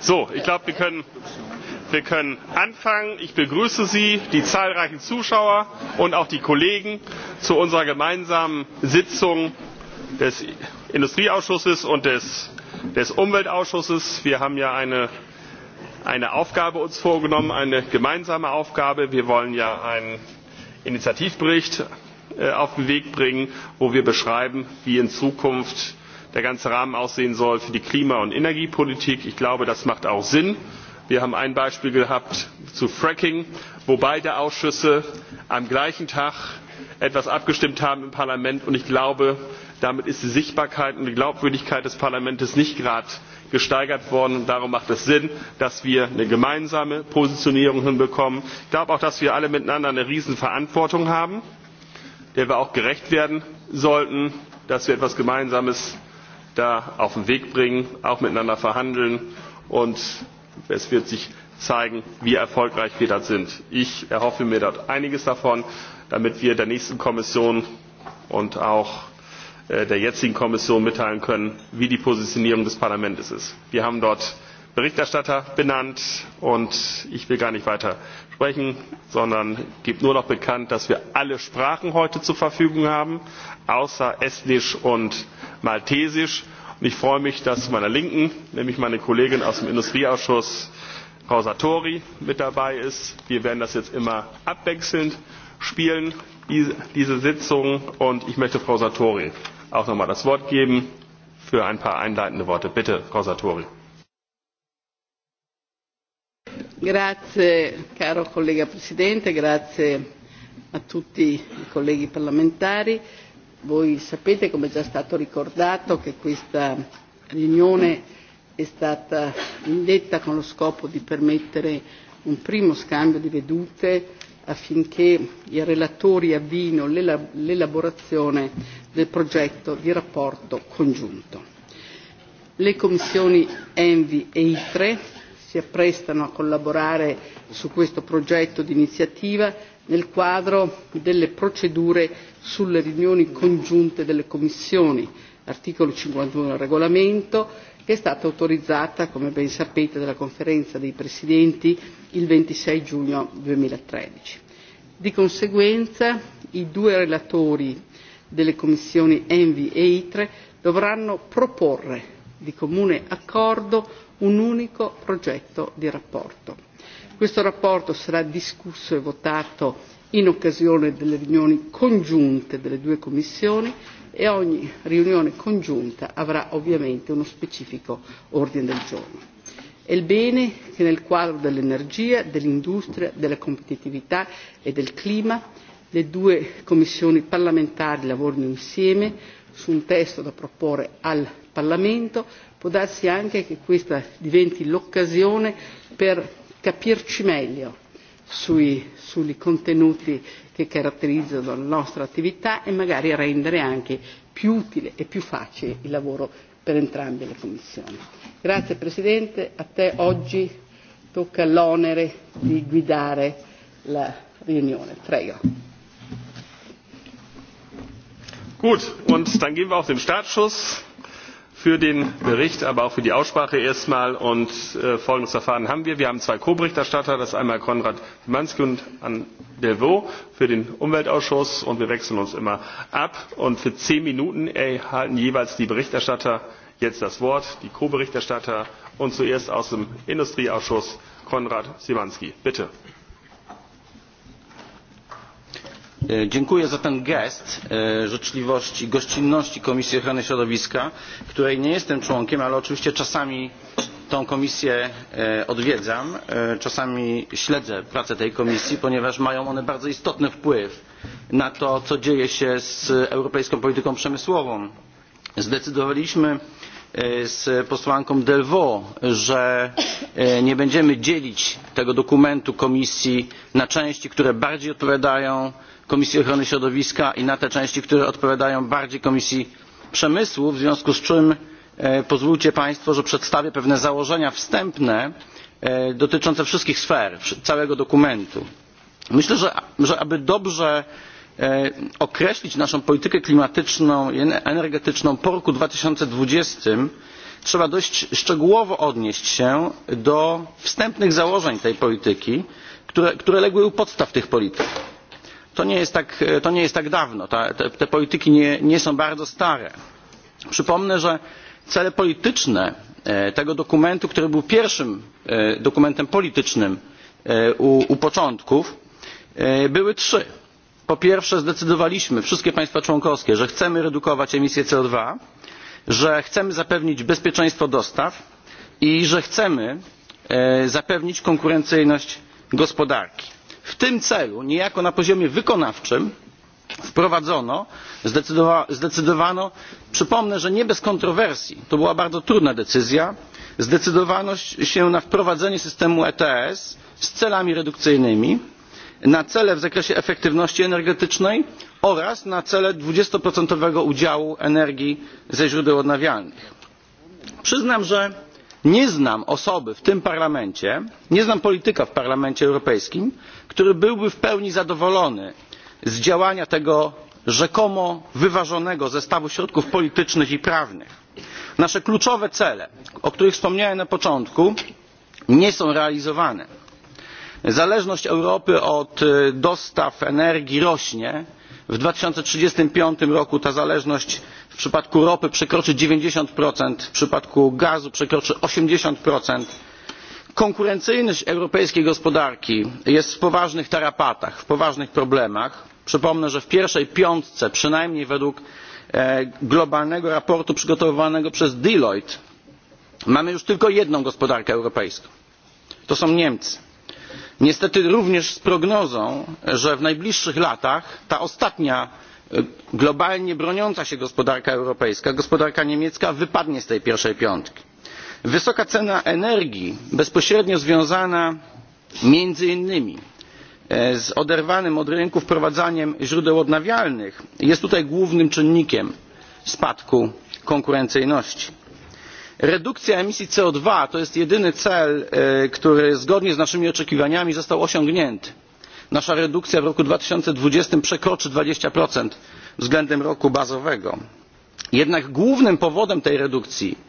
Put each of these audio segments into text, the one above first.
So, ich glaube, wir können, wir können anfangen. Ich begrüße Sie, die zahlreichen Zuschauer und auch die Kollegen zu unserer gemeinsamen Sitzung des Industrieausschusses und des, des Umweltausschusses. Wir haben ja eine, eine Aufgabe uns vorgenommen, eine gemeinsame Aufgabe. Wir wollen ja einen Initiativbericht äh, auf den Weg bringen, wo wir beschreiben, wie in Zukunft der ganze rahmen aussehen soll für die klima und energiepolitik. ich glaube das macht auch sinn. wir haben ein beispiel gehabt zu fracking wo beide ausschüsse am gleichen tag etwas abgestimmt haben im parlament und ich glaube damit ist die sichtbarkeit und die glaubwürdigkeit des parlaments nicht gerade gesteigert worden. darum macht es sinn dass wir eine gemeinsame positionierung hinbekommen. ich glaube auch dass wir alle miteinander eine riesenverantwortung haben der wir auch gerecht werden sollten dass wir etwas gemeinsames da auf den weg bringen auch miteinander verhandeln und es wird sich zeigen wie erfolgreich wir da sind. ich erhoffe mir dort einiges davon damit wir der nächsten kommission und auch äh, der jetzigen kommission mitteilen können wie die positionierung des parlaments ist. wir haben dort berichterstatter benannt und ich will gar nicht weiter sprechen sondern gebe nur noch bekannt dass wir alle sprachen heute zur verfügung haben außer estnisch und maltesisch. Und ich freue mich dass zu meiner linken nämlich meine kollegin aus dem industrieausschuss frau sartori mit dabei ist. wir werden das jetzt immer abwechselnd spielen diese sitzung und ich möchte frau sartori auch noch einmal das wort geben für ein paar einleitende worte. bitte frau sartori. Grazie caro collega Presidente, grazie a tutti i colleghi parlamentari. Voi sapete, come è già stato ricordato, che questa riunione è stata indetta con lo scopo di permettere un primo scambio di vedute affinché i relatori avvino l'elaborazione del progetto di rapporto congiunto. Le commissioni Envi e ITRE si apprestano a collaborare su questo progetto di iniziativa nel quadro delle procedure sulle riunioni congiunte delle commissioni articolo cinquantuno del regolamento che è stata autorizzata come ben sapete dalla conferenza dei presidenti il ventisei giugno. duemilatredici di conseguenza i due relatori delle commissioni envi e itre dovranno proporre di comune accordo un unico progetto di rapporto. Questo rapporto sarà discusso e votato in occasione delle riunioni congiunte delle due commissioni e ogni riunione congiunta avrà ovviamente uno specifico ordine del giorno. È il bene che nel quadro dell'energia, dell'industria, della competitività e del clima le due commissioni parlamentari lavorino insieme su un testo da proporre al Parlamento, può darsi anche che questa diventi l'occasione per capirci meglio sui, sui contenuti che caratterizzano la nostra attività e magari rendere anche più utile e più facile il lavoro per entrambe le commissioni. Grazie Presidente, a te oggi tocca l'onere di guidare la riunione. Prego. Gut, und dann geben wir auch dem Startschuss für den bericht aber auch für die aussprache erst einmal und äh, folgendes verfahren haben wir wir haben zwei ko berichterstatter das ist einmal konrad szymaski und anne delvaux für den umweltausschuss und wir wechseln uns immer ab und für zehn minuten erhalten jeweils die berichterstatter jetzt das wort die ko berichterstatter und zuerst aus dem industrieausschuss konrad szymaski bitte. E, dziękuję za ten gest e, życzliwości i gościnności komisji ochrony środowiska której nie jestem członkiem ale oczywiście czasami tę komisję e, odwiedzam czasami śledzę pracę tej komisji ponieważ mają one bardzo istotny wpływ na to co dzieje się z europejską polityką przemysłową. zdecydowaliśmy z posłanką delvaux że nie będziemy dzielić tego dokumentu komisji na części które bardziej odpowiadają komisji ochrony środowiska i na te części które odpowiadają bardziej komisji przemysłu w związku z czym e, pozwólcie państwo że przedstawię pewne założenia wstępne e, dotyczące wszystkich sfer całego dokumentu. myślę że, że aby dobrze e, określić naszą politykę klimatyczną i energetyczną po roku dwa tysiące dwadzieścia trzeba dość szczegółowo odnieść się do wstępnych założeń tej polityki które, które legły u podstaw tych polityk to nie jest tak, e, to nie jest tak dawno Ta, te, te polityki nie, nie są bardzo stare. przypomnę że cele polityczne e, tego dokumentu który był pierwszym e, dokumentem politycznym u, u początków były trzy po pierwsze zdecydowaliśmy wszystkie państwa członkowskie że chcemy redukować emisję co dwa że chcemy zapewnić bezpieczeństwo dostaw i że chcemy zapewnić konkurencyjność gospodarki w tym celu niejako na poziomie wykonawczym wprowadzono zdecydowa zdecydowano przypomnę że nie bez kontrowersji to była bardzo trudna decyzja zdecydowano się na wprowadzenie systemu ets z celami redukcyjnymi na cele w zakresie efektywności energetycznej oraz na cele dwadzieścia udziału energii ze źródeł odnawialnych. przyznam że nie znam osoby w tym parlamencie nie znam polityka w parlamencie europejskim który byłby w pełni zadowolony z działania tego rzekomo wyważonego zestawu środków politycznych i prawnych. nasze kluczowe cele o których wspomniałem na początku nie są realizowane. zależność europy od dostaw energii rośnie w dwa tysiące trzydzieści pięć roku ta zależność w przypadku ropy przekroczy dziewięćdzisiąt w przypadku gazu przekroczy osiemdziesiąt procent konkurencyjność europejskiej gospodarki jest w poważnych tarapatach w poważnych problemach. przypomnę że w pierwszej piątce przynajmniej według e, globalnego raportu przygotowywanego przez deloitte mamy już tylko jedną gospodarkę europejską to są niemcy. niestety również z prognozą że w najbliższych latach ta ostatnia e, globalnie broniąca się gospodarka europejska gospodarka niemiecka wypadnie z tej pierwszej piątki. Wysoka cena energii bezpośrednio związana między innymi e, z oderwanym od rynku wprowadzaniem źródeł odnawialnych jest tutaj głównym czynnikiem spadku konkurencyjności. redukcja emisji co dwa to jest jedyny cel e, który zgodnie z naszymi oczekiwaniami został osiągnięty. nasza redukcja w roku dwa tysiące dwadzieścia przekroczy dwadzieścia względem roku bazowego. jednak głównym powodem tej redukcji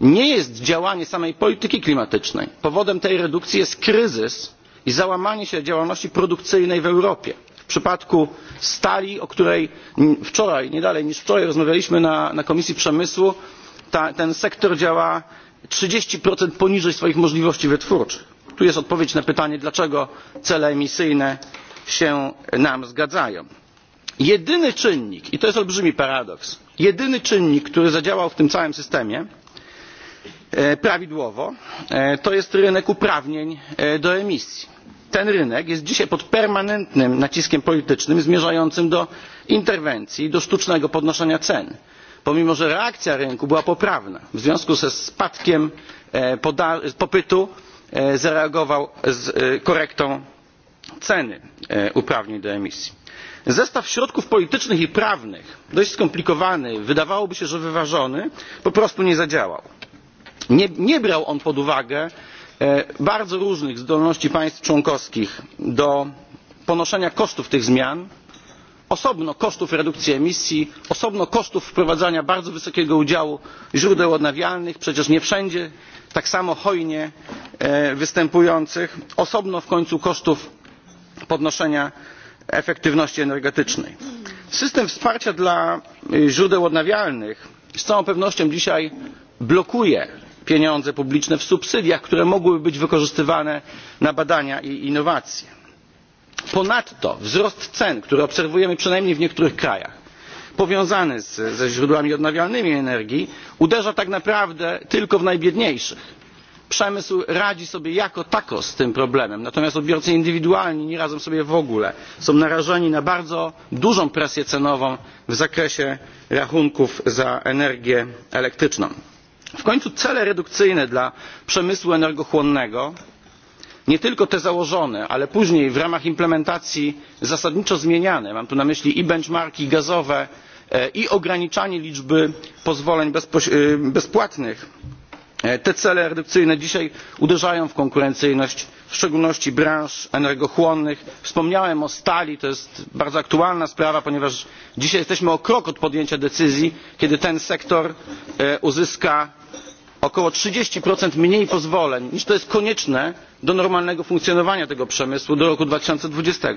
nie jest działanie samej polityki klimatycznej powodem tej redukcji jest kryzys i załamanie się działalności produkcyjnej w europie w przypadku stali o której wczoraj nie dalej niż wczoraj rozmawialiśmy na, na komisji przemysłu ta, ten sektor działa trzydzieści poniżej swoich możliwości wytwórczych. tu jest odpowiedź na pytanie dlaczego cele emisyjne się nam zgadzają. jedyny czynnik i to jest olbrzymi paradoks jedyny czynnik który zadziałał w tym całym systemie E, prawidłowo e, to jest rynek uprawnień e, do emisji. ten rynek jest dzisiaj pod permanentnym naciskiem politycznym zmierzającym do interwencji i do sztucznego podnoszenia cen pomimo że reakcja rynku była poprawna w związku ze spadkiem popytu zareagował z korektą ceny uprawnień do emisji. zestaw środków politycznych i prawnych dość skomplikowany wydawałoby się że wyważony po prostu nie zadziałał nie, nie brał on pod uwagę e, bardzo różnych zdolności państw członkowskich do ponoszenia kosztów tych zmian osobno kosztów redukcji emisji osobno kosztów wprowadzania bardzo wysokiego udziału źródeł odnawialnych przecież nie wszędzie tak samo hojnie e, występujących osobno w końcu kosztów podnoszenia efektywności energetycznej. system wsparcia dla źródeł odnawialnych z całą pewnością dzisiaj blokuje pieniądze publiczne w subsydiach które mogłyby być wykorzystywane na badania i innowacje. ponadto wzrost cen który obserwujemy przynajmniej w niektórych krajach powiązany z, ze źródłami odnawialnymi energii uderza tak naprawdę tylko w najbiedniejszych. przemysł radzi sobie jako tako z tym problemem natomiast odbiorcy indywidualni nie radzą sobie w ogóle są narażeni na bardzo dużą presję cenową w zakresie rachunków za energię elektryczną w końcu cele redukcyjne dla przemysłu energochłonnego nie tylko te założone ale później w ramach implementacji zasadniczo zmieniane mam tu na myśli i benchmarki gazowe e, i ograniczanie liczby pozwoleń e, bezpłatnych e, te cele redukcyjne dzisiaj uderzają w konkurencyjność w szczególności branż energochłonnych. wspomniałem o stali to jest bardzo aktualna sprawa ponieważ dzisiaj jesteśmy o krok od podjęcia decyzji kiedy ten sektor uzyska około trzydzieści mniej pozwoleń niż to jest konieczne do normalnego funkcjonowania tego przemysłu do roku. dwa tysiące dwadzieścia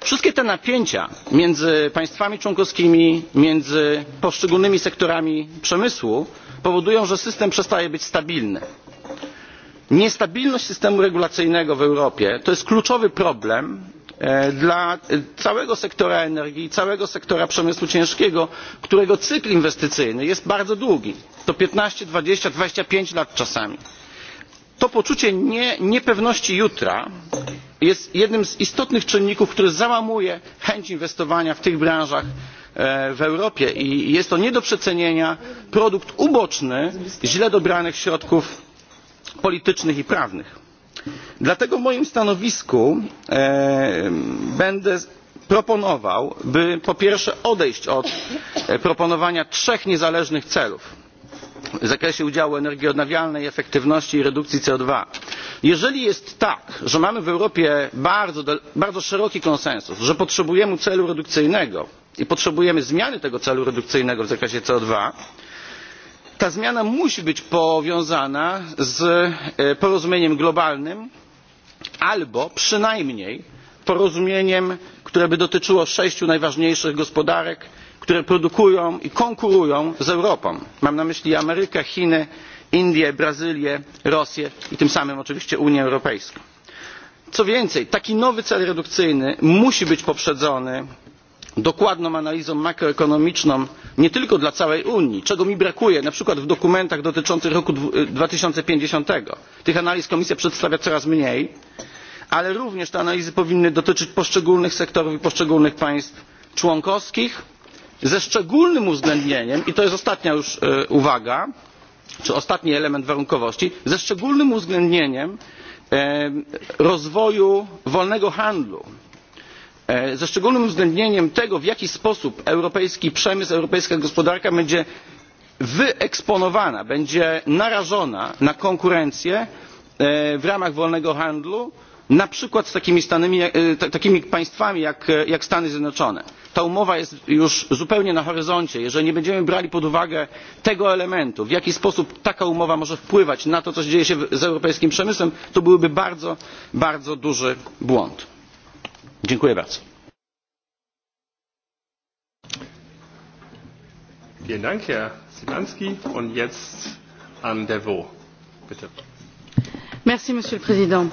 wszystkie te napięcia między państwami członkowskimi między poszczególnymi sektorami przemysłu powodują że system przestaje być stabilny. niestabilność systemu regulacyjnego w europie to jest kluczowy problem E, dla całego sektora energii i całego sektora przemysłu ciężkiego którego cykl inwestycyjny jest bardzo długi to piętnaście dwadzieścia dwadzieścia pięć lat czasami. to poczucie nie, niepewności jutra jest jednym z istotnych czynników który załamuje chęć inwestowania w tych branżach e, w europie i jest to nie do przecenienia produkt uboczny źle dobranych środków politycznych i prawnych dlatego w moim stanowisku e, będę proponował by po pierwsze odejść od e, proponowania trzech niezależnych celów w zakresie udziału energii odnawialnej efektywności i redukcji co. dwa jeżeli jest tak że mamy w europie bardzo, bardzo szeroki konsensus że potrzebujemy celu redukcyjnego i potrzebujemy zmiany tego celu redukcyjnego w zakresie co dwa ta zmiana musi być powiązana z e, porozumieniem globalnym albo przynajmniej porozumieniem które by dotyczyło sześciu najważniejszych gospodarek które produkują i konkurują z europą mam na myśli amerykę chiny indię brazylię rosję i tym samym oczywiście unię europejską. co więcej taki nowy cel redukcyjny musi być poprzedzony dokładną analizą makroekonomiczną nie tylko dla całej unii czego mi brakuje na przykład w dokumentach dotyczących roku e, dwa tysiące pięćdziesiąt tych analiz komisja przedstawia coraz mniej ale również te analizy powinny dotyczyć poszczególnych sektorów i poszczególnych państw członkowskich ze szczególnym uwzględnieniem i to jest ostatnia już e, uwaga czy ostatni element warunkowości ze szczególnym uwzględnieniem e, rozwoju wolnego handlu E, ze szczególnym uwzględnieniem tego w jaki sposób europejski przemysł europejska gospodarka będzie wyeksponowana będzie narażona na konkurencję e, w ramach wolnego handlu na przykład z takimi, stanami, e, takimi państwami jak, jak stany zjednoczone. ta umowa jest już zupełnie na horyzoncie. jeżeli nie będziemy brali pod uwagę tego elementu w jaki sposób taka umowa może wpływać na to co dzieje się z europejskim przemysłem to byłby bardzo bardzo duży błąd Dziękuję bardzo. Vielen Dank, Herr Simanski. Und jetzt Anne Devaux. Bitte. Merci, Monsieur le Président.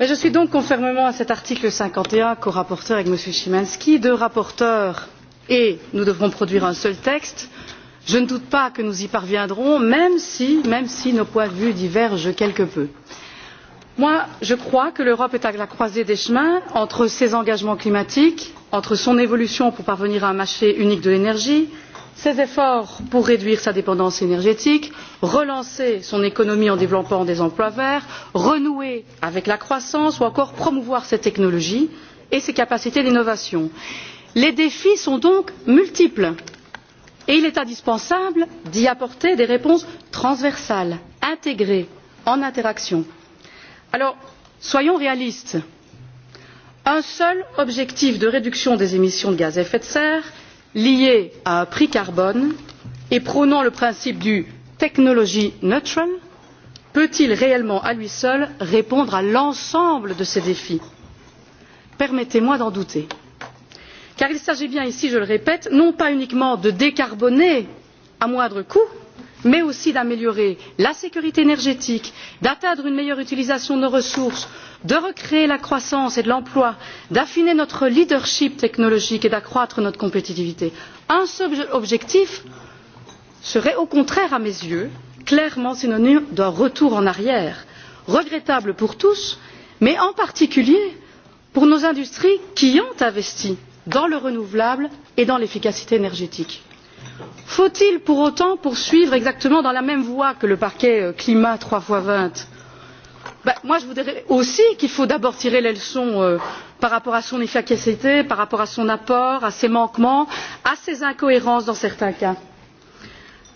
Je suis donc, conformément à cet article 51, co-rapporteur avec Monsieur Simanski, deux rapporteurs et nous devrons produire un seul texte je ne doute pas que nous y parviendrons même si, même si nos points de vue divergent quelque peu. Moi, je crois que l'europe est à la croisée des chemins entre ses engagements climatiques entre son évolution pour parvenir à un marché unique de l'énergie ses efforts pour réduire sa dépendance énergétique relancer son économie en développant des emplois verts renouer avec la croissance ou encore promouvoir ses technologies et ses capacités d'innovation. les défis sont donc multiples et il est indispensable d'y apporter des réponses transversales intégrées en interaction alors soyons réalistes un seul objectif de réduction des émissions de gaz à effet de serre lié à un prix carbone et prônant le principe du technology neutral peut il réellement à lui seul répondre à l'ensemble de ces défis? permettez moi d'en douter car il s'agit bien ici je le répète non pas uniquement de décarboner à moindre coût mais aussi d'améliorer la sécurité énergétique d'atteindre une meilleure utilisation de nos ressources de recréer la croissance et l'emploi d'affiner notre leadership technologique et d'accroître notre compétitivité. un seul objectif serait au contraire à mes yeux clairement synonyme d'un retour en arrière regrettable pour tous mais en particulier pour nos industries qui ont investi dans le renouvelable et dans l'efficacité énergétique faut il pour autant poursuivre exactement dans la même voie que le paquet euh, climat trois x vingt? je vous dirais aussi qu'il faut d'abord tirer les leçons euh, par rapport à son efficacité par rapport à son apport à ses manquements à ses incohérences dans certains cas.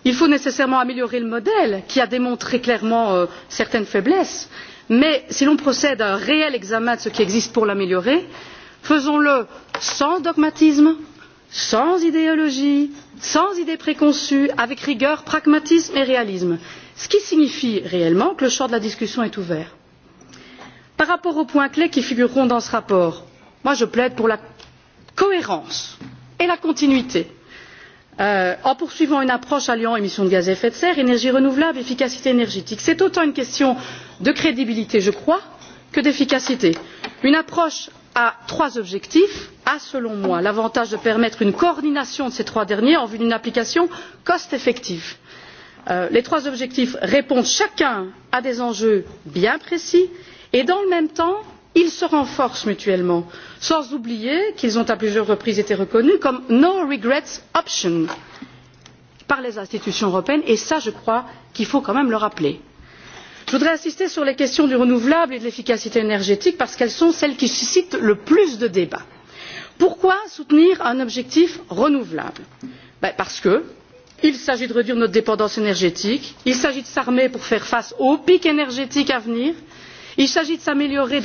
il faut nécessairement améliorer le modèle qui a démontré clairement euh, certaines faiblesses mais si l'on procède à un réel examen de ce qui existe pour l'améliorer faisons le sans dogmatisme sans idéologie sans idées préconçues avec rigueur pragmatisme et réalisme ce qui signifie réellement que le champ de la discussion est ouvert. par rapport aux points clés qui figureront dans ce rapport je plaide pour la cohérence et la continuité euh, en poursuivant une approche alliant émissions de gaz à effet de serre énergies renouvelables efficacité énergétique. c'est autant une question de crédibilité je crois que d'efficacité une approche a trois objectifs a selon moi l'avantage de permettre une coordination de ces trois derniers en vue d'une application cost effective. Euh, les trois objectifs répondent chacun à des enjeux bien précis et dans le même temps ils se renforcent mutuellement sans oublier qu'ils ont à plusieurs reprises été reconnus comme no regrets option par les institutions européennes et ça je crois qu'il faut quand même le rappeler je voudrais insister sur les questions du renouvelable et de l'efficacité énergétique parce qu'elles sont celles qui suscitent le plus de débats. pourquoi soutenir un objectif renouvelable? Ben parce qu'il s'agit de réduire notre dépendance énergétique il s'agit de s'armer pour faire face aux pics énergétiques à venir il s'agit d'améliorer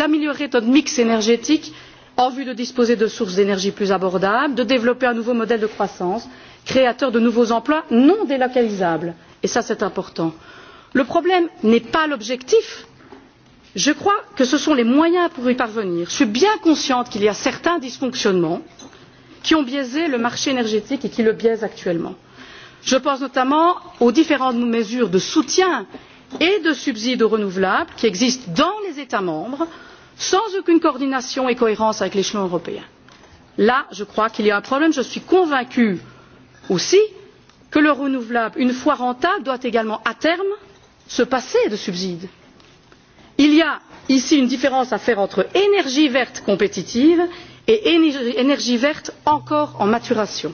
notre mix énergétique en vue de disposer de sources d'énergie plus abordables de développer un nouveau modèle de croissance créateur de nouveaux emplois non délocalisables et ça c'est important le problème n'est pas l'objectif je crois que ce sont les moyens pour y parvenir. je suis bien consciente qu'il y a certains dysfonctionnements qui ont biaisé le marché énergétique et qui le biaisent actuellement. je pense notamment aux différentes mesures de soutien et de subsides aux renouvelables qui existent dans les états membres sans aucune coordination et cohérence avec l'échelon européen. là je crois qu'il y a un problème. je suis convaincue aussi que le renouvelable une fois rentable doit également à terme se passer de subsides. il y a ici une différence à faire entre énergie verte compétitive et énergie verte encore en maturation.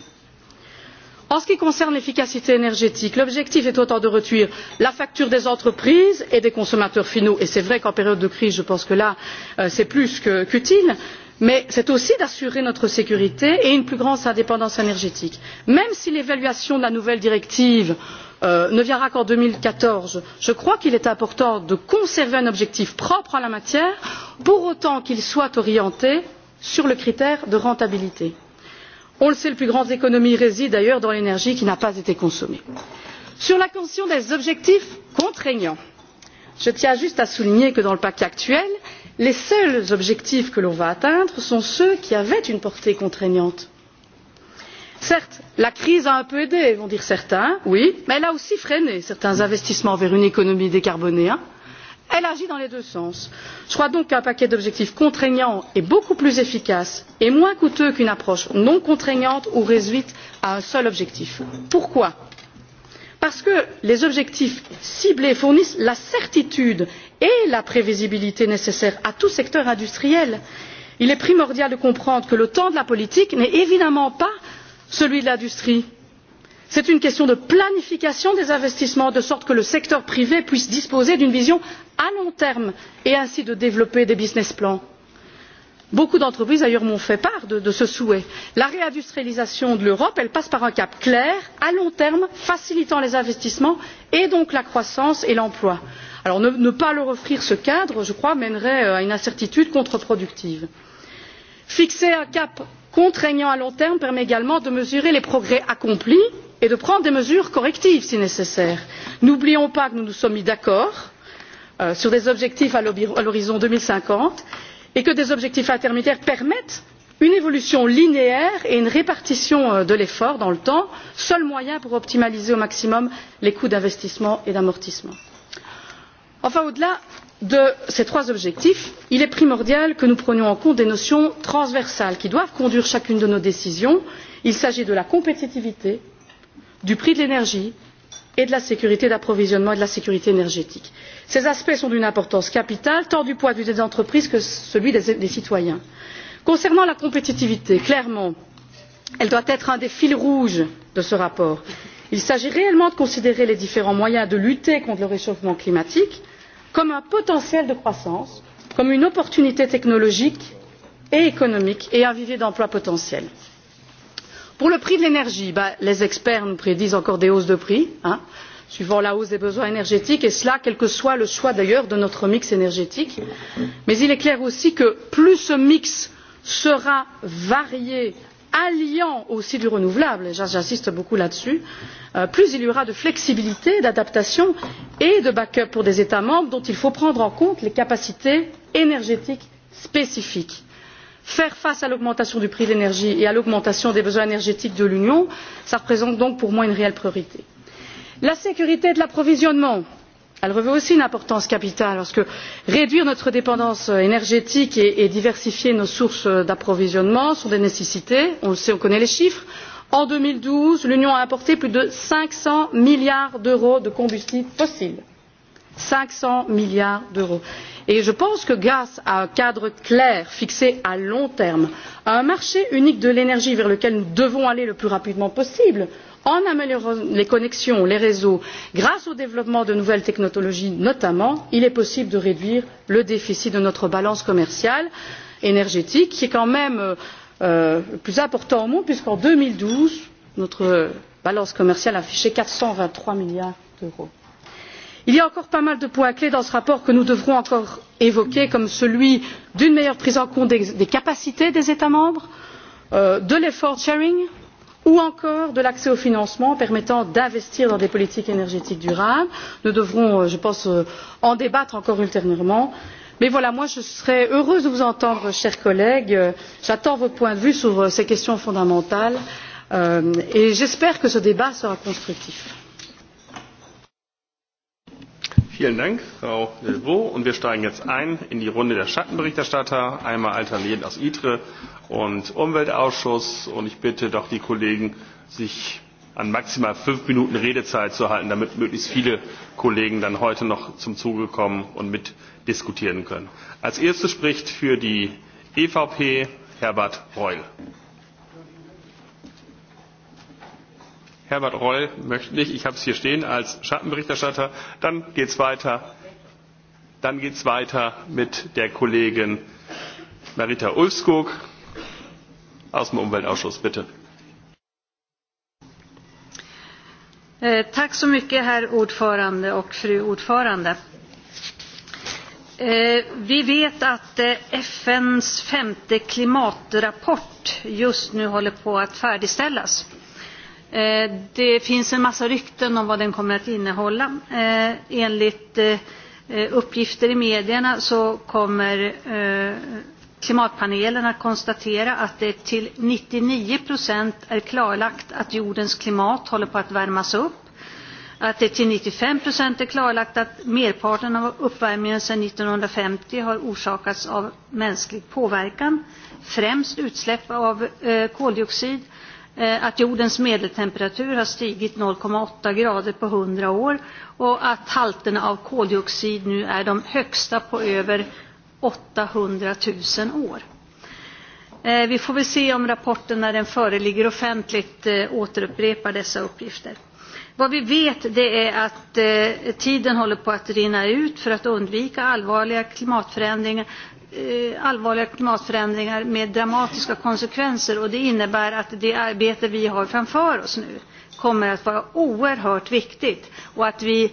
en ce qui concerne l'efficacité énergétique l'objectif est autant de réduire la facture des entreprises et des consommateurs finaux et c'est vrai qu'en période de crise je pense que là euh, c'est plus qu'utile mais c'est aussi d'assurer notre sécurité et une plus grande indépendance énergétique. même si l'évaluation de la nouvelle directive Euh, ne viendra qu'en deux mille quatorze je crois qu'il est important de conserver un objectif propre en la matière pour autant qu'il soit orienté sur le critère de rentabilité. on le sait les plus grandes économies résident d'ailleurs dans l'énergie qui n'a pas été consommée. sur la question des objectifs contraignants je tiens juste à souligner que dans le pacte actuel les seuls objectifs que l'on va atteindre sont ceux qui avaient une portée contraignante certes la crise a un peu aidé vont dire certains oui mais elle a aussi freiné certains investissements vers une économie décarbonée. Hein elle agit dans les deux sens. je crois donc qu'un paquet d'objectifs contraignants est beaucoup plus efficace et moins coûteux qu'une approche non contraignante ou réduite à un seul objectif. pourquoi? parce que les objectifs ciblés fournissent la certitude et la prévisibilité nécessaires à tout secteur industriel. il est primordial de comprendre que le temps de la politique n'est évidemment pas celui de l'industrie? c'est une question de planification des investissements de sorte que le secteur privé puisse disposer d'une vision à long terme et ainsi développer des business plans. beaucoup d'entreprises d'ailleurs m'ont fait part de, de ce souhait. la réindustrialisation de l'europe passe par un cap clair à long terme facilitant les investissements et donc la croissance et l'emploi. alors ne, ne pas leur offrir ce cadre je crois mènerait euh, à une incertitude contreproductive. fixer un cap contraignant à long terme permet également de mesurer les progrès accomplis et de prendre des mesures correctives si nécessaire. n'oublions pas que nous nous sommes mis d'accord euh, sur des objectifs à l'horizon deux mille cinquante et que des objectifs intermédiaires permettent une évolution linéaire et une répartition euh, de l'effort dans le temps seul moyen pour optimiser au maximum les coûts d'investissement et d'amortissement. enfin au delà de ces trois objectifs il est primordial que nous prenions en compte des notions transversales qui doivent conduire chacune de nos décisions il s'agit de la compétitivité du prix de l'énergie et de la sécurité d'approvisionnement et de la sécurité énergétique. ces aspects sont d'une importance capitale tant du point de vue des entreprises que de celui des citoyens. concernant la compétitivité clairement elle doit être un des fils rouges de ce rapport. il s'agit réellement de considérer les différents moyens de lutter contre le réchauffement climatique comme un potentiel de croissance comme une opportunité technologique et économique et un vivier d'emplois potentiels. pour le prix de l'énergie les experts nous prédisent encore des hausses de prix hein, suivant la hausse des besoins énergétiques et cela quel que soit le choix d'ailleurs de notre mix énergétique mais il est clair aussi que plus ce mix sera varié alliant aussi du renouvelable j'insiste beaucoup là dessus euh, plus il y aura de flexibilité d'adaptation et de back up pour des états membres dont il faut prendre en compte les capacités énergétiques spécifiques. faire face à l'augmentation du prix de l'énergie et à l'augmentation des besoins énergétiques de l'union représente donc pour moi une réelle priorité. la sécurité de l'approvisionnement est elle revêt aussi une importance capitale parce que réduire notre dépendance énergétique et diversifier nos sources d'approvisionnement sont des nécessités on le sait on connaît les chiffres. en deux mille douze l'union a importé plus de cinq cents milliards d'euros de combustibles fossiles cinq cents milliards d'euros et je pense que grâce à un cadre clair fixé à long terme à un marché unique de l'énergie vers lequel nous devons aller le plus rapidement possible nous en améliorant les connexions les réseaux grâce au développement de nouvelles technologies notamment il est possible de réduire le déficit de notre balance commerciale énergétique qui est quand même euh, le euh, plus important au monde puisqu'en deux mille douze notre balance commerciale affichait quatre cent vingt trois milliards d'euros. il y a encore pas mal de points clés dans ce rapport que nous devrons encore évoquer comme celui d'une meilleure prise en compte des, des capacités des états membres euh, de l'effort sharing ou encore de l'accès au financement permettant d'investir dans des politiques énergétiques durables. nous devrons euh, je pense euh, en débattre encore ultérieurement mais voilà je serais heureuse de vous entendre chers collègues j'attends votre point de vue sur euh, ces questions fondamentales et j'espère que ce débat sera constructif. Vielen Dank, Frau Delvaux. Und wir steigen jetzt ein in die Runde der Schattenberichterstatter, einmal alternierend aus ITRE und Umweltausschuss. Und ich bitte doch die Kollegen, sich an maximal fünf Minuten Redezeit zu halten, damit möglichst viele Kollegen dann heute noch zum Zuge kommen und mitdiskutieren können. Als erstes spricht für die EVP Herbert Reul. Herbert Reul möchte nicht. Ich habe es hier stehen als Schattenberichterstatter. Dann geht es weiter. Dann geht es weiter mit der Kollegin Marita Ulfskog aus dem Umweltausschuss. Bitte. Eh, tack så mycket, herr ordförande och fru ordförande. Eh, vi vet att eh, FNs femte klimatrapport just nu håller på att färdigställas. Eh, det finns en massa rykten om vad den kommer att innehålla. Eh, enligt eh, uppgifter i medierna så kommer klimatpanelen att konstatera att det till 99 % är klarlagt att jordens klimat håller på att värmas upp, att det till 95 % är klarlagt att merparten av uppvärmningen sedan 1950 har orsakats av mänsklig påverkan, främst utsläpp av koldioxid. Eh, att jordens medeltemperatur har stigit 0,8 grader på 100 år och att halterna av koldioxid nu är de högsta på över 800 000 år. Eh, vi får väl se om rapporten när den föreligger offentligt eh, återupprepar dessa uppgifter. Vad vi vet är att tiden håller på att rinna ut för att undvika allvarliga klimatförändringar. Eh, allvarliga klimatförändringar med dramatiska konsekvenser och det innebär att det arbete vi har framför oss nu kommer att vara oerhört viktigt och att vi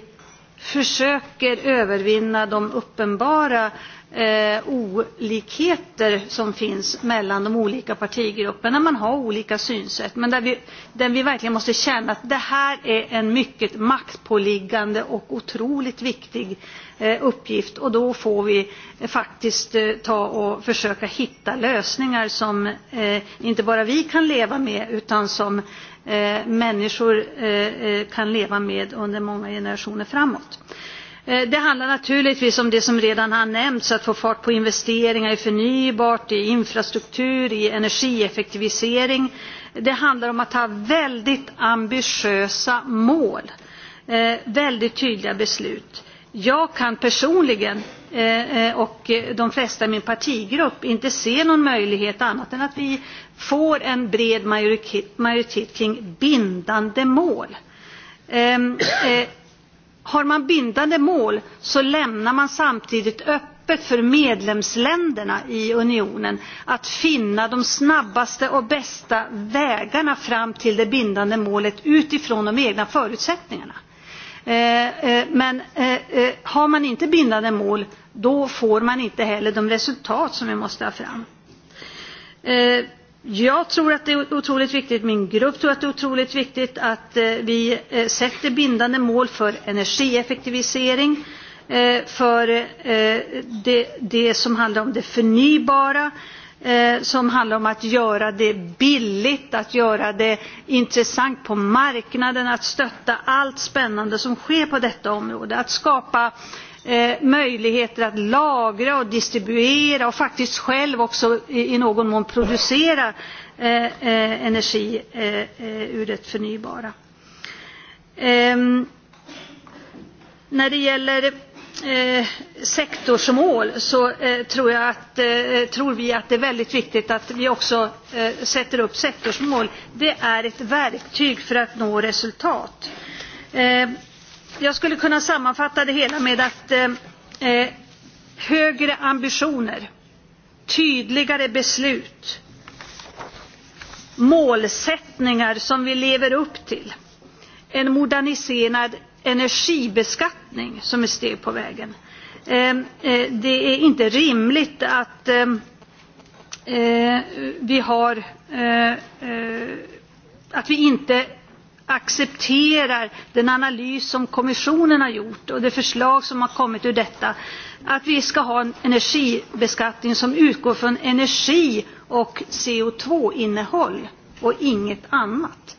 försöker övervinna de uppenbara eh, olikheter som finns mellan de olika partigrupperna. Man har olika synsätt, men där vi, där vi verkligen måste känna att det här är en mycket maktpåliggande och otroligt viktig Eh, uppgift och då får vi eh, faktiskt eh, ta och försöka hitta lösningar som inte bara vi kan leva med utan som människor kan leva med under många generationer framåt. Det handlar naturligtvis om det som redan har nämnts, att få fart på investeringar i förnybart, i infrastruktur, i energieffektivisering. Det handlar om att ha väldigt ambitiösa mål, väldigt tydliga beslut. Jag kan personligen eh, eh, och eh, de flesta i min partigrupp inte se någon möjlighet annat än att vi får en bred majoritet kring bindande mål. Ehm, har man bindande mål så lämnar man samtidigt öppet för medlemsländerna i unionen att finna de snabbaste och bästa vägarna fram till det bindande målet utifrån de egna förutsättningarna. Eh, eh, men eh, har man inte bindande mål då får man inte heller de resultat som vi måste ha fram. Jag tror att det är otroligt viktigt, min grupp tror att det är otroligt viktigt att vi sätter bindande mål för energieffektivisering, för det som handlar om det förnybara eh, som handlar om att göra det billigt, att göra det intressant på marknaden, att stötta allt spännande som sker på detta område, att skapa eh, möjligheter att lagra och distribuera och faktiskt själv också i, i någon mån producera eh, eh, energi eh, eh ur det förnybara. Eh, när det gäller eh, sektorsmål så eh, tror, jag att, eh, tror vi att det är väldigt viktigt att vi också eh, sätter upp sektorsmål. Det är ett verktyg för att nå resultat. Eh, jag skulle kunna sammanfatta det hela med att eh, eh högre ambitioner, tydligare beslut, målsättningar som vi lever upp till, en moderniserad energibeskattning beskattning som ett steg på vägen. Ehm, eh, det är inte rimligt att ehm, eh, vi, har, eh, att vi inte accepterar den analys som kommissionen har gjort och det förslag som har kommit ur detta, att vi ska ha en energibeskattning som utgår från energi och CO2-innehåll och inget annat.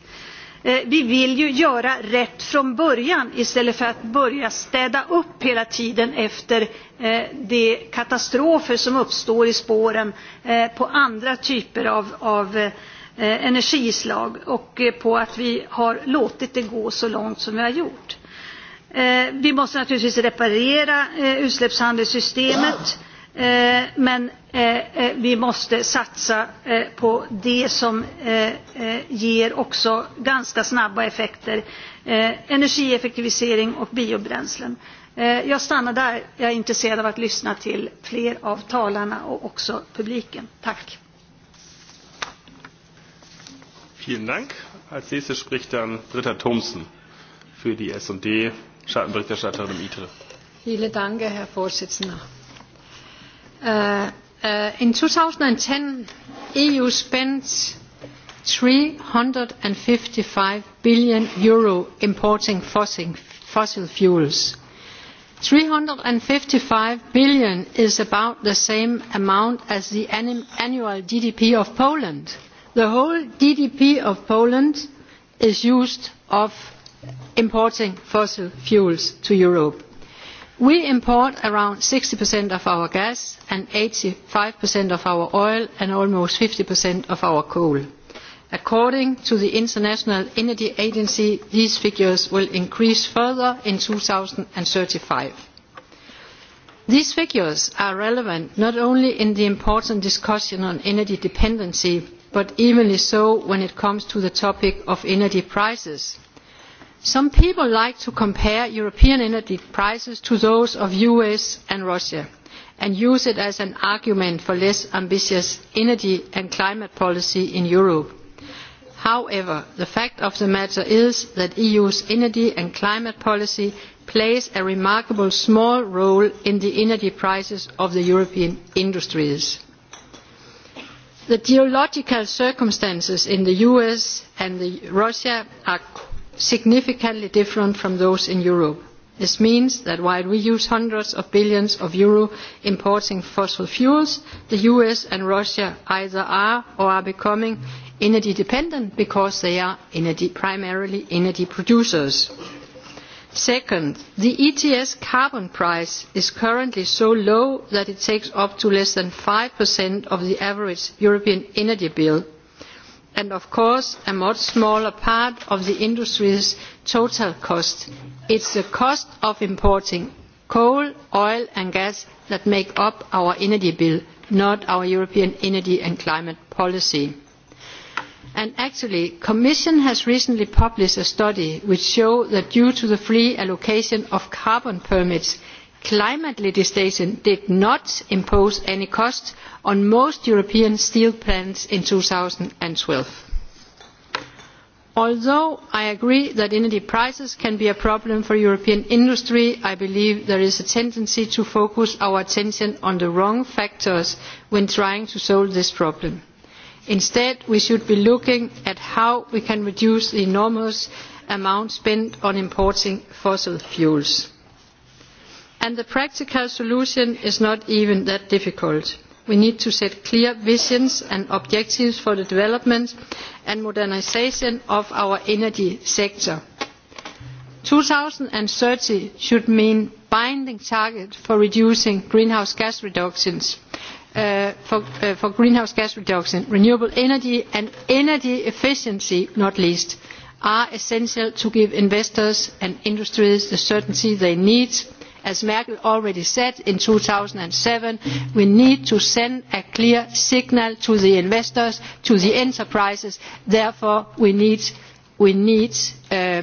Eh, vi vill ju göra rätt från början istället för att börja städa upp hela tiden efter eh, de katastrofer som uppstår i spåren eh, på andra typer av, av energislag och på att vi har låtit det gå så långt som vi har gjort. Vi måste naturligtvis reparera utsläppshandelssystemet. Eh, men eh, eh, vi måste satsa på det som ger också ganska snabba effekter. Energieffektivisering och biobränslen. Jag stannar där. Jag är intresserad av att lyssna till fler av talarna och också publiken. Tack. Vielen Dank. Als nächstes spricht dann Britta Thomsen für die S&D Schattenberichterstatterin im ITRE. Vielen Dank, Herr Vorsitzender. Uh, uh, in 2010, EU spent 355 billion euro importing fossil, fossil fuels. 355 billion is about the same amount as the annual GDP of Poland. The whole GDP of Poland is used of importing fossil fuels to Europe We import around 60% of our gas and 85% of our oil and almost 50% of our coal. According to the International Energy Agency, these figures will increase further in 2035. These figures are relevant not only in the important discussion on energy dependency, but evenly so when it comes to the topic of energy prices – some people like to compare european energy prices to those of the us and russia and use it as an argument for less ambitious energy and climate policy in europe. however the fact of the matter is that the eu's energy and climate policy plays a remarkably small role in the energy prices of the european industries. the geological circumstances in the us and russia significantly different from those in Europe. This means that while we use hundreds of billions of euro importing fossil fuels, the US and Russia either are or are becoming energy dependent because they are energy, primarily energy producers. Second, the ETS carbon price is currently so low that it takes up to less than 5% of the average European energy bill and of course a much smaller part of the industry's total cost. it is the cost of importing coal oil and gas that makes up our energy bill not our european energy and climate policy. And actually the commission has recently published a study which shows that due to the free allocation of carbon permits climate legislation did not impose any cost on most european steel plants in. two thousand and twelve although i agree that energy prices can be a problem for european industry i believe there is a tendency to focus our attention on the wrong factors when trying to solve this problem. instead we should be looking at how we can reduce the enormous amount spent on importing fossil fuels and the practical solution is not even that difficult. we need to set clear visions and objectives for the development and modernisation of our energy sector. two thousand and thirty should mean binding targets for reducing greenhouse gas reductions Uh, for, uh, for greenhouse gas reduction renewable energy and energy efficiency not least are essential to give investors and industries the certainty they need as merkel already said in two thousand and seven we need to send a clear signal to the investors to the enterprises therefore we need, we need uh,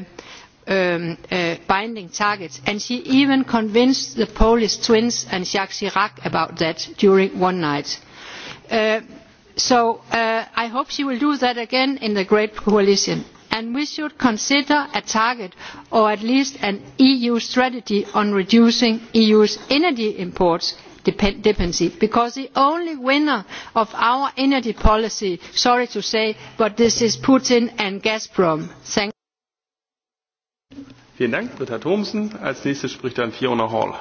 um, uh, binding targets and she even convinced the polish twins and jacques chirac about that during one night. Uh, so uh, i hope she will do that again in the great coalition and we should consider a target or at least an eu strategy on reducing the eu's energy imports dependency because the only winner of our energy policy sorry to say but this is putin and gazprom. Vielen Dank, Britta Thomsen. Als nächstes spricht dann Fiona Hall.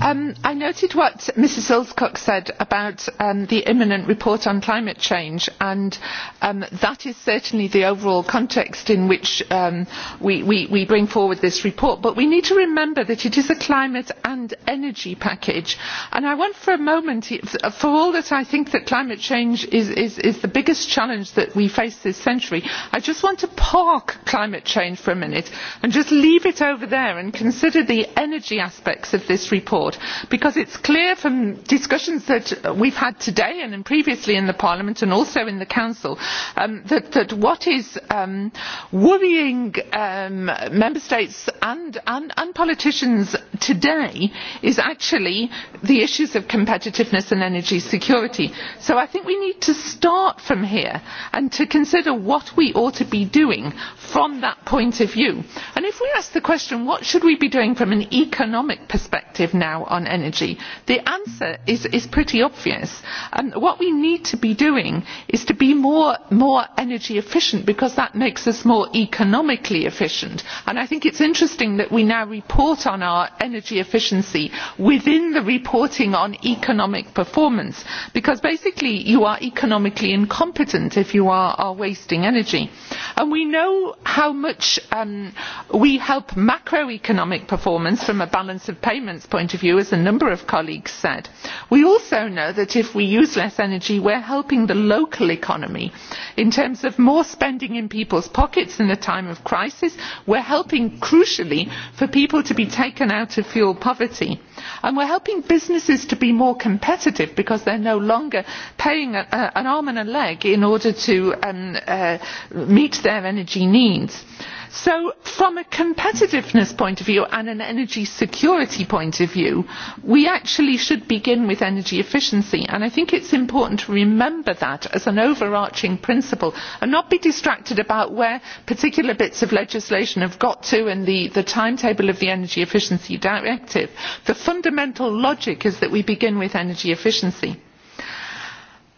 Um, i noted what mrs ulvskog said about um, the imminent report on climate change and um, that is certainly the overall context in which um, we, we, we bring forward this report but we need to remember that it is a climate and energy package and i want for a moment for all that i think that climate change is, is, is the biggest challenge that we face this century i just want to park climate change for a minute and just leave it over there and consider the energy aspect aspects of this report because it is clear from discussions that we have had today and previously in parliament and also in the council um, that, that what is um, worrying um, member states and, and, and politicians today is actually the issues of competitiveness and energy security. so i think we need to start from here and to consider what we ought to be doing from that point of view. and if we ask the question what should we be doing from an economic perspective now on energy? The answer is, is pretty obvious. Um, what we need to be doing is to be more, more energy efficient because that makes us more economically efficient. And I think it's interesting that we now report on our energy efficiency within the reporting on economic performance because basically you are economically incompetent if you are, are wasting energy. And we know how much um, we help macroeconomic performance from a balance of payments point of view as a number of colleagues said. we also know that if we use less energy we are helping the local economy in terms of more spending in people's pockets in a time of crisis we are helping crucially for people to be taken out of fuel poverty and we are helping businesses to be more competitive because they are no longer paying a, a, an arm and a leg in order to um, uh, meet their energy needs so from a competitiveness point of view and an energy security point of view we actually should begin with energy efficiency and i think it is important to remember that as an overarching principle and not be distracted about where particular bits of legislation have got to and the, the timetable of the energy efficiency directive. the fundamental logic is that we begin with energy efficiency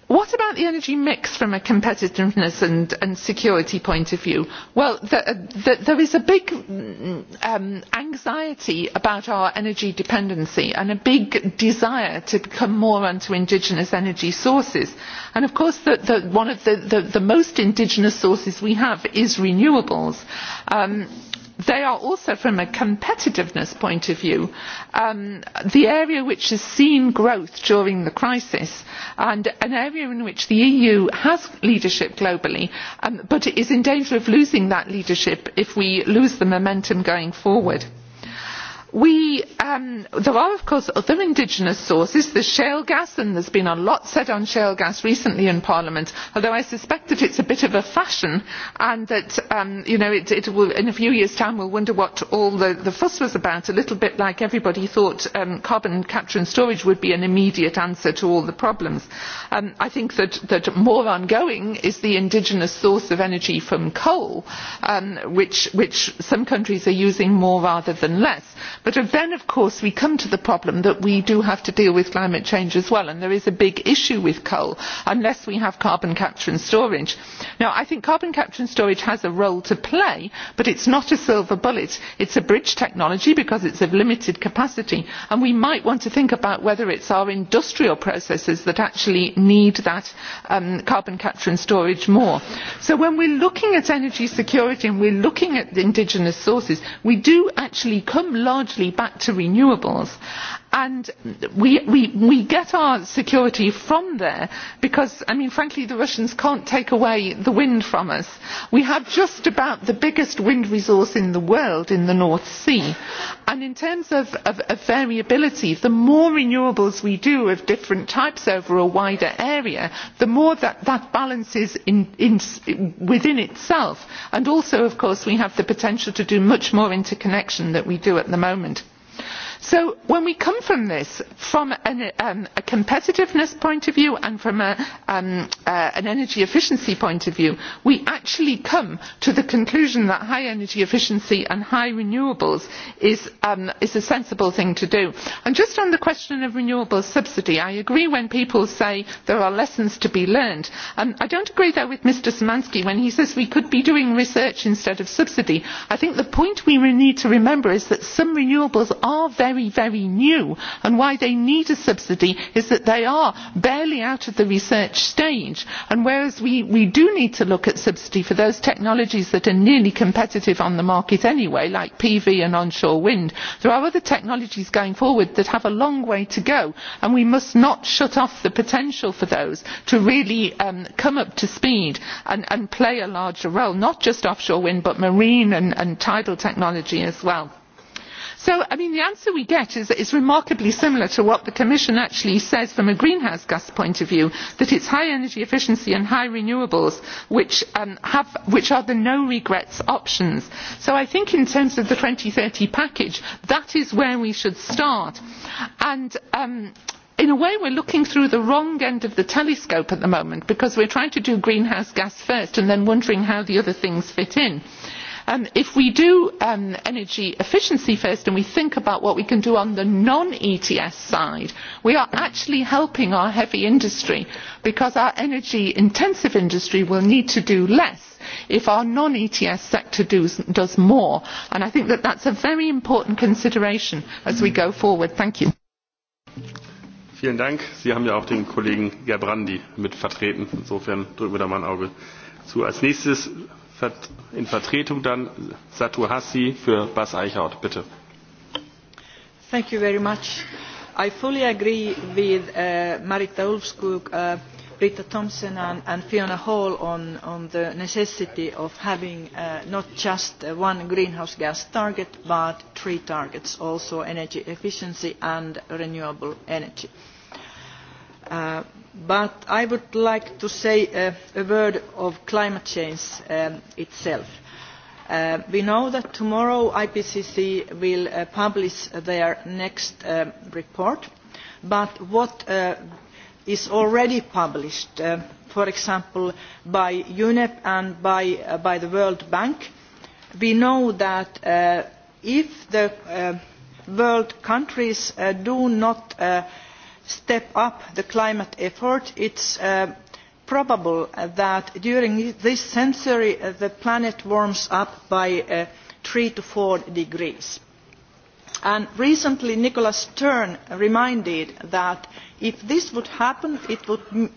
what about the energy mix from a competitiveness and, and security point of view? well the, uh, the, there is a big mm, um, anxiety about our energy dependency and a big desire to become more onto indigenous energy sources and of course the, one of the most indigenous sources we have is renewables. Um, they are also from a competitiveness point of view um, the area which has seen growth during the crisis and an area in which the eu has leadership globally um, but it is in danger of losing that leadership if we lose the momentum going forward. We, um, there are of course other indigenous sources there is shale gas and there has been a lot said on shale gas recently in parliament although i suspect that it is a bit of a fashion and that um, you know, it, it will, in a few years' time we will wonder what all the, the fuss was about a little bit like everybody thought um, carbon capture and storage would be an immediate answer to all the problems. Um, i think that, that more ongoing is the indigenous source of energy from coal um, which, which some countries are using more rather than less but then of course we come to the problem that we do have to deal with climate change as well and there is a big issue with coal unless we have carbon capture and storage. Now, i think carbon capture and storage has a role to play but it is not a silver bullet it is a bridge technology because it is of limited capacity and we might want to think about whether it is our industrial processes that actually need that um, carbon capture and storage more. so when we are looking at energy security and we are looking at indigenous sources we do actually come largely actually back to renewables and we, we, we get our security from there because I mean, frankly the russians cannot take away the wind from us. we have just about the biggest wind resource in the world in the north sea and in terms of, of, of variability the more renewables we do of different types over a wider area the more that, that balances in, in, within itself and also of course we have the potential to do much more interconnection than we do at the moment so when we come from this from an, um, a competitiveness point of view and from a, um, uh, an energy efficiency point of view we actually come to the conclusion that high energy efficiency and high renewables is, um, is a sensible thing to do. And just on the question of renewable subsidy i agree when people say there are lessons to be learned. i do not agree though with mr szymaski when he says we could be doing research instead of subsidy. i think the point we need to remember is that some renewables are very very, very new. And why they need a subsidy is that they are barely out of the research stage. And whereas we, we do need to look at subsidy for those technologies that are nearly competitive on the market anyway, like PV and onshore wind, there are other technologies going forward that have a long way to go. And we must not shut off the potential for those to really um, come up to speed and, and play a larger role, not just offshore wind, but marine and, and tidal technology as well so I mean, the answer we get is, is remarkably similar to what the commission actually says from a greenhouse gas point of view that it is high energy efficiency and high renewables which, um, have, which are the no regrets options. so i think in terms of the two thousand and thirty package that is where we should start. And, um, in a way we are looking through the wrong end of the telescope at the moment because we are trying to do greenhouse gas first and then wondering how the other things fit in Um, if we do um, energy efficiency first and we think about what we can do on the non ets side we are actually helping our heavy industry because our energy intensive industry will need to do less if our non ets sector does, does more and i think that is a very important consideration as we go forward. thank you. vielen dank. sie haben ja auch den kollegen gerbrandy mit vertreten. insofern drücken wir da mal ein auge zu. als nächstes in Vertretung dann Satu Hassi für Bas Eichhaut. Bitte. Thank you very much. I fully agree with uh, Marita Ulfskog, uh, Britta Thompson and, and Fiona Hall on, on the necessity of having uh, not just uh, one greenhouse gas target but three targets, also energy efficiency and renewable energy. Uh, Uh, but i would like to say uh, a word on climate change um, itself. Uh, we know that tomorrow the ipcc will uh, publish their next um, report but what uh, is already published uh, for example by unep and by, by the world bank we know that if the world countries do not step up the climate effort it is uh, probable that during this century uh, the planet warms up by uh, three to four degrees. And recently nicholas stern reminded us that if this were to happen it would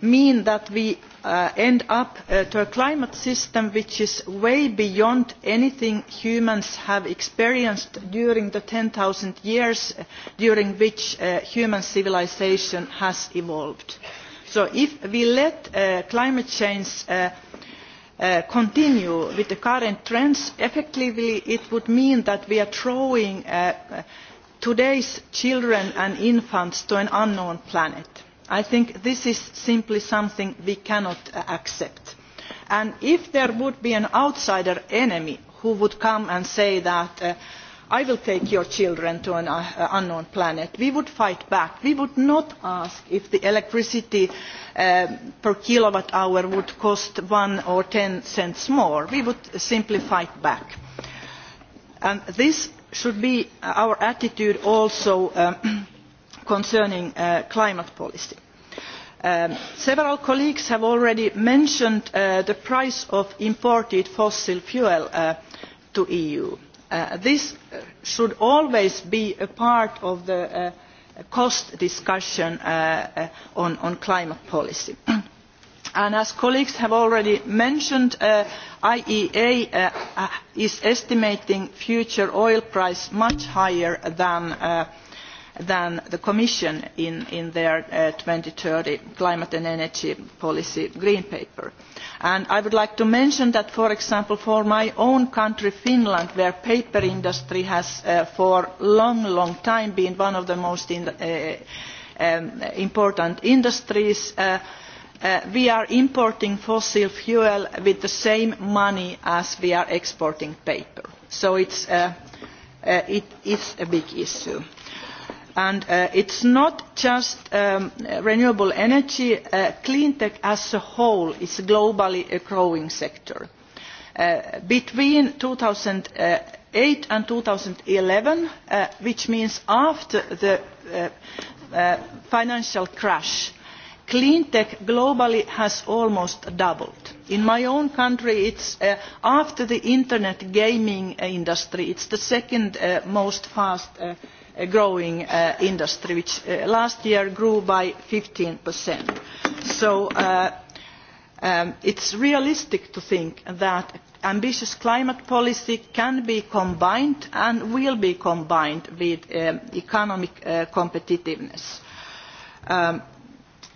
mean that we uh, end up uh, with a climate system which is way beyond anything humans have experienced during the ten zero years during which uh, human civilisation has evolved. so if we let uh, climate change uh, uh, continue with the current trends effectively it would mean that we are throwing uh, today's children and infants to an unknown planet i think this is simply something we cannot uh, accept and if there would be an outsider enemy who would come and say that uh, i will take your children to an uh, unknown planet we would fight back. we would not ask if the electricity per kilowatt hour would cost one or ten cents more we would simply fight back. And this should be our attitude also concerning uh, climate policy. Um, several colleagues have already mentioned uh, the price of imported fossil fuel uh, to the eu. this should always be a part of the cost discussion on, on climate policy. And as colleagues have already mentioned the uh, iea uh, is estimating future oil prices much higher than uh, than the commission in, in their two thousand and thirty climate and energy policy green paper. And i would like to mention that for example for my own country finland where the paper industry has uh, for a long long time been one of the most in, uh, um, important industries uh, uh, we are importing fossil fuel with the same money as we are exporting paper so uh, uh, it is a big issue and uh, it is not just um, renewable energy uh, clean tech as a whole is globally a growing sector. Uh, between two thousand and eight and two thousand and eleven uh, which means after the uh, uh, financial crash clean tech globally has almost doubled. in my own country uh, after the internet gaming industry it is the second uh, most fastest uh, growing uh, industry which uh, last year grew by 15%. So uh, um, it's realistic to think that ambitious climate policy can be combined and will be combined with um, economic uh, competitiveness. Um,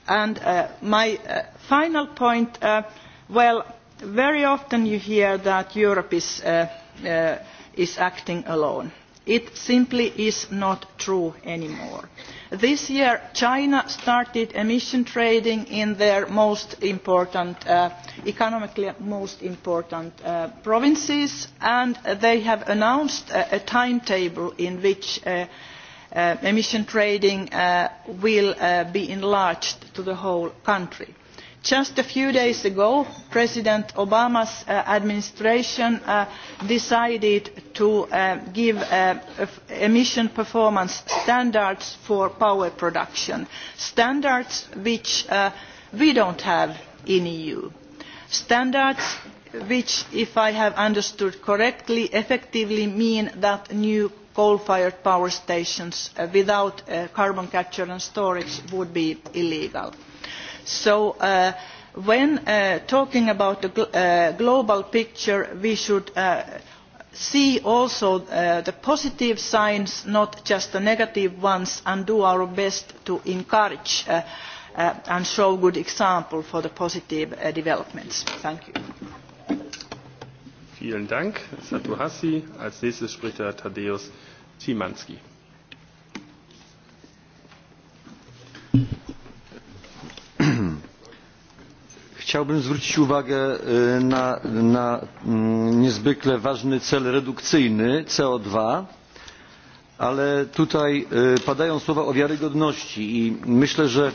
and uh, my uh, final point, uh, well, very often you hear that Europe is, uh, uh, is acting alone it simply is not true anymore. this year china started emission trading in their most important, uh, economically most important uh, provinces and they have announced a, a timetable in which uh, uh emission trading uh, will uh, be enlarged to the whole country just a few days ago president obama's uh, administration uh, decided to uh, give uh, emission performance standards for power production standards which uh, we do not have in the eu standards which if i have understood correctly effectively mean that new coal fired power stations uh, without carbon capture and storage would be illegal so uh, when uh, talking about the uh, global picture we should see also the positive signs not just the negative ones and do our best to encourage and show a good example for the positive developments. thank you. Vielen Dank, Satu Hassi. Als nächstes spricht Herr Tadeusz Szymanski. chciałbym zwrócić uwagę na, na mm, niezwykle ważny cel redukcyjny co dwa ale tutaj padają słowa o wiarygodności i myślę że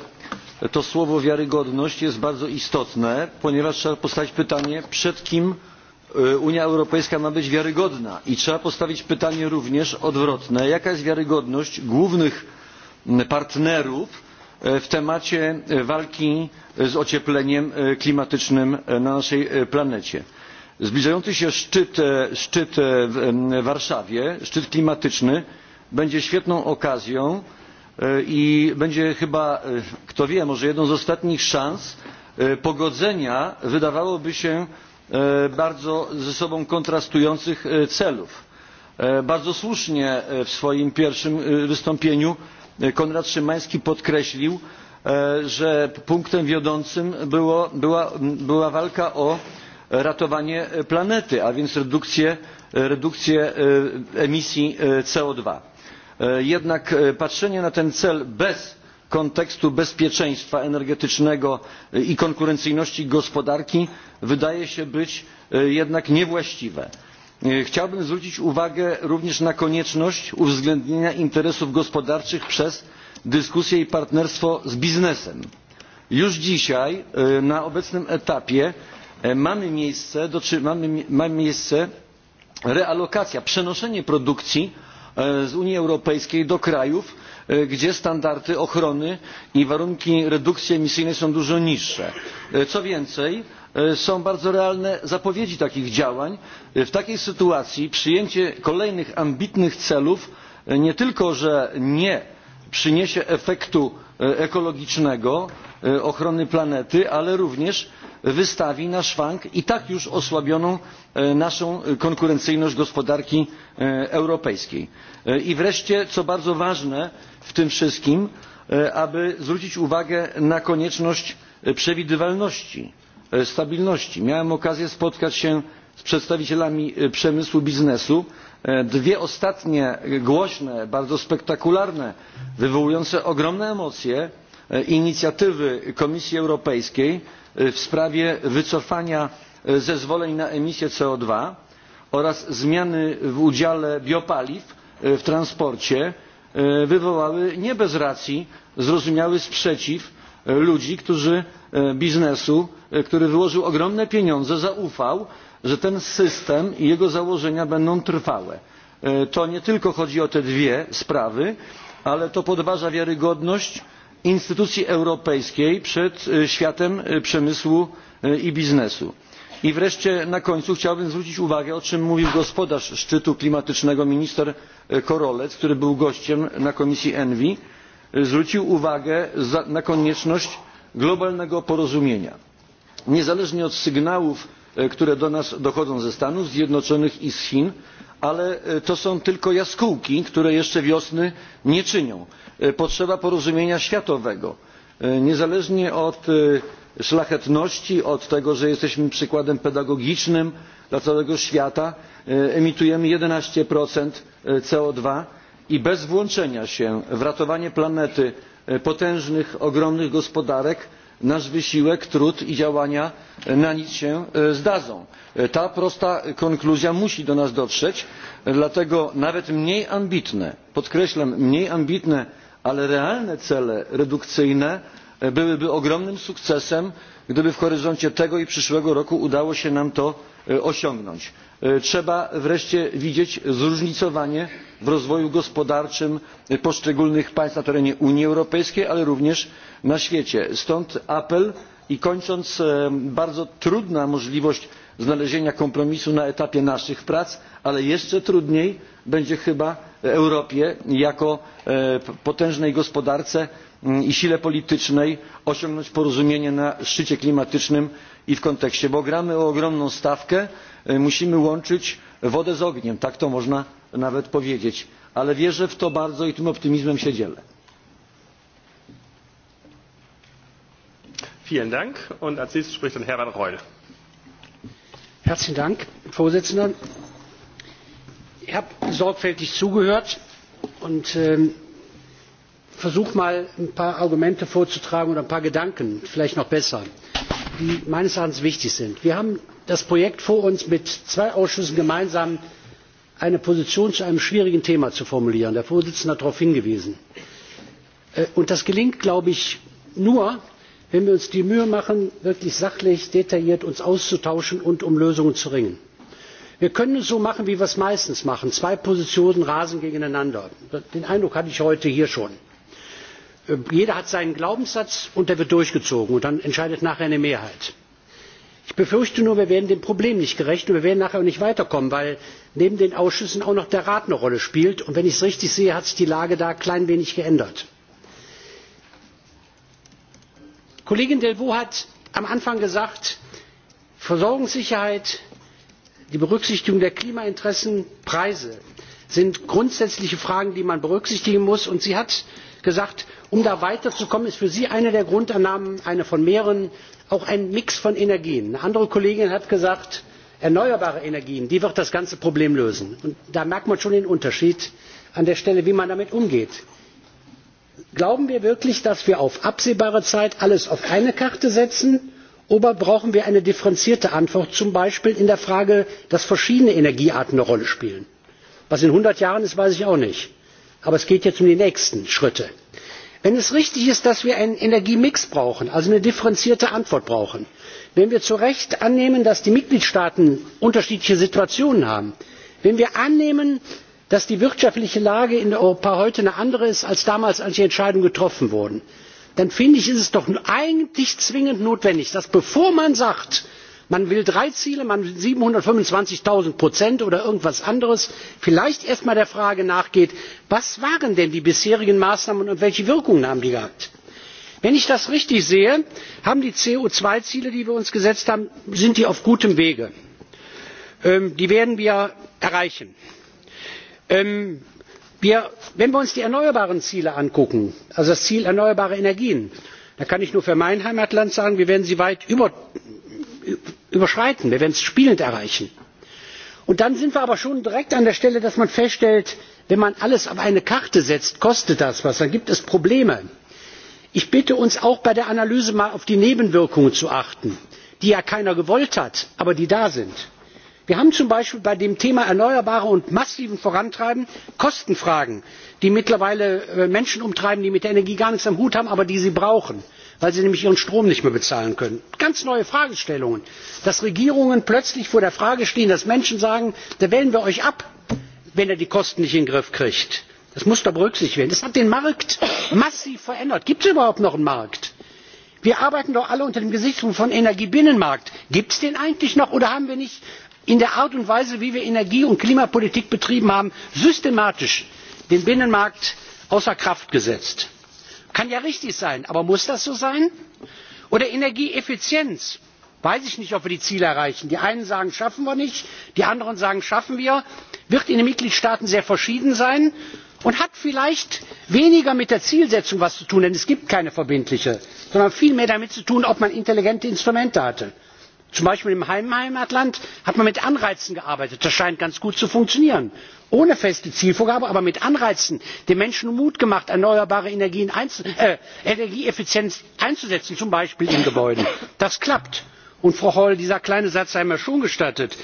to słowo wiarygodność jest bardzo istotne ponieważ trzeba postawić pytanie przed kim unia europejska ma być wiarygodna i trzeba postawić pytanie również odwrotne jaka jest wiarygodność głównych partnerów E, w temacie e, walki e, z ociepleniem klimatycznym na naszej planecie. zbliżający się szczyt, szczyt w warszawie szczyt klimatyczny będzie świetną okazją i będzie chyba kto wie może jedną z ostatnich szans pogodzenia wydawałoby się bardzo ze sobą kontrastujących celów. bardzo słusznie w swoim pierwszym wystąpieniu E, konrad szymański podkreślił e, że punktem wiodącym było, była, była walka o ratowanie planety a więc redukcję, redukcję e, emisji co. jednak patrzenie na ten cel bez kontekstu bezpieczeństwa energetycznego i konkurencyjności gospodarki wydaje się być jednak niewłaściwe. E, chciałbym zwrócić uwagę również na konieczność uwzględnienia interesów gospodarczych przez dyskusję i partnerstwo z biznesem. już dzisiaj e, na obecnym etapie e, ma miejsce, miejsce realokacja przenoszenie produkcji z unii europejskiej do krajów gdzie standardy ochrony i warunki redukcji emisyjnej są dużo niższe. co więcej E, są bardzo realne zapowiedzi takich działań. E, w takiej sytuacji przyjęcie kolejnych ambitnych celów e, nie tylko że nie przyniesie efektu ekologicznego ochrony planety ale również wystawi na szwank i tak już osłabioną naszą konkurencyjność gospodarki europejskiej. i wreszcie co bardzo ważne w tym wszystkim aby zwrócić uwagę na konieczność przewidywalności E, stabilności. miałem okazję spotkać się z przedstawicielami e, przemysłu biznesu. E, dwie ostatnie głośne bardzo spektakularne wywołujące ogromne emocje inicjatywy komisji europejskiej w sprawie wycofania zezwoleń na emisję co dwa oraz zmiany w udziale biopaliw w transporcie wywołały nie bez racji zrozumiały sprzeciw ludzi którzy E, biznesu e, który wyłożył ogromne pieniądze zaufał że ten system i jego założenia będą trwałe. E, to nie tylko chodzi o te dwie sprawy ale to podważa wiarygodność instytucji europejskiej przed światem przemysłu i biznesu. i wreszcie na końcu chciałbym zwrócić uwagę o czym mówił gospodarz szczytu klimatycznego minister korolec który był gościem na komisji envi zwrócił uwagę na konieczność globalnego porozumienia niezależnie od sygnałów e, które do nas dochodzą ze stanów zjednoczonych i z chin ale e, to są tylko jaskółki które jeszcze wiosny nie czynią. E, potrzeba porozumienia światowego niezależnie od szlachetności od tego że jesteśmy przykładem pedagogicznym dla całego świata emitujemy jedenaście co i bez włączenia się w ratowanie planety E, potężnych ogromnych gospodarek nasz wysiłek trud i działania e, na nic się e, zdadzą. ta prosta konkluzja musi do nas dotrzeć dlatego nawet mniej ambitne podkreślam mniej ambitne ale realne cele redukcyjne byłyby ogromnym sukcesem gdyby w horyzoncie tego i przyszłego roku udało się nam to E, osiągnąć. E, trzeba wreszcie widzieć zróżnicowanie w rozwoju gospodarczym poszczególnych państw na terenie unii europejskiej ale również na świecie. stąd apel i kończąc e, bardzo trudna możliwość znalezienia kompromisu na etapie naszych prac ale jeszcze trudniej będzie chyba europie jako potężnej gospodarce i sile politycznej osiągnąć porozumienie na szczycie klimatycznym i w kontekście bo gramy o ogromną stawkę musimy łączyć wodę z ogniem tak to można nawet powiedzieć ale wierzę w to bardzo i tym optymizmem się dzielę. Vielen Dank. Und als nächstes spricht dann Hermann Reul. Herzlichen Dank, Vorsitzender. Ich habe sorgfältig zugehört und ähm, versuche mal ein paar Argumente vorzutragen oder ein paar Gedanken, vielleicht noch besser. Äh, die meines erachtens wichtig sind. wir haben das projekt vor uns mit zwei ausschüssen gemeinsam eine position zu einem schwierigen thema zu formulieren der vorsitzende hat darauf hingewiesen. Äh, und das gelingt glaube ich nur wenn wir uns die mühe machen uns wirklich sachlich detailliert auszutauschen und um lösungen zu ringen. wir können es so machen wie wir es meistens machen zwei positionen rasen gegeneinander. den eindruck hatte ich heute hier schon. Äh, jeder hat seinen glaubenssatz und der wird durchgezogen und dann entscheidet nachher eine mehrheit. ich befürchte nur wir werden dem problem nicht gerecht und wir werden nachher auch nicht weiterkommen weil neben den ausschüssen auch noch der rat eine rolle spielt und wenn ich es richtig sehe hat sich die lage da ein klein wenig geändert. kollegin delvaux hat am anfang gesagt versorgungssicherheit die berücksichtigung der klimainteressen preise sind grundsätzliche fragen die man berücksichtigen muss und sie hat gesagt um da weiterzukommen ist für sie eine der grundannahmen eine von mehreren auch ein mix von energien. eine andere kollegin hat gesagt erneuerbare energien werden das ganze problem lösen. Und da merkt man schon den unterschied an der stelle wie man damit umgeht. glauben wir wirklich dass wir auf absehbare zeit alles auf eine karte setzen oder brauchen wir eine differenzierte antwort zum beispiel in der frage dass verschiedene energiearten eine rolle spielen? was in hundert jahren ist weiß ich auch nicht aber es geht jetzt um die nächsten schritte wenn es richtig ist dass wir einen energiemix brauchen also eine differenzierte antwort brauchen wenn wir zu recht annehmen dass die mitgliedstaaten unterschiedliche situationen haben wenn wir annehmen dass die wirtschaftliche lage in europa heute eine andere ist als damals als die entscheidungen getroffen wurden dann finde ich ist es doch eigentlich zwingend notwendig dass bevor man sagt man will drei ziele man will siebenhundertfünfundzwanzig null prozent oder irgendwas anderes vielleicht erst mal der frage nachgeht was waren denn die bisherigen maßnahmen und welche wirkungen haben die gehabt? wenn ich das richtig sehe sind die co zwei ziele die wir uns gesetzt haben auf gutem wege. Ähm, die werden wir erreichen. Ähm, wenn wir uns die erneuerbaren ziele angucken also das ziel erneuerbare energien da kann ich nur für mein heimatland sagen wir werden sie weit über überschreiten wir werden es spielend erreichen. und dann sind wir aber schon direkt an der stelle dass man feststellt wenn man alles auf eine karte setzt kostet das etwas dann gibt es probleme. ich bitte uns auch bei der analyse mal auf die nebenwirkungen zu achten die ja keiner gewollt hat aber die da sind. wir haben zum beispiel bei dem thema erneuerbare und massivem vorantreiben kostenfragen die mittlerweile äh, menschen umtreiben die mit der energie gar nichts am hut haben aber die sie brauchen weil sie nämlich ihren strom nicht mehr bezahlen können. ganz neue fragestellungen dass regierungen plötzlich vor der frage stehen dass menschen sagen dann wählen wir euch ab wenn ihr er die kosten nicht in den griff kriegt. das muss doch berücksichtigt werden. das hat den markt massiv verändert. gibt es überhaupt noch einen markt? wir arbeiten doch alle unter dem gesichtspunkt von energiebinnenmarkt. gibt es den eigentlich noch oder haben wir nicht in der art und weise wie wir energie und klimapolitik betrieben haben systematisch den binnenmarkt außer kraft gesetzt? kann ja richtig sein aber muss das so sein? oder energieeffizienz weiß ich nicht ob wir die ziele erreichen die einen sagen schaffen wir nicht die anderen sagen schaffen wir wird in den mitgliedstaaten sehr verschieden sein und hat vielleicht weniger mit der zielsetzung zu tun denn es gibt keine verbindliche sondern vielmehr damit zu tun ob man intelligente instrumente hatte. zum beispiel in meinem heimatland hat man mit anreizen gearbeitet das scheint ganz gut zu funktionieren ohne feste zielvorgabe aber mit anreizen den menschen mut gemacht erneuerbare energien äh, energieeffizient einzusetzen zum beispiel in gebäuden. das klappt. und frau hall dieser kleine satz sei mir schon gestattet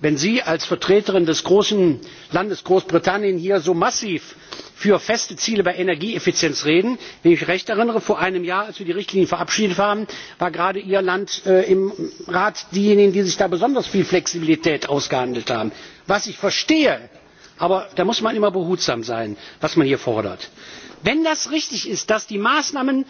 wenn sie als vertreterin des großen landes großbritannien hier so massiv für feste ziele bei energieeffizienz reden wenn ich mich recht erinnere vor einem jahr als wir die richtlinie verabschiedet haben war gerade ihr land äh, im rat diejenigen die sich da besonders viel flexibilität ausgehandelt haben was ich verstehe aber da muss man immer behutsam sein was man hier fordert. wenn das richtig ist dass die maßnahmen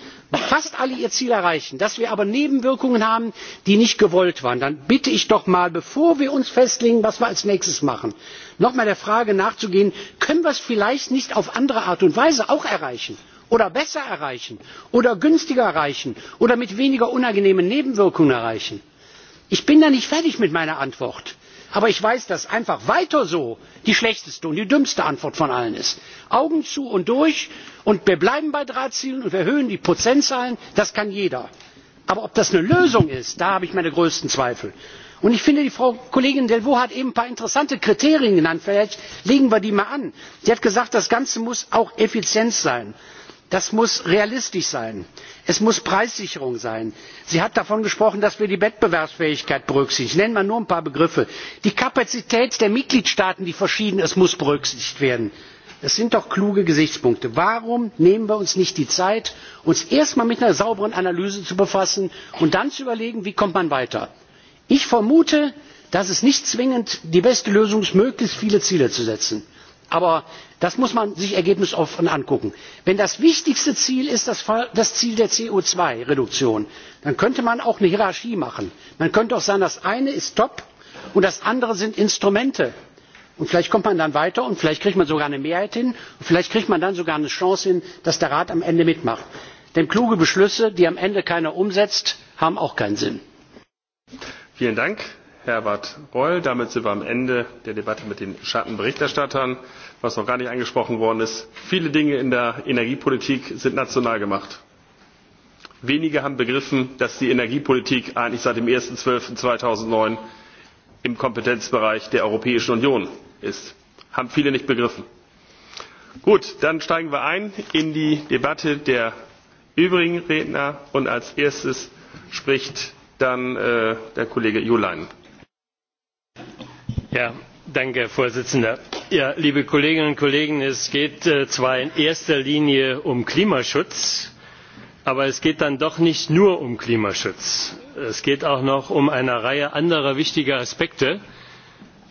fast alle ihr ziel erreichen dass wir aber nebenwirkungen haben die nicht gewollt waren dann bitte ich doch mal bevor wir uns festlegen was wir als nächstes machen noch einmal der frage nachzugehen können wir es vielleicht nicht auf andere art und weise auch erreichen oder besser erreichen oder günstiger erreichen oder mit weniger unangenehmen nebenwirkungen erreichen? ich bin da nicht fertig mit meiner antwort aber ich weiß dass einfach weiter so die schlechteste und die dümmste antwort von allen ist. augen zu und durch und wir bleiben bei drahtzielen und wir erhöhen die prozentzahlen das kann jeder. aber ob das eine lösung ist da habe ich meine größten zweifel. und ich finde die frau kollegin delvaux hat eben ein paar interessante kriterien genannt vielleicht legen wir die mal an. sie hat gesagt das ganze muss auch effizient sein das muss realistisch sein es muss preissicherung sein. sie hat davon gesprochen dass wir die wettbewerbsfähigkeit berücksichtigen. ich nenne mal nur ein paar begriffe die kapazität der mitgliedstaaten die verschieden ist muss berücksichtigt werden. das sind doch kluge gesichtspunkte. warum nehmen wir uns nicht die zeit uns erst einmal mit einer sauberen analyse zu befassen und dann zu überlegen wie kommt man weiter? ich vermute dass es nicht zwingend die beste lösung ist möglichst viele ziele zu setzen aber das muss man sich ergebnisoffen angucken. wenn das wichtigste ziel das ziel der co zwei reduktion ist dann könnte man auch eine hierarchie machen. man könnte auch sagen das eine ist top und das andere sind instrumente. vielleicht kommt man dann weiter und vielleicht kriegt man sogar eine mehrheit hin und vielleicht kriegt man dann sogar eine chance hin dass der rat am ende mitmacht. denn kluge beschlüsse die am ende keiner umsetzt haben auch keinen sinn. Herbert Reul. Damit sind wir am Ende der Debatte mit den Schattenberichterstattern. Was noch gar nicht angesprochen worden ist, viele Dinge in der Energiepolitik sind national gemacht. Wenige haben begriffen, dass die Energiepolitik eigentlich seit dem 1.12.2009 im Kompetenzbereich der Europäischen Union ist. Haben viele nicht begriffen. Gut, dann steigen wir ein in die Debatte der übrigen Redner und als erstes spricht dann äh, der Kollege Julein. Ja, danke, herr präsident! Ja, liebe kolleginnen und kollegen es geht äh, zwar in erster linie um klimaschutz aber es geht dann doch nicht nur um klimaschutz es geht auch noch um eine reihe anderer wichtiger aspekte.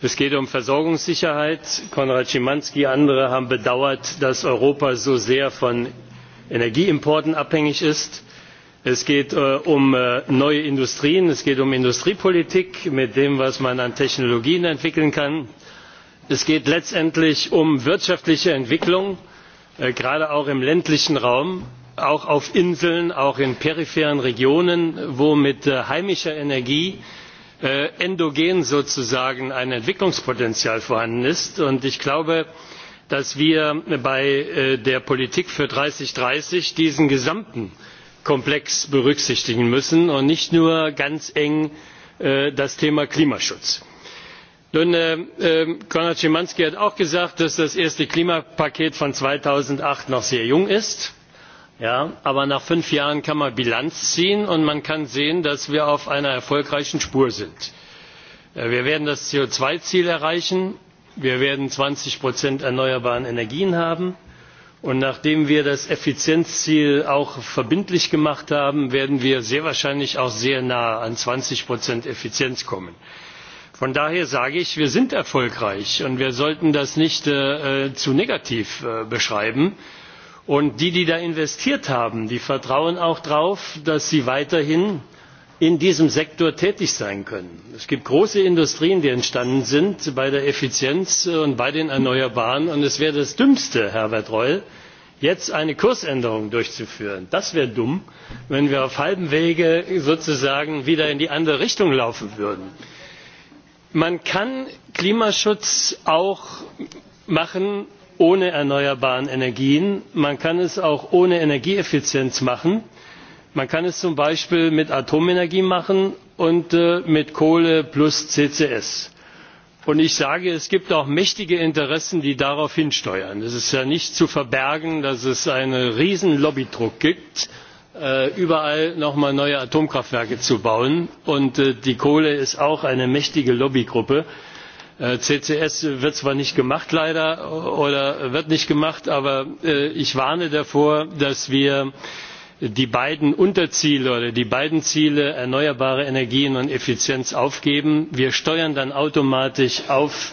es geht um versorgungssicherheit konrad szymaski und andere haben bedauert dass europa so sehr von energieimporten abhängig ist es geht äh, um äh, neue industrien es geht um industriepolitik mit dem was man an technologien entwickeln kann es geht letztendlich um wirtschaftliche entwicklung äh, gerade auch im ländlichen raum auch auf inseln auch in peripheren regionen wo mit heimischer energie endogen sozusagen ein entwicklungspotenzial vorhanden ist. und ich glaube dass wir bei der politik für zweitausenddreißig diesen gesamten komplex berücksichtigen müssen und nicht nur ganz eng äh, das thema klimaschutz. nun äh, ähm, kornelia szymaski hat auch gesagt dass das erste klimapaket von zweitausendacht noch sehr jung ist. ja aber nach fünf jahren kann man bilanz ziehen und man kann sehen dass wir auf einer erfolgreichen spur sind. Äh, wir werden das co zwei ziel erreichen wir werden zwanzig erneuerbare energien haben und nachdem wir das effizienzziel auch verbindlich gemacht haben werden wir sehr wahrscheinlich auch sehr nahe an zwanzig effizienz kommen. von daher sage ich wir sind erfolgreich und wir sollten das nicht äh, zu negativ äh, beschreiben. und die die da investiert haben die vertrauen auch darauf dass sie weiterhin in diesem sektor tätig sein können. es gibt große industrien die entstanden sind bei der effizienz und bei den erneuerbaren und es wäre das dümmste herbert reul jetzt eine kursänderung durchzuführen. das wäre dumm wenn wir auf halbem wege sozusagen wieder in die andere richtung laufen würden. man kann klimaschutz auch machen ohne erneuerbare energien man kann es auch ohne energieeffizienz machen man kann es zum beispiel mit atomenergie machen und äh, mit kohle plus ccs. und ich sage es gibt auch mächtige interessen die darauf hinsteuern. es ist ja nicht zu verbergen dass es einen riesigen lobbydruck gibt äh, überall noch einmal neue atomkraftwerke zu bauen und äh, die kohle ist auch eine mächtige lobbygruppe. ccs wird zwar nicht gemacht leider oder wird nicht gemacht aber ich warne davor dass wir die beiden unterziele oder die beiden ziele erneuerbare energien und effizienz aufgeben wir steuern dann automatisch auf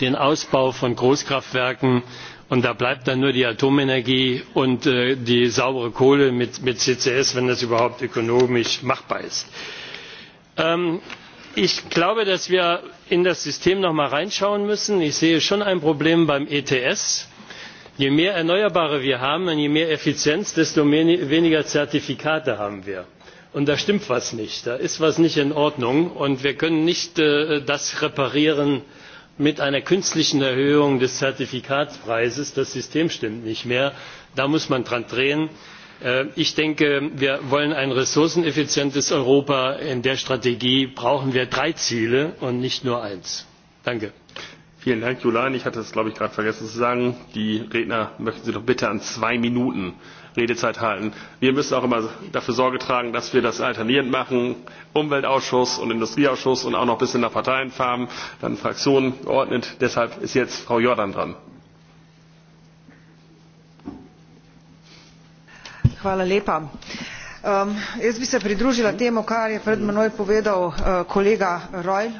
den ausbau von großkraftwerken und da bleibt dann nur die atomenergie und äh, die saubere kohle mit ccs wenn das überhaupt ökonomisch machbar ist. Ähm, ich glaube dass wir in das system noch einmal reinschauen müssen. ich sehe schon ein problem beim ets je mehr erneuerbare wir haben und je mehr effizienz desto weniger zertifikate haben wir. und da stimmt etwas nicht da ist etwas nicht in ordnung und wir können nicht äh, das reparieren mit einer künstlichen erhöhung des zertifikatspreises das system stimmt nicht mehr da muss man dran drehen. Äh, ich denke wir wollen ein ressourceneffizientes europa in der strategie brauchen wir drei ziele und nicht nur eines. danke! Vielen Dank, Julian. Ich hatte es, glaube ich, gerade vergessen zu sagen. Die Redner möchten Sie doch bitte an zwei Minuten Redezeit halten. Wir müssen auch immer dafür Sorge tragen, dass wir das alternierend machen. Umweltausschuss und Industrieausschuss und auch noch ein bisschen nach Parteien farben, dann Fraktionen geordnet. Deshalb ist jetzt Frau Jordan dran. Hvala lepa. Um, jaz bi se pridružila temu, kar je pred menoj povedal uh, kolega Rojl,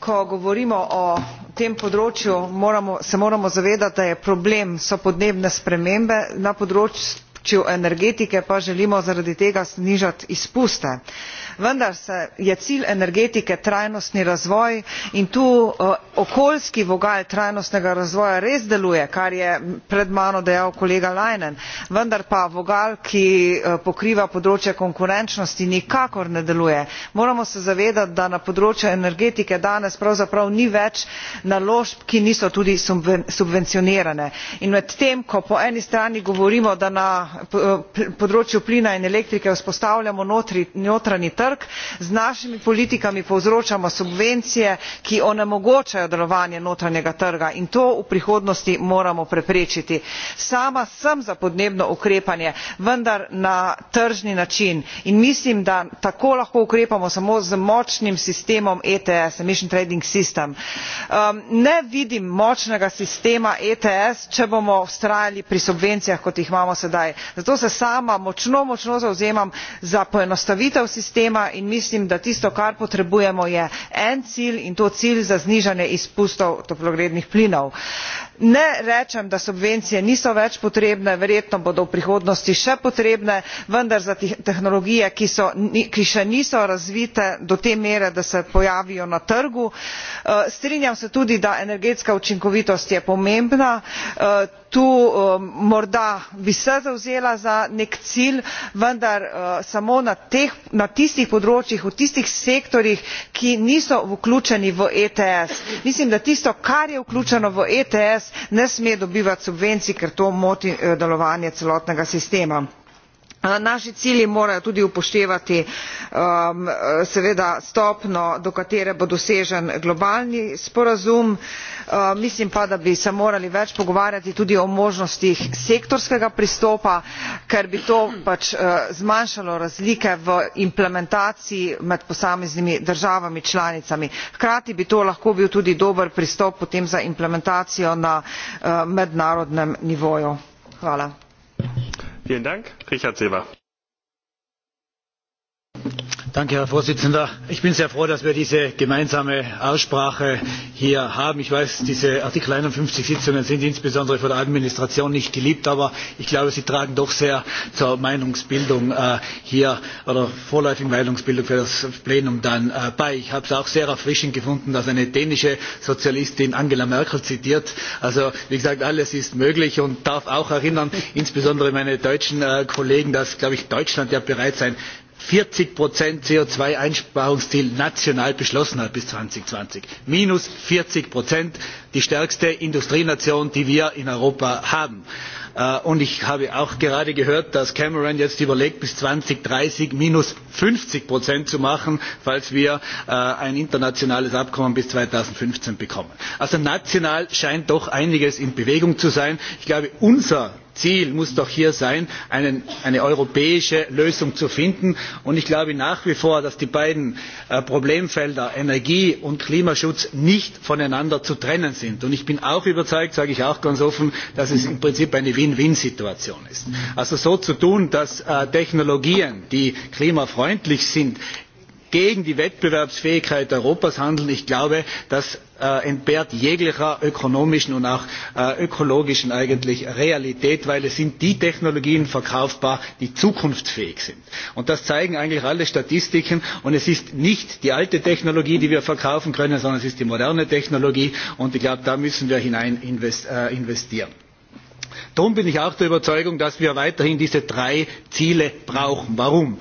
ko govorimo o tem področju moramo, se moramo zavedati da je problem so podnebne spremembe na področju energetike pa želimo zaradi tega znižati izpuste vendar je cilj energetike trajnostni razvoj in tu eh, okoljski vogal trajnostnega razvoja res deluje kar je pred mano dejal kolega leinen vendar pa vogal ki eh, pokriva področje konkurenčnosti nikakor ne deluje. moramo se zavedati da na področju energetike danes pravzaprav ni več naložb ki niso tudi subvencionirane in medtem ko po eni strani govorimo da na eh, področju plina in elektrike vzpostavljamo notri, notranji trg trg z našimi politikami povzročamo subvencije ki onemogočajo delovanje notranjega trga in to v prihodnosti moramo preprečiti. sama sem za podnebno ukrepanje vendar na tržni način in mislim da tako lahko ukrepamo samo z močnim sistemom ets emission trading system. Um, ne vidim močnega sistema ets če bomo vztrajali pri subvencijah kot jih imamo sedaj zato se sama močno močno zavzemam za poenostavitev sistema problema in mislim da tisto kar potrebujemo je en cilj in to cilj za znižanje izpustov toplogrednih plinov ne rečem da subvencije niso več potrebne verjetno bodo v prihodnosti še potrebne vendar za tehnologije ki, so, ki še niso razvite do te mere da se pojavijo na trgu. Eh, strinjam se tudi da energetska učinkovitost je pomembna eh, tu eh, morda bi se zavzela za nek cilj vendar samo na, teh, na tistih področjih v tistih sektorjih ki niso vključeni v ets. mislim da tisto kar je vključeno v ets ne sme dobivati subvencij ker to moti eh, delovanje celotnega sistema naši cilji morajo tudi upoštevati um, seveda stopnjo do katere bo dosežen globalni sporazum um, mislim pa da bi se morali več pogovarjati tudi o možnostih sektorskega pristopa ker bi to pač uh, zmanjšalo razlike v implementaciji med posameznimi državami članicami hkrati bi to lahko bil tudi dober pristop potem za implementacijo na uh, mednarodnem nivoju. Hvala. Vielen Dank, Richard Seber. Danke, herr präsident! ich bin sehr froh dass wir diese gemeinsame aussprache hier haben. ich weiß diese artikel einundfünfzig sitzungen sind insbesondere von der administration nicht geliebt aber ich glaube sie tragen doch sehr zur meinungsbildung äh, hier oder vorläufigen meinungsbildung für das plenum dann äh, bei. ich habe es auch sehr erfrischend gefunden dass eine dänische sozialistin angela merkel zitiert. also wie gesagt alles ist möglich und darf auch erinnern insbesondere meine deutschen äh, kollegen dass glaube ich deutschland ja bereits ein vierzig co zwei einsparungsziel national beschlossen hat bis zweitausendzwanzig minus vierzig prozent! die stärkste industrienation die wir in europa haben. Äh, und ich habe auch gerade gehört, dass Cameron jetzt überlegt, bis 2030 minus 50 Prozent zu machen, falls wir äh, ein internationales Abkommen bis 2015 bekommen. Also national scheint doch einiges in Bewegung zu sein. Ich glaube, unser ziel muss doch hier sein einen, eine europäische lösung zu finden und ich glaube nach wie vor dass die beiden äh, problemfelder energie und klimaschutz nicht voneinander zu trennen sind sind. Und ich bin auch überzeugt, sage ich auch ganz offen, dass es im Prinzip eine Win-Win-Situation ist. Also so zu tun, dass äh, Technologien, die klimafreundlich sind, gegen die wettbewerbsfähigkeit europas handeln ich glaube das äh, entbehrt jeglicher ökonomischen und auch äh, ökologischen realität denn es sind die technologien verkaufbar die zukunftsfähig sind. das zeigen eigentlich alle statistiken und es ist nicht die alte technologie die wir verkaufen können sondern es ist die moderne technologie und ich glaube da müssen wir hinein äh, investieren. darum bin ich auch der überzeugung dass wir weiterhin diese drei ziele brauchen. warum?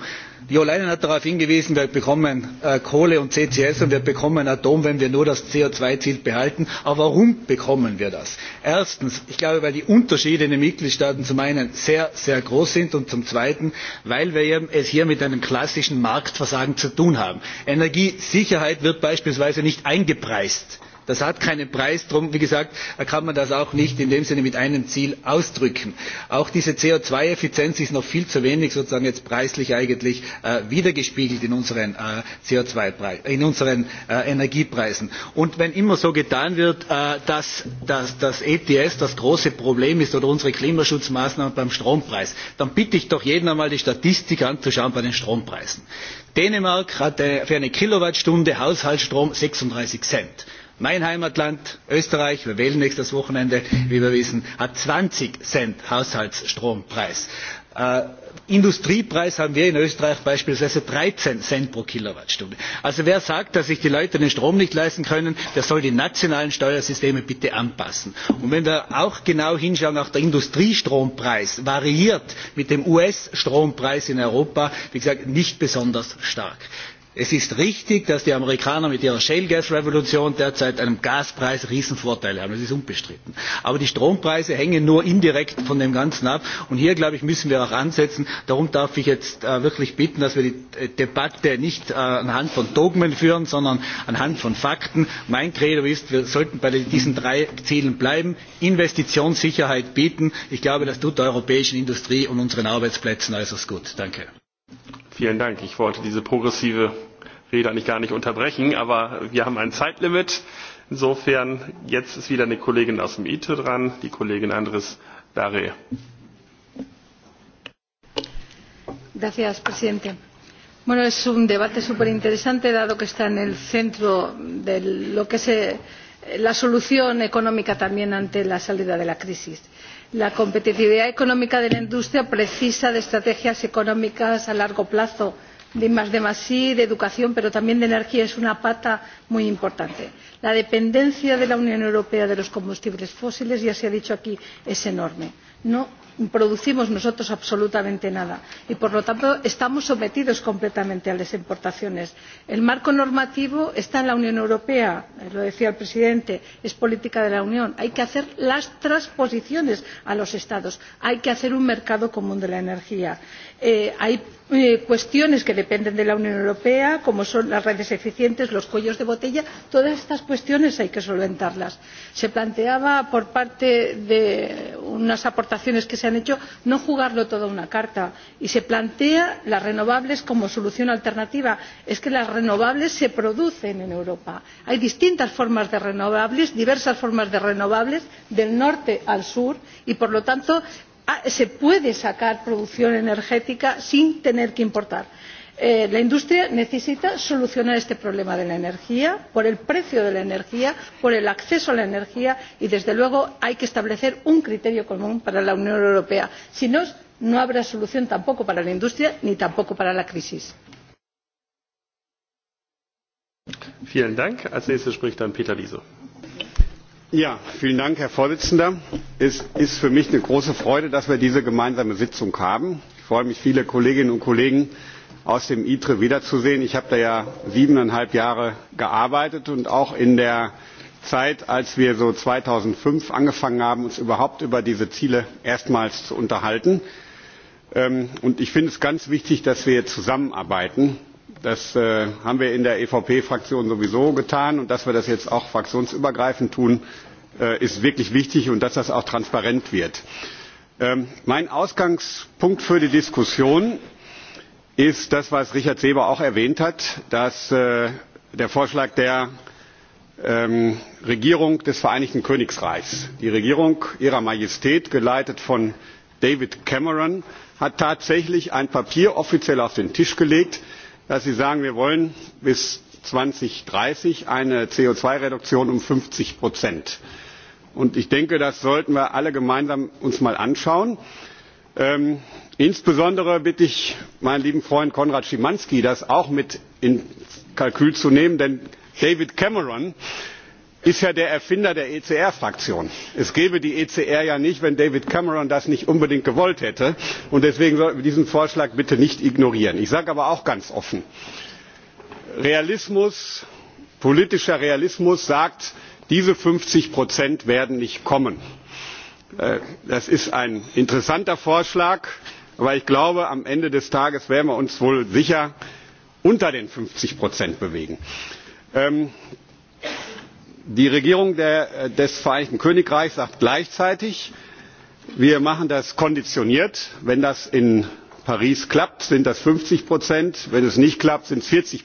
jo hat darauf hingewiesen wir bekommen äh, kohle und ccs und wir bekommen atom wenn wir nur das co zwei ziel behalten. aber warum bekommen wir das? erstens ich glaube weil die unterschiede in den mitgliedstaaten zum einen sehr sehr groß sind und zum zweiten weil wir es hier mit einem klassischen marktversagen zu tun haben. energiesicherheit wird beispielsweise nicht eingepreist Das hat keinen Preis, darum, wie gesagt, kann man das auch nicht in dem Sinne mit einem Ziel ausdrücken. Auch diese CO2-Effizienz ist noch viel zu wenig sozusagen jetzt preislich eigentlich äh, wiedergespiegelt in unseren, äh, CO2 in unseren äh, Energiepreisen. Und wenn immer so getan wird, äh, dass, dass das ETS das große Problem ist oder unsere Klimaschutzmaßnahmen beim Strompreis, dann bitte ich doch jeden einmal die Statistik anzuschauen bei den Strompreisen. Dänemark hat äh, für eine Kilowattstunde Haushaltsstrom 36 Cent mein heimatland österreich wir wählen nächstes wochenende wie wir wissen hat zwanzig cent haushaltsstrompreis. Äh, industriepreis haben wir in österreich beispielsweise dreizehn cent pro kilowattstunde. also wer sagt dass sich die leute den strom nicht leisten können der soll die nationalen steuersysteme bitte anpassen. und wenn wir auch genau hinschauen auch der industriestrompreis variiert mit dem us strompreis in europa wie gesagt nicht besonders stark es ist richtig dass die amerikaner mit ihrer shale gas revolution derzeit einen gaspreis riesenvorteil haben das ist unbestritten aber die strompreise hängen nur indirekt von dem ganzen ab und hier glaube ich müssen wir auch ansetzen. darum darf ich jetzt äh, wirklich bitten dass wir die äh, debatte nicht äh, anhand von dogmen führen sondern anhand von fakten. mein credo ist wir sollten bei diesen drei zielen bleiben investitionssicherheit bieten ich glaube das tut der europäischen industrie und unseren arbeitsplätzen äußerst gut. danke! Vielen Dank. Ich wollte diese progressive Rede eigentlich gar nicht unterbrechen, aber wir haben ein Zeitlimit. Insofern, jetzt ist wieder eine Kollegin aus dem ITE dran, die Kollegin Andres Daré. Gracias, presidente. Bueno, es un debate súper interesante, dado que está en el centro de lo que es eh, la solución económica también ante la salida de la crisis la competitividad económica de la industria precisa de estrategias económicas a largo plazo de idi de educación pero también de energía es una pata muy importante. la dependencia de la unión europea de los combustibles fósiles ya se ha dicho aquí es enorme. no producimos nosotros absolutamente nada y por lo tanto estamos sometidos completamente a las importaciones. el marco normativo está en la unión europea eh, lo decía el presidente es política de la unión hay que hacer las transposiciones a los estados hay que hacer un mercado común de la energía. Eh, hay eh, cuestiones que dependen de la unión europea como son las redes eficientes los cuellos de botella todas estas cuestiones hay que solventarlas. se planteaba por parte de unas aportaciones se han hecho no jugarlo todo a una carta y se plantean las renovables como solución alternativa. es que las renovables se producen en europa hay distintas formas de renovables diversas formas de renovables del norte al sur y por lo tanto ah, se puede sacar producción energética sin tener que importarla. Eh, la industria necesita solucionar este problema de la energía por el precio de la energía por el acceso a la energía y desde luego hay que establecer un criterio común para la unión europea si no no habrá solución tampoco para la industria ni tampoco para la crisis. Ja, Dank, herr präsident! es ist für mich eine große freude dass wir diese gemeinsame sitzung haben. ich freue mich viele kolleginnen und kollegen aus dem itre wiederzusehen. ich habe da ja siebeneinhalb jahre gearbeitet und auch in der zeit als wir so zweitausendfünf angefangen haben uns überhaupt über diese ziele erstmals zu unterhalten. Ähm, und ich finde es ganz wichtig dass wir zusammenarbeiten. das äh, haben wir in der evp fraktion sowieso getan und dass wir das jetzt auch fraktionsübergreifend tun äh, ist wirklich wichtig und dass das auch transparent wird. Ähm, mein ausgangspunkt für die diskussion ist das was richard seeber auch erwähnt hat dass äh, der vorschlag der ähm, regierung des vereinigten königreichs die regierung ihrer majestät geleitet von david cameron hat tatsächlich ein papier offiziell auf den tisch gelegt dass sie sagen wir wollen bis zweitausenddreißig eine co zwei reduktion um fünfzig und ich denke das sollten wir uns alle gemeinsam mal anschauen. Ähm, insbesondere bitte ich meinen lieben freund konrad szymaski das auch mit ins kalkül zu nehmen denn david cameron ist ja der erfinder der ecr fraktion. es gäbe die ecr ja nicht wenn david cameron das nicht unbedingt gewollt hätte und deswegen sollten wir diesen vorschlag bitte nicht ignorieren. ich sage aber auch ganz offen realismus politischer realismus sagt diese fünfzig werden nicht kommen. Äh, das ist ein interessanter vorschlag aber ich glaube am ende des tages werden wir uns wohl sicher unter den fünfzig bewegen. Ähm, die regierung äh, des vereinigten königreichs sagt gleichzeitig wir machen das konditioniert wenn das in paris klappt sind das fünfzig wenn es nicht klappt sind es. vierzig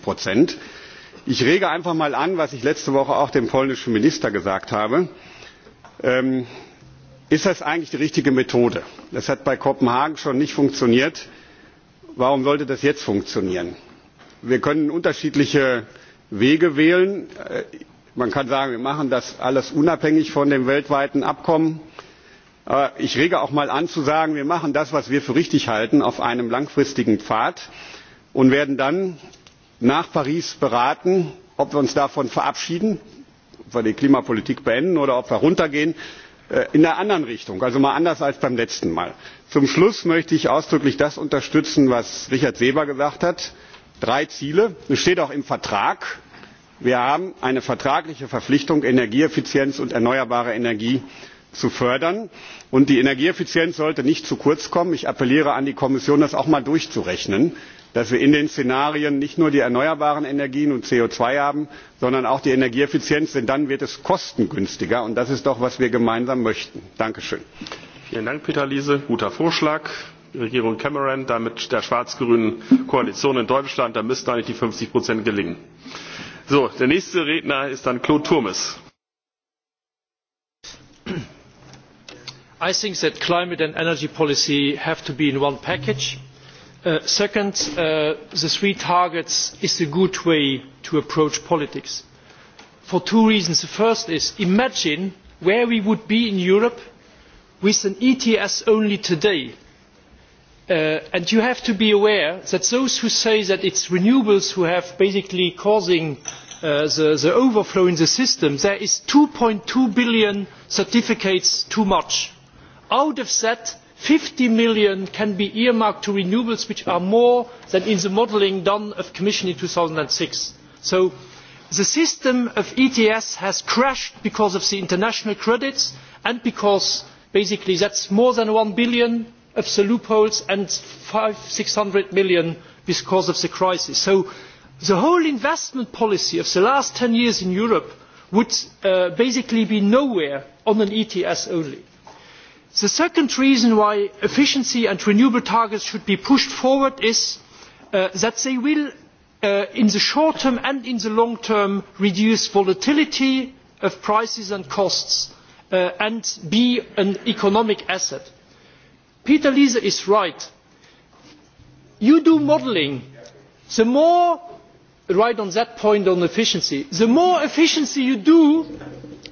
ich rege einfach mal an was ich letzte woche auch dem polnischen minister gesagt habe ähm, ist das eigentlich die richtige methode? das hat bei kopenhagen schon nicht funktioniert warum sollte das jetzt funktionieren? wir können unterschiedliche wege wählen. Äh, man kann sagen wir machen das alles unabhängig von dem weltweiten abkommen. ich rege auch mal an zu sagen wir machen das was wir für richtig halten auf einem langfristigen pfad und werden dann nach paris beraten ob wir uns davon verabschieden ob wir die klimapolitik beenden oder ob wir runtergehen. Äh, in einer anderen richtung also mal anders als beim letzten mal. zum schluss möchte ich ausdrücklich das unterstützen was richard seeber gesagt hat drei ziele das steht auch im vertrag wir haben eine vertragliche verpflichtung energieeffizienz und erneuerbare energie zu fördern und die energieeffizienz sollte nicht zu kurz kommen. ich appelliere an die kommission das auch mal durchzurechnen dass wir in den szenarien nicht nur die erneuerbaren energien und co zwei haben sondern auch die energieeffizienz denn dann wird es kostengünstiger und das ist doch was wir gemeinsam möchten. danke schön. vielen dank peter liese guter vorschlag. regierung cameron damit der schwarz grünen koalition in deutschland da müssten eigentlich die fünfzig gelingen. So, der nächste redner ist dann claude turmes. i think that climate and energy policy have to be in one package Uh, second uh, the three targets is a good way to approach politics for two reasons. the first is imagine where we would be in europe with an ets only today. Uh, and you have to be aware that those who say that it is renewables who are basically causing uh, the, the overflow in the system there are. two two billion certificates too much. out of that fifty million can be earmarked to renewables which are more than in the modelling done of the commission in. two thousand and six so the system of ets has crashed because of the international credits and because basically that is more than one billion of the loopholes and five six hundred million because of the crisis. so the whole investment policy of the last ten years in europe would uh, basically be nowhere on an ets only the second reason why efficiency and renewable targets should be pushed forward is uh, that they will uh, in the short term and in the long term reduce volatility of prices and costs uh, and be an economic asset. peter liese is right. you do modelling the more right on that point on efficiency the more efficiency you do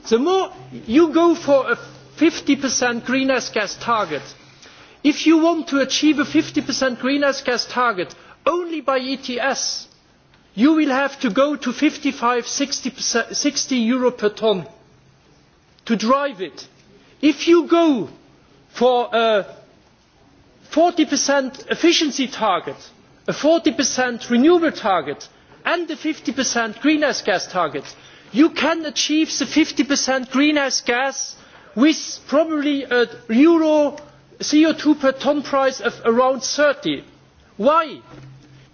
the more you go for a fifty greenhouse gas target if you want to achieve a fifty greenhouse gas target only by ets you will have to go to fifty five eur sixty euro per tonne to drive it. if you go for a forty efficiency target a forty renewable target and a fifty greenhouse gas target you can achieve the fifty greenhouse gas with probably a euro co two per tonne price of around thirty why?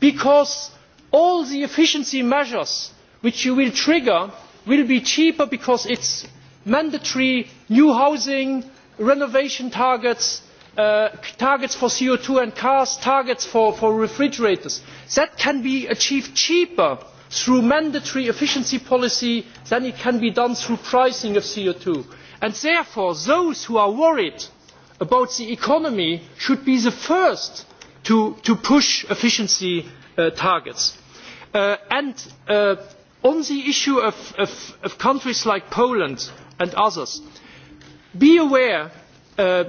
because all the efficiency measures which you will trigger will be cheaper because it is mandatory new housing renovation targets uh, targets for co two and cars targets for, for refrigerators that can be achieved cheaper through mandatory efficiency policy than it can be done through pricing of co two and therefore those who are worried about the economy should be the first to, to push efficiency uh, targets. Uh, and uh, on the issue of, of, of countries like Poland and others, be aware uh,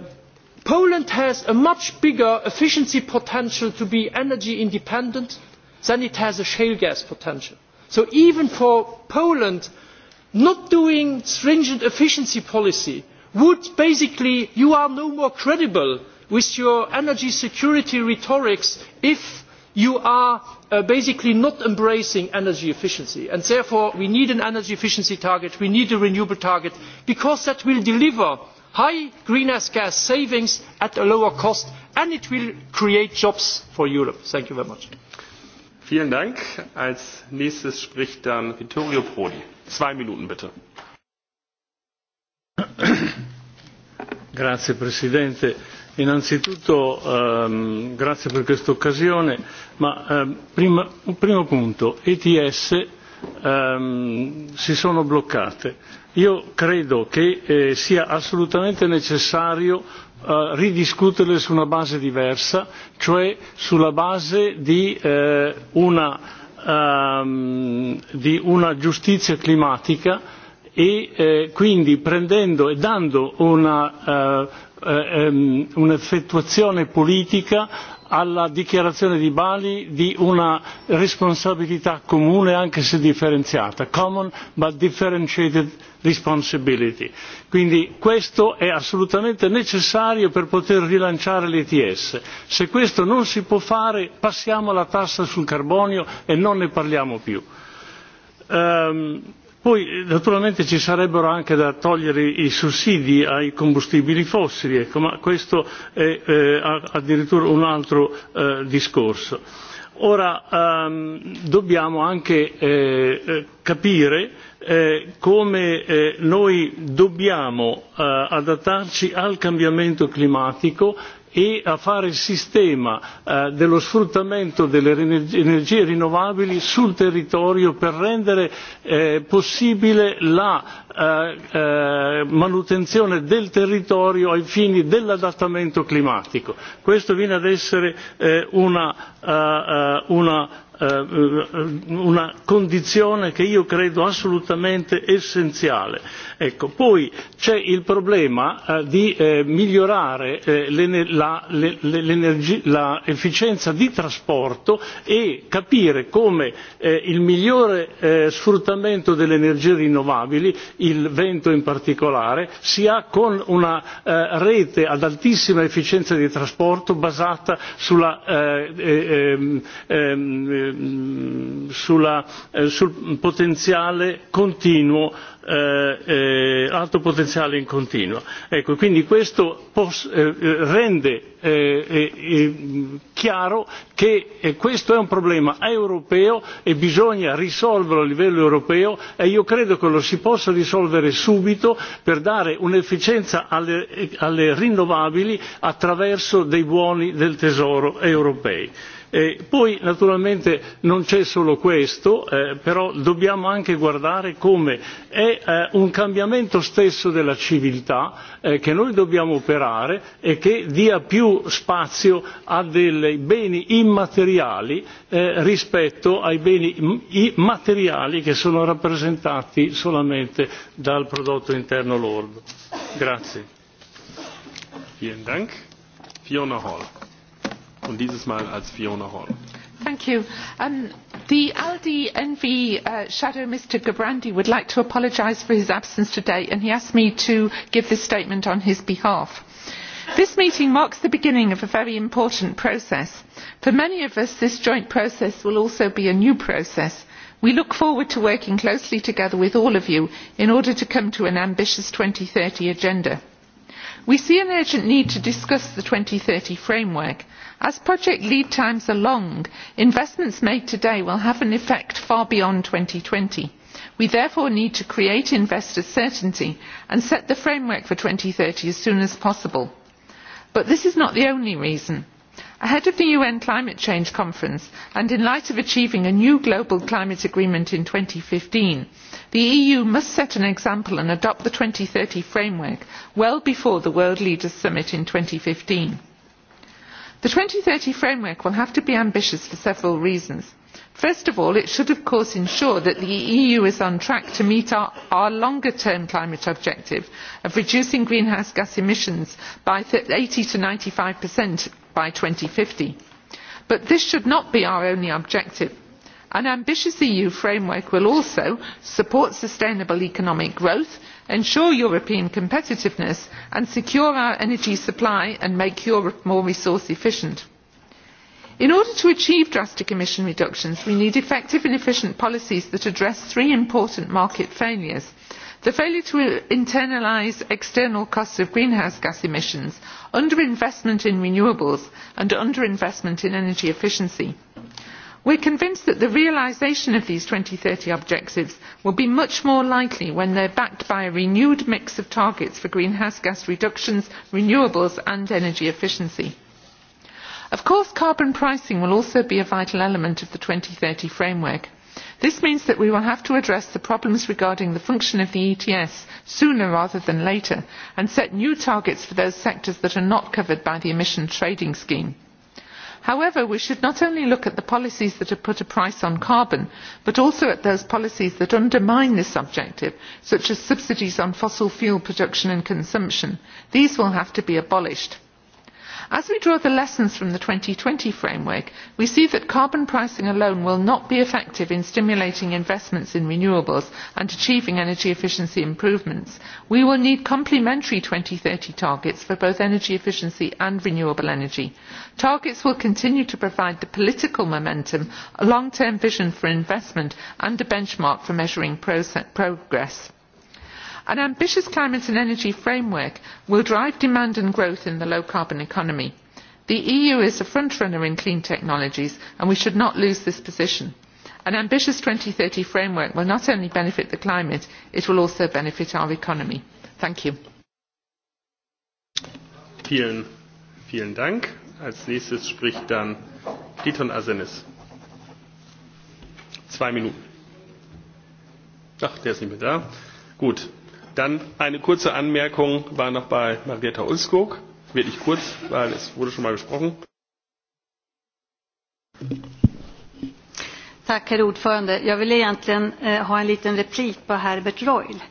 Poland has a much bigger efficiency potential to be energy independent than it has a shale gas potential. So even for Poland, not doing stringent efficiency policy would basically you are no more credible with your energy security rhetoric if you are uh, basically not embracing energy efficiency and therefore we need an energy efficiency target we need a renewable target because that will deliver high greenhouse gas savings at a lower cost and it will create jobs for europe. thank you very much. Vielen Dank. Als nächstes spricht dann Vittorio Prodi. Zwei Minuten bitte. Grazie Presidente. Innanzitutto ehm, grazie per questa occasione, ma ehm, prima, un primo punto, ETS ehm, si sono bloccate. Io credo che eh, sia assolutamente necessario eh, ridiscuterle su una base diversa cioè sulla base di, eh, una, ehm, di una giustizia climatica e eh, quindi prendendo e dando eh, eh, ehm, un'effettuazione ehm, un politica alla dichiarazione di bali di una responsabilità comune anche se differenziata common but differentiated responsibility. quindi questo è assolutamente necessario per poter rilanciare l'ets. se questo non si può fare passiamo alla tassa sul carbonio e non ne parliamo più. Ehm, poi naturalmente ci sarebbero anche da togliere i sussidi ai combustibili fossili ecco, ma questo è eh, addirittura un altro eh, discorso. ora ehm, dobbiamo anche eh, eh capire eh, come eh, noi dobbiamo eh, adattarci al cambiamento climatico e a fare il sistema eh, dello sfruttamento delle energie rinnovabili sul territorio per rendere eh, possibile la eh, eh, manutenzione del territorio ai fini dell'adattamento climatico. questo viene ad essere eh, una, eh, una Eh, eh, una condizione che io credo assolutamente essenziale. Ecco, poi c'è il problema eh, di eh, migliorare eh, l'efficienza di trasporto e capire come eh, il migliore sfruttamento delle energie rinnovabili il vento in particolare si ha con una rete ad altissima efficienza di trasporto basata sulla ehm, ehm, Ehm, sulla, eh, sul potenziale continuo eh, eh, alto potenziale in continuo. Ecco, quindi questo pos, rende chiaro che questo è un problema europeo e bisogna risolverlo a livello europeo e io credo che lo si possa risolvere subito per dare un'efficienza alle, alle rinnovabili attraverso dei buoni del tesoro europei Eh, poi naturalmente non c'è solo questo eh, però dobbiamo anche guardare come è eh, un cambiamento stesso della civiltà eh, che noi dobbiamo operare e che dia più spazio a dei beni immateriali eh, rispetto ai beni materiali che sono rappresentati solamente dal prodotto interno lordo. Grazie. Vielen Dank. Fiona Hall. Und dieses Mal als Fiona Hall. Thank you. Um, the alde envi uh, shadow mr gerbrandy would like to apologise for his absence today and he asked me to give this statement on his behalf. this meeting marks the beginning of a very important process. for many of us this joint process will also be a new process. we look forward to working closely together with all of you in order to come to an ambitious two thousand and thirty agenda. we see an urgent need to discuss the two thousand and thirty framework as project lead times are long investments made today will have an effect far beyond. two thousand and twenty we therefore need to create investor certainty and set the framework for two thousand and thirty as soon as possible. but this is not the only reason. ahead of the un climate change conference and in light of achieving a new global climate agreement in two thousand and fifteen the eu must set an example and adopt the two thousand and thirty framework well before the world leaders summit in two thousand and fifteen the two thousand and thirty framework will have to be ambitious for several reasons. first of all it should of course ensure that the eu is on track to meet our, our longer term climate objective of reducing greenhouse gas emissions by eighty to ninety five by two thousand and fifty but this should not be our only objective. an ambitious eu framework will also support sustainable economic growth ensure european competitiveness and secure our energy supply and make europe more resource efficient. in order to achieve drastic emission reductions we need effective and efficient policies that address three important market failures the failure to internalise external costs of greenhouse gas emissions under investment in renewables and under investment in energy efficiency we are convinced that the realisation of these two thousand and thirty objectives will be much more likely when they are backed by a renewed mix of targets for greenhouse gas reductions renewables and energy efficiency. of course carbon pricing will also be a vital element of the two thousand and thirty framework. this means that we will have to address the problems regarding the function of the ets sooner rather than later and set new targets for those sectors that are not covered by the emission trading scheme however we should not only look at the policies that have put a price on carbon but also at those policies that undermine this objective such as subsidies on fossil fuel production and consumption. these will have to be abolished. As we draw the lessons from the 2020 framework, we see that carbon pricing alone will not be effective in stimulating investments in renewables and achieving energy efficiency improvements. We will need complementary 2030 targets for both energy efficiency and renewable energy. Targets will continue to provide the political momentum, a long-term vision for investment and a benchmark for measuring progress an ambitious climate and energy framework will drive demand and growth in the low carbon economy. the eu is a frontrunner in clean technologies and we should not lose this position. an ambitious two thousand and thirty framework will not only benefit the climate it will also benefit our economy. thank you. Vielen, vielen Dank. Als nächstes spricht dann Diton Asenis. Zwei Minuten. Ach, der ist nicht mehr da. Gut, Dann eine kurze Anmerkung war noch bei Marietta Ulskog. Wirklich kurz, weil es wurde schon mal gesprochen. Tack, herr ordförande. Jag vill egentligen eh, ha en liten replik på Herbert Reul.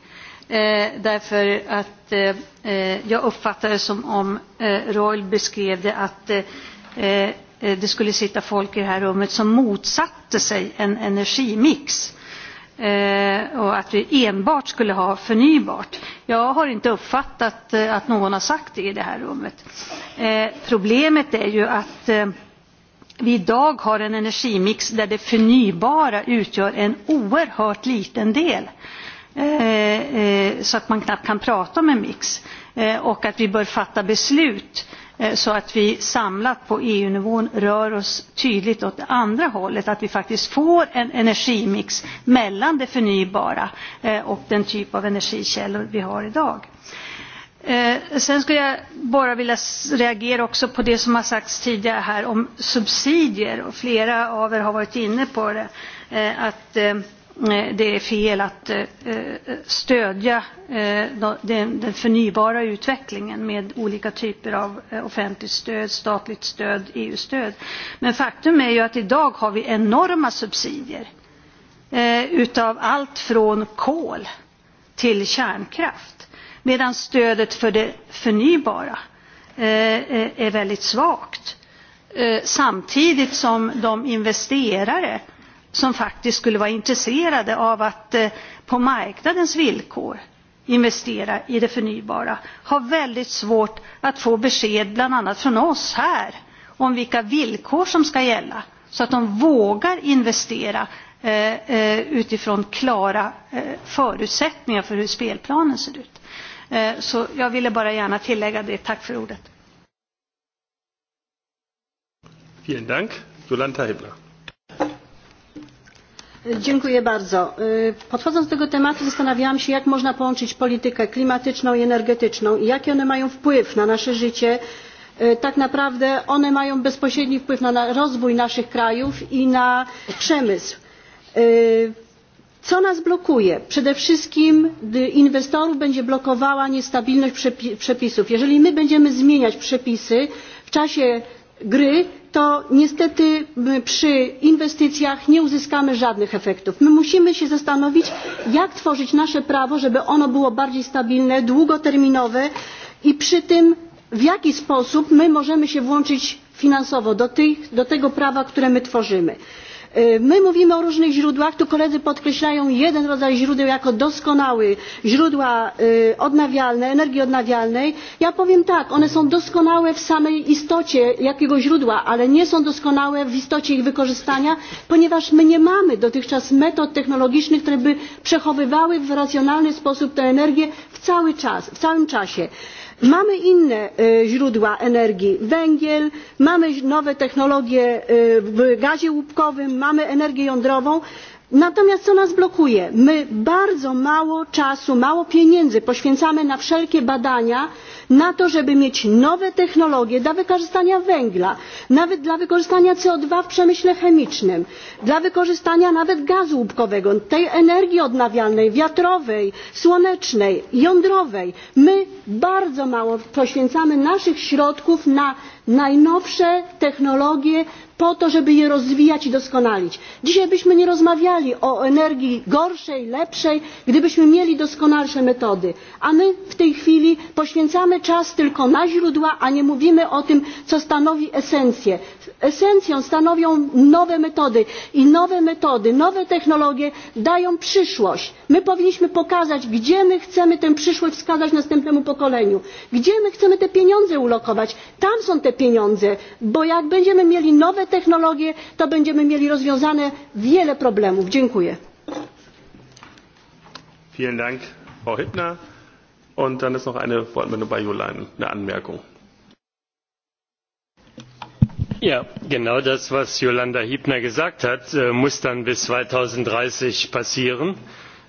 Eh, därför att eh, eh jag uppfattar det som om eh, Reul beskrev det att eh, eh, det skulle sitta folk i det här rummet som motsatte sig en energimix eh, och att vi enbart skulle ha förnybart. Jag har inte uppfattat eh, att någon har sagt det i det här rummet. Eh, problemet är ju att eh, vi idag har en energimix där det förnybara utgör en oerhört liten del. Eh, eh, så att man knappt kan prata om en mix. Eh, och att vi bör fatta beslut eh, Eh, så att vi samlat på EU-nivån rör oss tydligt åt det andra hållet, att vi faktiskt får en energimix mellan det förnybara eh, och den typ av energikällor vi har idag. Eh, sen skulle jag bara vilja reagera också på det som har sagts tidigare här om subsidier. Flera av er har varit inne på det. Eh, det är fel att eh, eh, stödja den förnybara utvecklingen med olika typer av offentligt stöd, statligt stöd, EU-stöd. Men faktum är ju att i dag har vi enorma subsidier utav allt från kol till kärnkraft, medan stödet för det förnybara är väldigt svagt. Samtidigt som de investerare, som faktiskt skulle vara intresserade av att eh, på marknadens villkor investera i det förnybara har väldigt svårt att få besked bl.a. från oss här om vilka villkor som ska gälla så att de vågar investera eh, eh, utifrån klara förutsättningar för hur spelplanen ser ut. Så jag ville bara gärna tillägga det. Tack för ordet. Vielen Dank, Jolanta Hibner. Dziękuję bardzo. Podchodząc do tego tematu zastanawiałam się, jak można połączyć politykę klimatyczną i energetyczną i jaki one mają wpływ na nasze życie. Tak naprawdę one mają bezpośredni wpływ na rozwój naszych krajów i na przemysł. Co nas blokuje? Przede wszystkim inwestorów będzie blokowała niestabilność przepisów. Jeżeli my będziemy zmieniać przepisy w czasie gry, to niestety przy inwestycjach nie uzyskamy żadnych efektów. my musimy się zastanowić jak tworzyć nasze prawo żeby ono było bardziej stabilne długoterminowe i przy tym w jaki sposób my możemy się włączyć finansowo do, tych, do tego prawa które my tworzymy. E, my mówimy o różnych źródłach tu koledzy podkreślają jeden rodzaj źródeł jako doskonały źródła e, odnawialne energii odnawialnej ja powiem tak one są doskonałe w samej istocie jakiego źródła ale nie są doskonałe w istocie ich wykorzystania ponieważ my nie mamy dotychczas metod technologicznych które by przechowywały w racjonalny sposób tę energię w cały czas w całym czasie mamy inne e, źródła energii węgiel mamy nowe technologie e, w gazie łupkowym mamy energię jądrową więc Natomiast co nas blokuje? My bardzo mało czasu, mało pieniędzy poświęcamy na wszelkie badania, na to, żeby mieć nowe technologie dla wykorzystania węgla, nawet dla wykorzystania CO2 w przemyśle chemicznym, dla wykorzystania nawet gazu łupkowego, tej energii odnawialnej, wiatrowej, słonecznej, jądrowej. My bardzo mało poświęcamy naszych środków na najnowsze technologie po to żeby je rozwijać i doskonalić. dzisiaj byśmy nie rozmawiali o energii gorszej lepszej gdybyśmy mieli doskonalsze metody a my w tej chwili poświęcamy czas tylko na źródła a nie mówimy o tym co stanowi esencję esencją stanowią nowe metody i nowe metody nowe technologie dają przyszłość. my powinniśmy pokazać gdzie my chcemy tę przyszłość wskazać następnemu pokoleniu gdzie my chcemy te pieniądze ulokować tam są te pieniądze bo jak będziemy mieli nowe technologie to będziemy mieli rozwiązane wiele problemów. dziękuję. Vielen Dank, Frau Hittner. Und dann ist noch eine Wortmeldung bei Julein, eine Anmerkung. Ja, genau das was jolanda hiebner gesagt hat äh, muss dann bis zweitausenddreißig passieren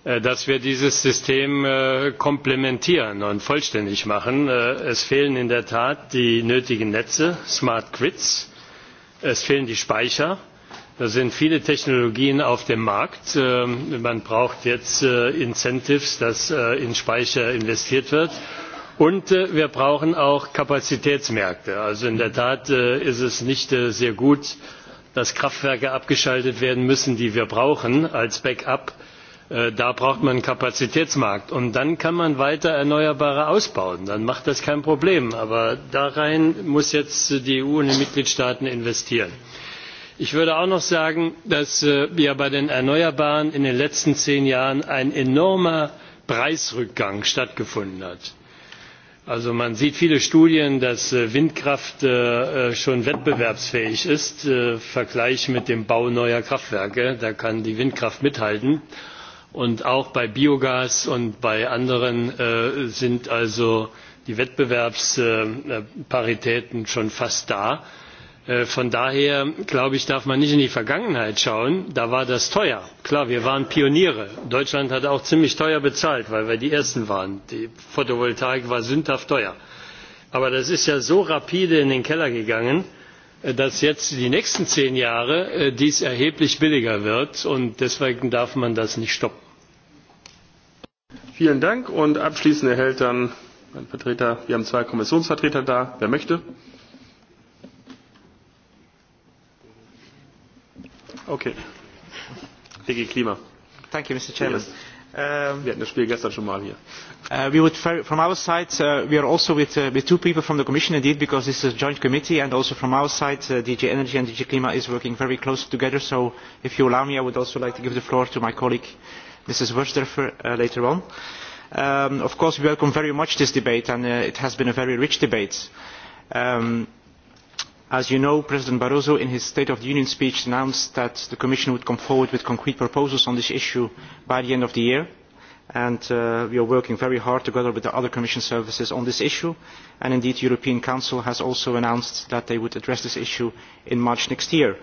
äh, dass wir dieses system äh, komplementieren und vollständig machen. es fehlen in der tat die nötigen netze smart grids es fehlen die speicher da sind viele technologien auf dem markt. Ähm, man braucht jetzt incentives dass in speicher investiert wird und äh, wir brauchen auch kapazitätsmärkte. also in der tat äh, ist es nicht äh, sehr gut dass kraftwerke abgeschaltet werden müssen die wir brauchen als backup. da braucht man einen kapazitätsmarkt und dann kann man weiter erneuerbare ausbauen dann macht das kein problem. aber darin muss jetzt die eu und die mitgliedstaaten investieren. ich würde auch noch sagen dass ja bei den erneuerbaren in den letzten zehn jahren ein enormer preisrückgang stattgefunden hat Also man sieht viele Studien, dass äh, Windkraft äh, äh, schon wettbewerbsfähig ist, im Vergleich mit dem Bau neuer Kraftwerke. Da kann die Windkraft mithalten. Und auch bei Biogas und bei anderen sind also die Wettbewerbsparitäten schon fast da Äh, von daher glaube ich darf man nicht in die vergangenheit schauen da war das teuer. klar wir waren pioniere deutschland hat auch ziemlich teuer bezahlt weil wir die ersten waren die photovoltaik war sündhaft teuer. aber das ist ja so rapide in den keller gegangen äh, dass jetzt die nächsten zehn jahre äh, dies erheblich billiger wird und deswegen darf man das nicht stoppen. vielen dank und abschließend erhält dann mein vertreter wir haben zwei kommissionsvertreter da wer möchte DG Klima. Thank you, Mr. Chairman. Yes. Um, yeah, das Spiel gestern schon mal hier. Uh, we would, from our side, uh, we are also with, uh, with two people from the Commission, indeed, because this is a joint committee, and also from our side, uh, DG Energy and DG Klima is working very close together. So, if you allow me, I would also like to give the floor to my colleague, Mrs. Wursdorfer, uh, later on. Um, of course, we welcome very much this debate, and uh, it has been a very rich debate. Um, as you know president barroso in his state of the union speech announced that the commission would come forward with concrete proposals on this issue by the end of the year and uh, we are working very hard together with the other commission services on this issue and indeed the european council has also announced that they would address this issue in march next year.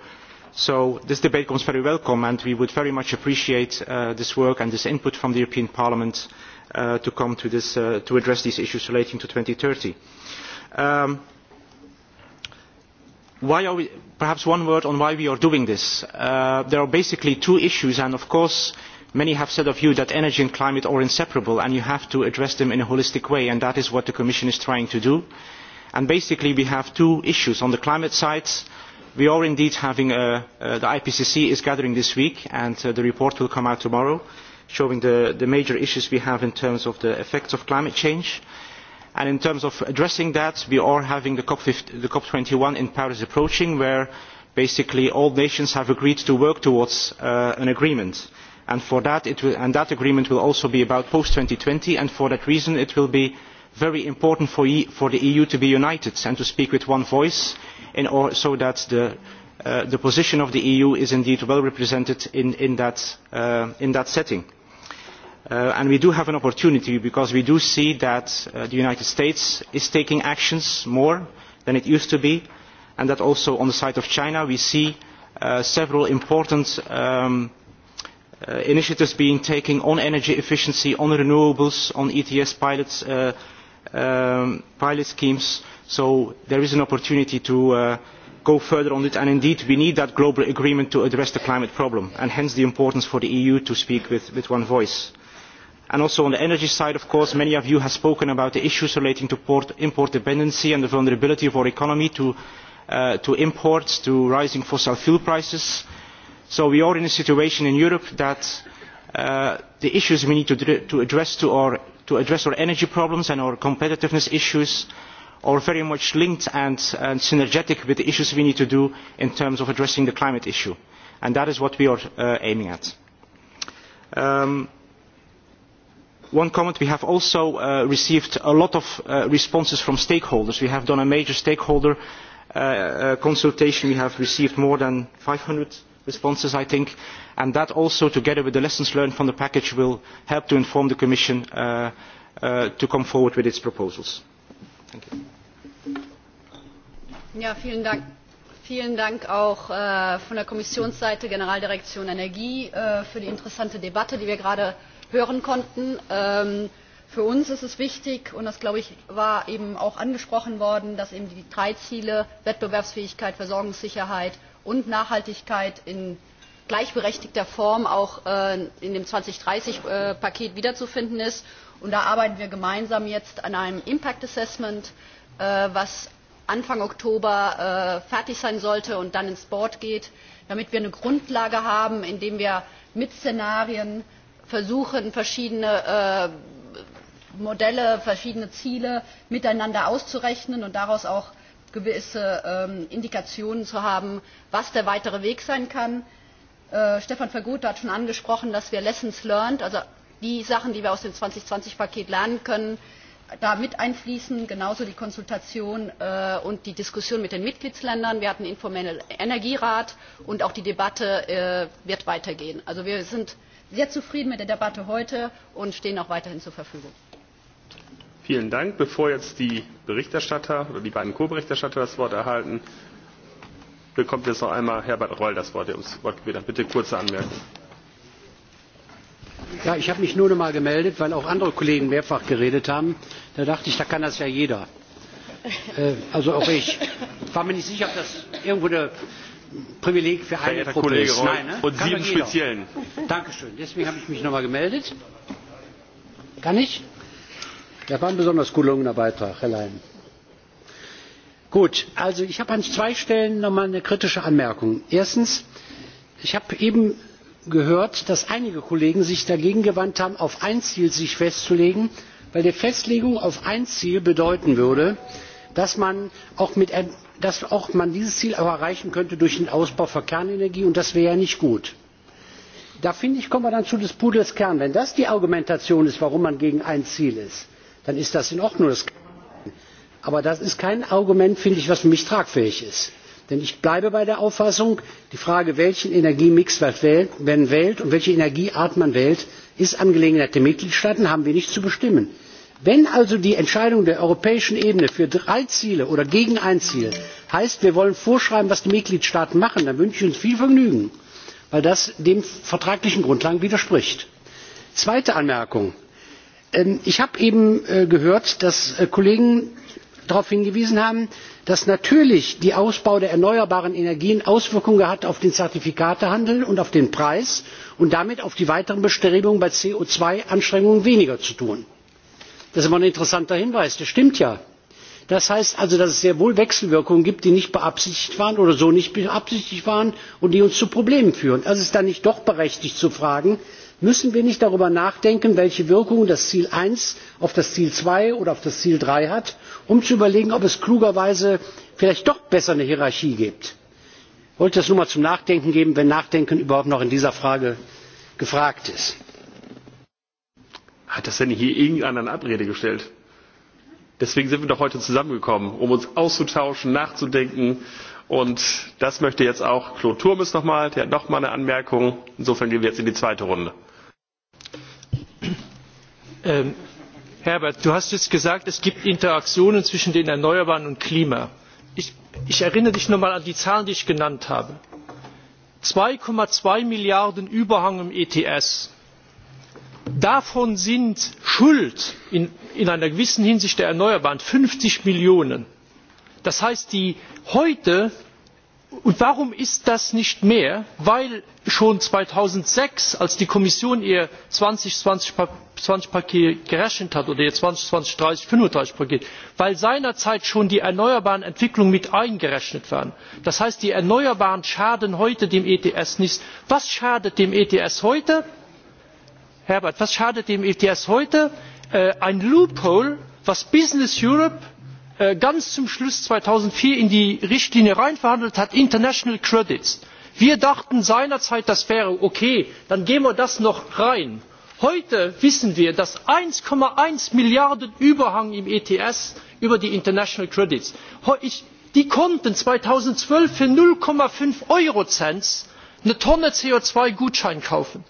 so this debate comes very welcome and we would very much appreciate uh, this work and this input from the european parliament uh, to come to this uh, to address these issues relating to two thousand and thirty. Um, why are we, perhaps one word on why we are doing this. Uh, there are basically two issues and of course many have said of you that energy and climate are inseparable and you have to address them in a holistic way and that is what the commission is trying to do. And basically we have two issues. on the climate side we are indeed having a, uh, the ipcc is gathering this week and uh, the report will come out tomorrow showing the, the major issues we have in terms of the effects of climate change. Uh, and in terms of addressing that we are having the cop twenty one in paris approaching where basically all nations have agreed to work towards uh, an agreement and, will, and that agreement will also be about post two thousand and twenty and for that reason it will be very important for, e, for the eu to be united and to speak with one voice or, so that the, uh, the position of the eu is indeed well represented in, in, that, uh, in that setting. Uh, and we do have an opportunity because we do see that uh, the united states is taking actions more than it used to be and that also on the side of china we see uh, several important um, uh, initiatives being taken on energy efficiency on renewables on ets pilots, uh, um, pilot schemes so there is an opportunity to uh, go further on it and indeed we need that global agreement to address the climate problem and hence the importance for the eu to speak with, with one voice and also on the energy side of course many of you have spoken about the issues relating to port, import dependency and the vulnerability of our economy to, uh, to imports to rising fossil fuel prices so we are in a situation in europe that uh, the issues we need to, to, address to, our, to address our energy problems and our competitiveness issues are very much linked and, and synergetic with the issues we need to do in terms of addressing the climate issue and that is what we are uh, aiming at. Um, one comment we have also uh, received a lot of uh, responses from stakeholders. we have done a major stakeholder uh, uh, consultation we have received more than five hundred responses i think and that also together with the lessons learned from the package will help to inform the commission uh, uh, to come forward with its proposals. Ja, vielen Dank. Vielen Dank auch äh, von der Kommissionsseite, Generaldirektion Energie, äh, für die interessante Debatte, die wir gerade hören konnten. Ähm, für uns ist es wichtig, und das glaube ich war eben auch angesprochen worden, dass eben die drei Ziele Wettbewerbsfähigkeit, Versorgungssicherheit und Nachhaltigkeit in gleichberechtigter Form auch äh, in dem 2030-Paket äh, wiederzufinden ist. Und da arbeiten wir gemeinsam jetzt an einem Impact Assessment, äh, was Anfang Oktober fertig sein sollte und dann ins Board geht, damit wir eine Grundlage haben, indem wir mit Szenarien versuchen verschiedene äh, modelle verschiedene ziele miteinander auszurechnen und daraus auch gewisse ähm, indikationen zu haben was der weitere weg sein kann. Äh, stefan vergoter hat schon angesprochen dass wir lessons learned also die sachen die wir aus dem zweitausendzwanzig paket lernen können da mit einfließen genauso die konsultation äh, und die diskussion mit den mitgliedstaaten. wir hatten informell energierat und auch die debatte wird weitergehen. also wir sehr zufrieden mit der debatte heute und stehen auch weiterhin zur verfügung. vielen dank. bevor jetzt die berichterstatter oder die beiden ko berichterstatter das wort erhalten bekommt jetzt noch einmal herbert reul das wort der uns wort gebeten hat. bitte kurze anmerkung. Ja, ich habe mich nur noch mal gemeldet weil auch andere kollegen mehrfach geredet haben. da dachte ich da kann das ja jeder äh, also auch ich. ich war mir nicht sicher ob das irgendwo eine Privileg für eine Herr Gruppe Kollege ist. Nein, ne? Und sieben speziellen. Dankeschön. Deswegen habe ich mich nochmal gemeldet. Kann ich? Das war ein besonders gelungener Beitrag, Herr Leinen. Gut, also ich habe an zwei Stellen nochmal eine kritische Anmerkung. Erstens, ich habe eben gehört, dass einige Kollegen sich dagegen gewandt haben, auf ein Ziel sich festzulegen, weil die Festlegung auf ein Ziel bedeuten würde, dass man auch mit dass auch man dieses Ziel auch erreichen könnte durch den Ausbau von Kernenergie und das wäre ja nicht gut. Da finde ich, kommen wir dann zu des Pudels Kern. Wenn das die Argumentation ist, warum man gegen ein Ziel ist, dann ist das in Ordnung. Das Aber das ist kein Argument, finde ich, was für mich tragfähig ist. Denn ich bleibe bei der Auffassung, die Frage, welchen Energiemix man wählt und welche Energieart man wählt, ist Angelegenheit der Mitgliedstaaten, haben wir nicht zu bestimmen wenn also die entscheidung der europäischen ebene für drei ziele oder gegen ein ziel heißt wir wollen vorschreiben was die mitgliedstaaten machen dann wünsche ich uns viel vergnügen weil das den vertraglichen grundlagen widerspricht. zweite anmerkung ähm, ich habe eben äh, gehört dass äh, kollegen darauf hingewiesen haben dass natürlich der ausbau der erneuerbaren energien auswirkungen hat auf den zertifikatehandel und auf den preis und damit auf die weiteren bestrebungen bei co zwei anstrengungen weniger zu tun das ist immer ein interessanter hinweis das stimmt ja. das heißt also dass es sehr wohl wechselwirkungen gibt die nicht beabsichtigt waren oder so nicht beabsichtigt waren und die uns zu problemen führen. also ist dann nicht doch berechtigt zu fragen müssen wir nicht darüber nachdenken welche wirkungen das ziel eins auf das ziel zwei oder auf das ziel drei hat um zu überlegen ob es klugerweise vielleicht doch besser eine hierarchie gibt? ich wollte das nur mal zum nachdenken geben wenn nachdenken überhaupt noch in dieser frage gefragt ist. Hat das denn hier irgendeiner in Abrede gestellt? Deswegen sind wir doch heute zusammengekommen, um uns auszutauschen, nachzudenken. Und das möchte jetzt auch Claude Turmes nochmal. Der hat nochmal eine Anmerkung. Insofern gehen wir jetzt in die zweite Runde. Ähm, Herbert, du hast jetzt gesagt, es gibt Interaktionen zwischen den Erneuerbaren und Klima. Ich, ich erinnere dich nochmal an die Zahlen, die ich genannt habe. 2,2 Milliarden Überhang im ETS davon sind schuld in, in einer gewissen hinsicht der erneuerbaren fünfzig millionen das heißt die heute und warum ist das nicht mehr? weil schon zweitausendsechs als die kommission ihr zweitausendzwanzig paket gerechnet hat oder ihr zweitausendzwanzig dreißig fünfunddreißig paket weil seinerzeit schon die erneuerbaren entwicklungen mit eingerechnet waren. das heißt die erneuerbaren schaden heute dem ets nicht. was schadet dem ets heute? herbert was schadet dem ets heute? Äh, ein loophole das business europe äh, ganz zum schluss zweitausendvier in die richtlinie hineinverhandelt hat international credits. wir dachten seinerzeit das wäre okay dann geben wir das noch rein. heute wissen wir dass eins eins milliarden überhang im ets über die international credits die konnten zweitausendzwölf für null fünf eurocent eine tonne co zwei gutschein kaufen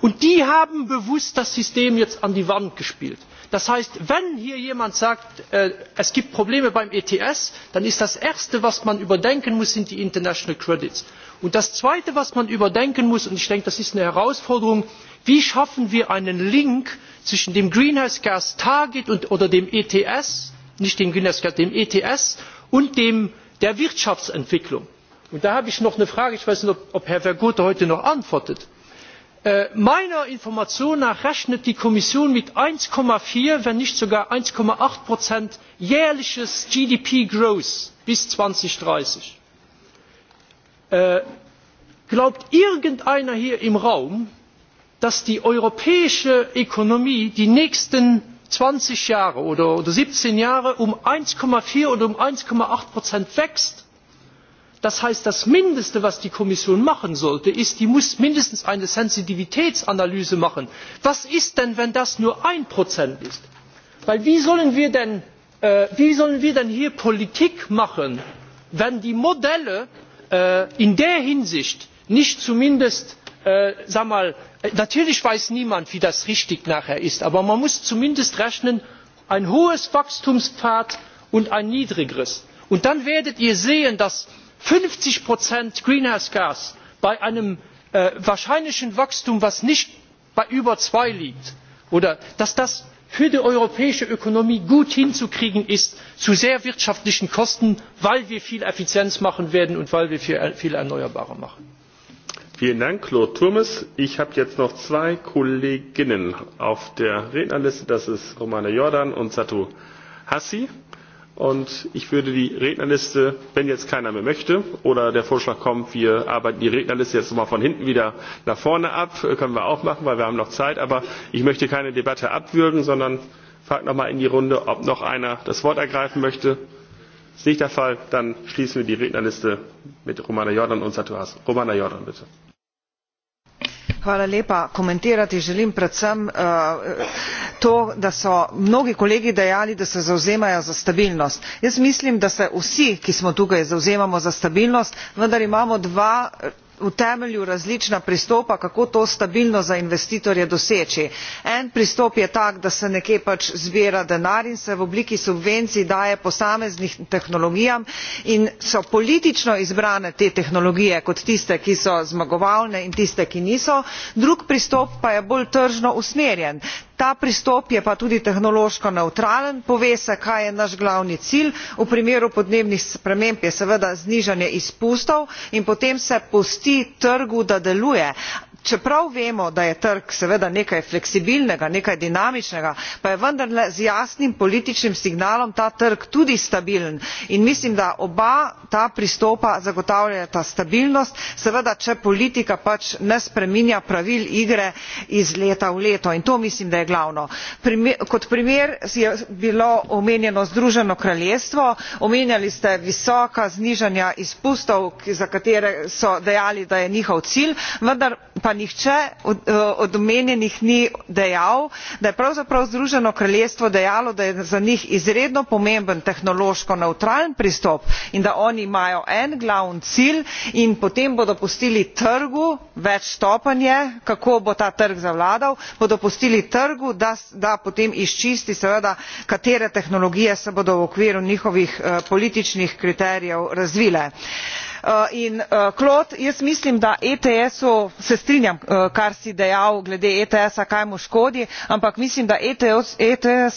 und die haben bewusst das system jetzt an die wand gespielt. das heißt wenn hier jemand sagt äh, es gibt probleme beim ets dann ist das erste was man überdenken muss die international credits. und das zweite was man überdenken muss und ich denke das ist eine herausforderung wie schaffen wir einen link zwischen dem greenhouse gas target und, oder dem ets nicht dem greenhouse gas dem ets und dem, der wirtschaftsentwicklung? und da habe ich noch eine frage ich weiß nicht ob herr verhofstadt heute noch antwortet Äh, meiner information nach rechnet die kommission mit eins vier wenn nicht sogar eins acht jährlicher gdp growth bis. zweitausenddreißig äh, glaubt irgendeiner hier im raum dass die europäische ökonomie die nächsten zwanzig jahre oder siebzehn jahre um eins vier oder um eins acht wächst? das heißt das mindeste was die kommission machen sollte ist sie muss mindestens eine sensitivitätsanalyse machen. was ist denn wenn das nur ein prozent ist? Weil wie sollen wir denn, äh, wie sollen wir denn hier politik machen wenn die modelle äh, in der hinsicht nicht zumindest äh, sag mal äh, natürlich weiß niemand wie das richtig nachher ist aber man muss zumindest rechnen ein hohes wachstumspfad und ein niedrigeres und dann werdet ihr sehen dass fünfzig greenhouse gas bei einem äh, wahrscheinlichen wachstum das nicht bei über zwei liegt oder dass das für die europäische ökonomie gut hinzukriegen ist zu sehr wirtschaftlichen kosten weil wir viel effizienz machen werden und weil wir viel, viel erneuerbare machen. vielen dank claude turmes. ich habe jetzt noch zwei kolleginnen auf der rednerliste das sind romane jordan und satu hassi und ich würde die rednerliste wenn jetzt keiner mehr möchte oder der vorschlag kommt wir arbeiten die rednerliste jetzt nochmal von hinten wieder nach vorne ab äh, können wir auch machen weil wir haben noch zeit aber ich möchte keine debatte abwürgen sondern frage nochmal in die runde ob noch einer das wort ergreifen möchte. ist nicht der fall dann schließen wir die rednerliste mit romana jordan und satu hassan. romana jordan bitte komentirati želim predvsem eh, to da so mnogi kolegi dejali da se zavzemajo za stabilnost. jaz mislim da se vsi ki smo tukaj zavzemamo za stabilnost vendar imamo dva različna v temelju različna pristopa kako to stabilnost za investitorje doseči. en pristop je tak da se nekje pač zbira denar in se v obliki subvencij daje posameznim tehnologijam in so politično izbrane te tehnologije kot tiste ki so zmagovalne in tiste ki niso drug pristop pa je bolj tržno usmerjen ta pristop je pa tudi tehnološko nevtralen pove se kaj je naš glavni cilj v primeru podnebnih sprememb je seveda znižanje izpustov in potem se pusti trgu da deluje čeprav vemo da je trg seveda nekaj fleksibilnega nekaj dinamičnega pa je vendarle z jasnim političnim signalom ta trg tudi stabilen in mislim da oba ta pristopa zagotavljata stabilnost seveda če politika pač ne spreminja pravil igre iz leta v leto in to mislim da je glavno. Primer, kot primer je bilo omenjeno združeno kraljestvo omenjali ste visoka znižanja izpustov za katere so dejali da je njihov cilj vendar pa nihče od, eh, od omenjenih ni dejal da je pravzaprav združeno kraljestvo dejalo da je za njih izredno pomemben tehnološko nevtralen pristop in da oni imajo en glavni cilj in potem bodo pustili trgu večstopenj je kako bo ta trg zavladal bodo pustili trgu da, da potem izčisti seveda katere tehnologije se bodo v okviru njihovih eh, političnih kriterijev razvile. Eh, in klod eh, jaz mislim da ets u se strinjam eh, kar si dejal glede ets a kaj mu škodi ampak mislim da ets e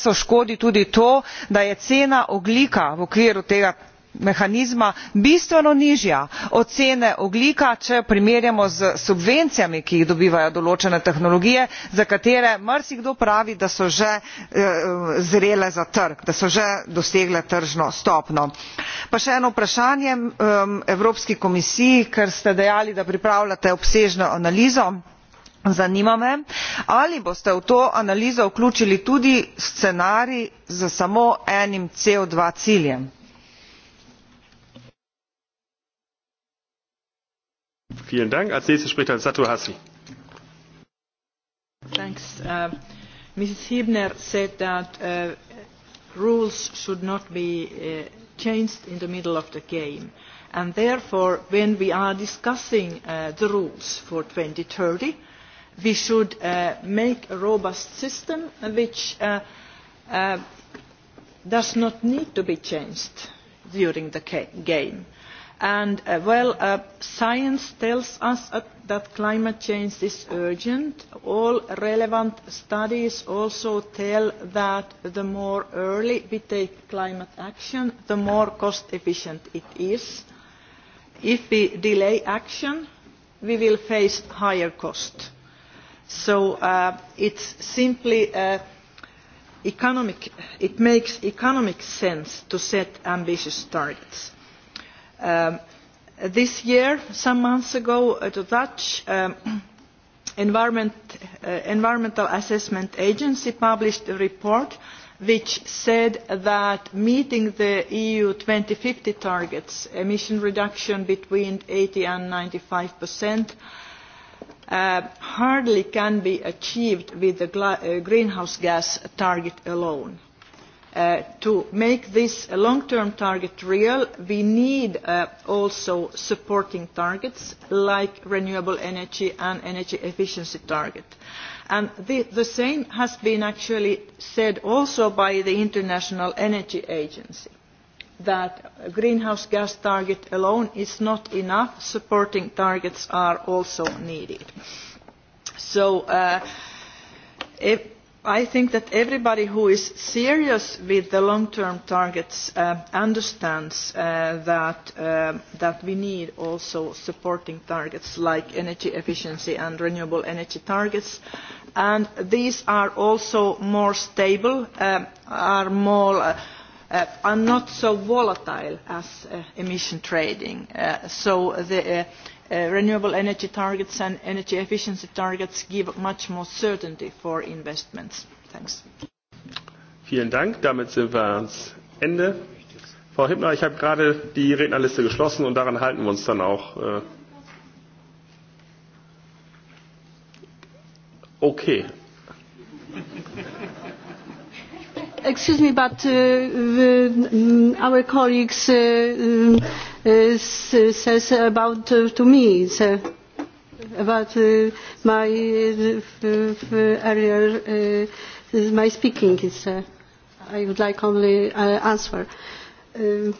u škodi tudi to da je cena ogljika v okviru tega mehanizma bistveno nižja od cene ogljika če jo primerjamo s subvencijami ki jih dobivajo določene tehnologije za katere marsikdo pravi da so že eh, zrele za trg da so že dosegle tržno stopnjo. pa še eno vprašanje ehm, evropski komisiji ker ste dejali da pripravljate obsežno analizo zanima me ali boste v to analizo vključili tudi scenarij s samo enim co dva ciljem? Vielen Dank. Als nächstes spricht Herr Satu Hassi. Thanks. Uh, Mrs. Hibner said that uh, rules should not be uh, changed in the middle of the game. And therefore, when we are discussing uh, the rules for 2030, we should uh, make a robust system which uh, uh, does not need to be changed during the game and uh, well uh, science tells us uh, that climate change is urgent all relevant studies also tell that the more early we take climate action the more cost efficient it is if we delay action we will face higher costs so uh, it's simply uh, economic it makes economic sense to set ambitious targets Um, this year some months ago uh, the dutch um, environment, uh, environmental assessment agency published a report which said that meeting the eu two thousand and fifty targets emission reduction between eighty and ninety five uh, hardly can be achieved with the uh, greenhouse gas target alone Uh, to make this long term target real we need uh, also supporting targets like renewable energy and energy efficiency targets and the, the same has been actually said also by the international energy agency that a greenhouse gas target alone is not enough supporting targets are also needed. so uh, if i think that everybody who is serious with the long term targets uh, understands uh, that, uh, that we need also supporting targets like energy efficiency and renewable energy targets and these are also more stable uh, are more uh, uh, are not so volatile as emission trading so the Uh, renewable energy targets and energy efficiency targets give much more certainty for investments. Thanks. Vielen Dank. Damit sind wir ans Ende. Frau Hippner, ich habe gerade die Rednerliste geschlossen und daran halten wir uns dann auch. Äh. Okay. Excuse me, but uh, the, uh, um, our colleagues. Uh, um, Uh, says about uh, to me so uh, about uh, my uh, earlier uh, my speaking is uh, I would like only uh, answer. Uh,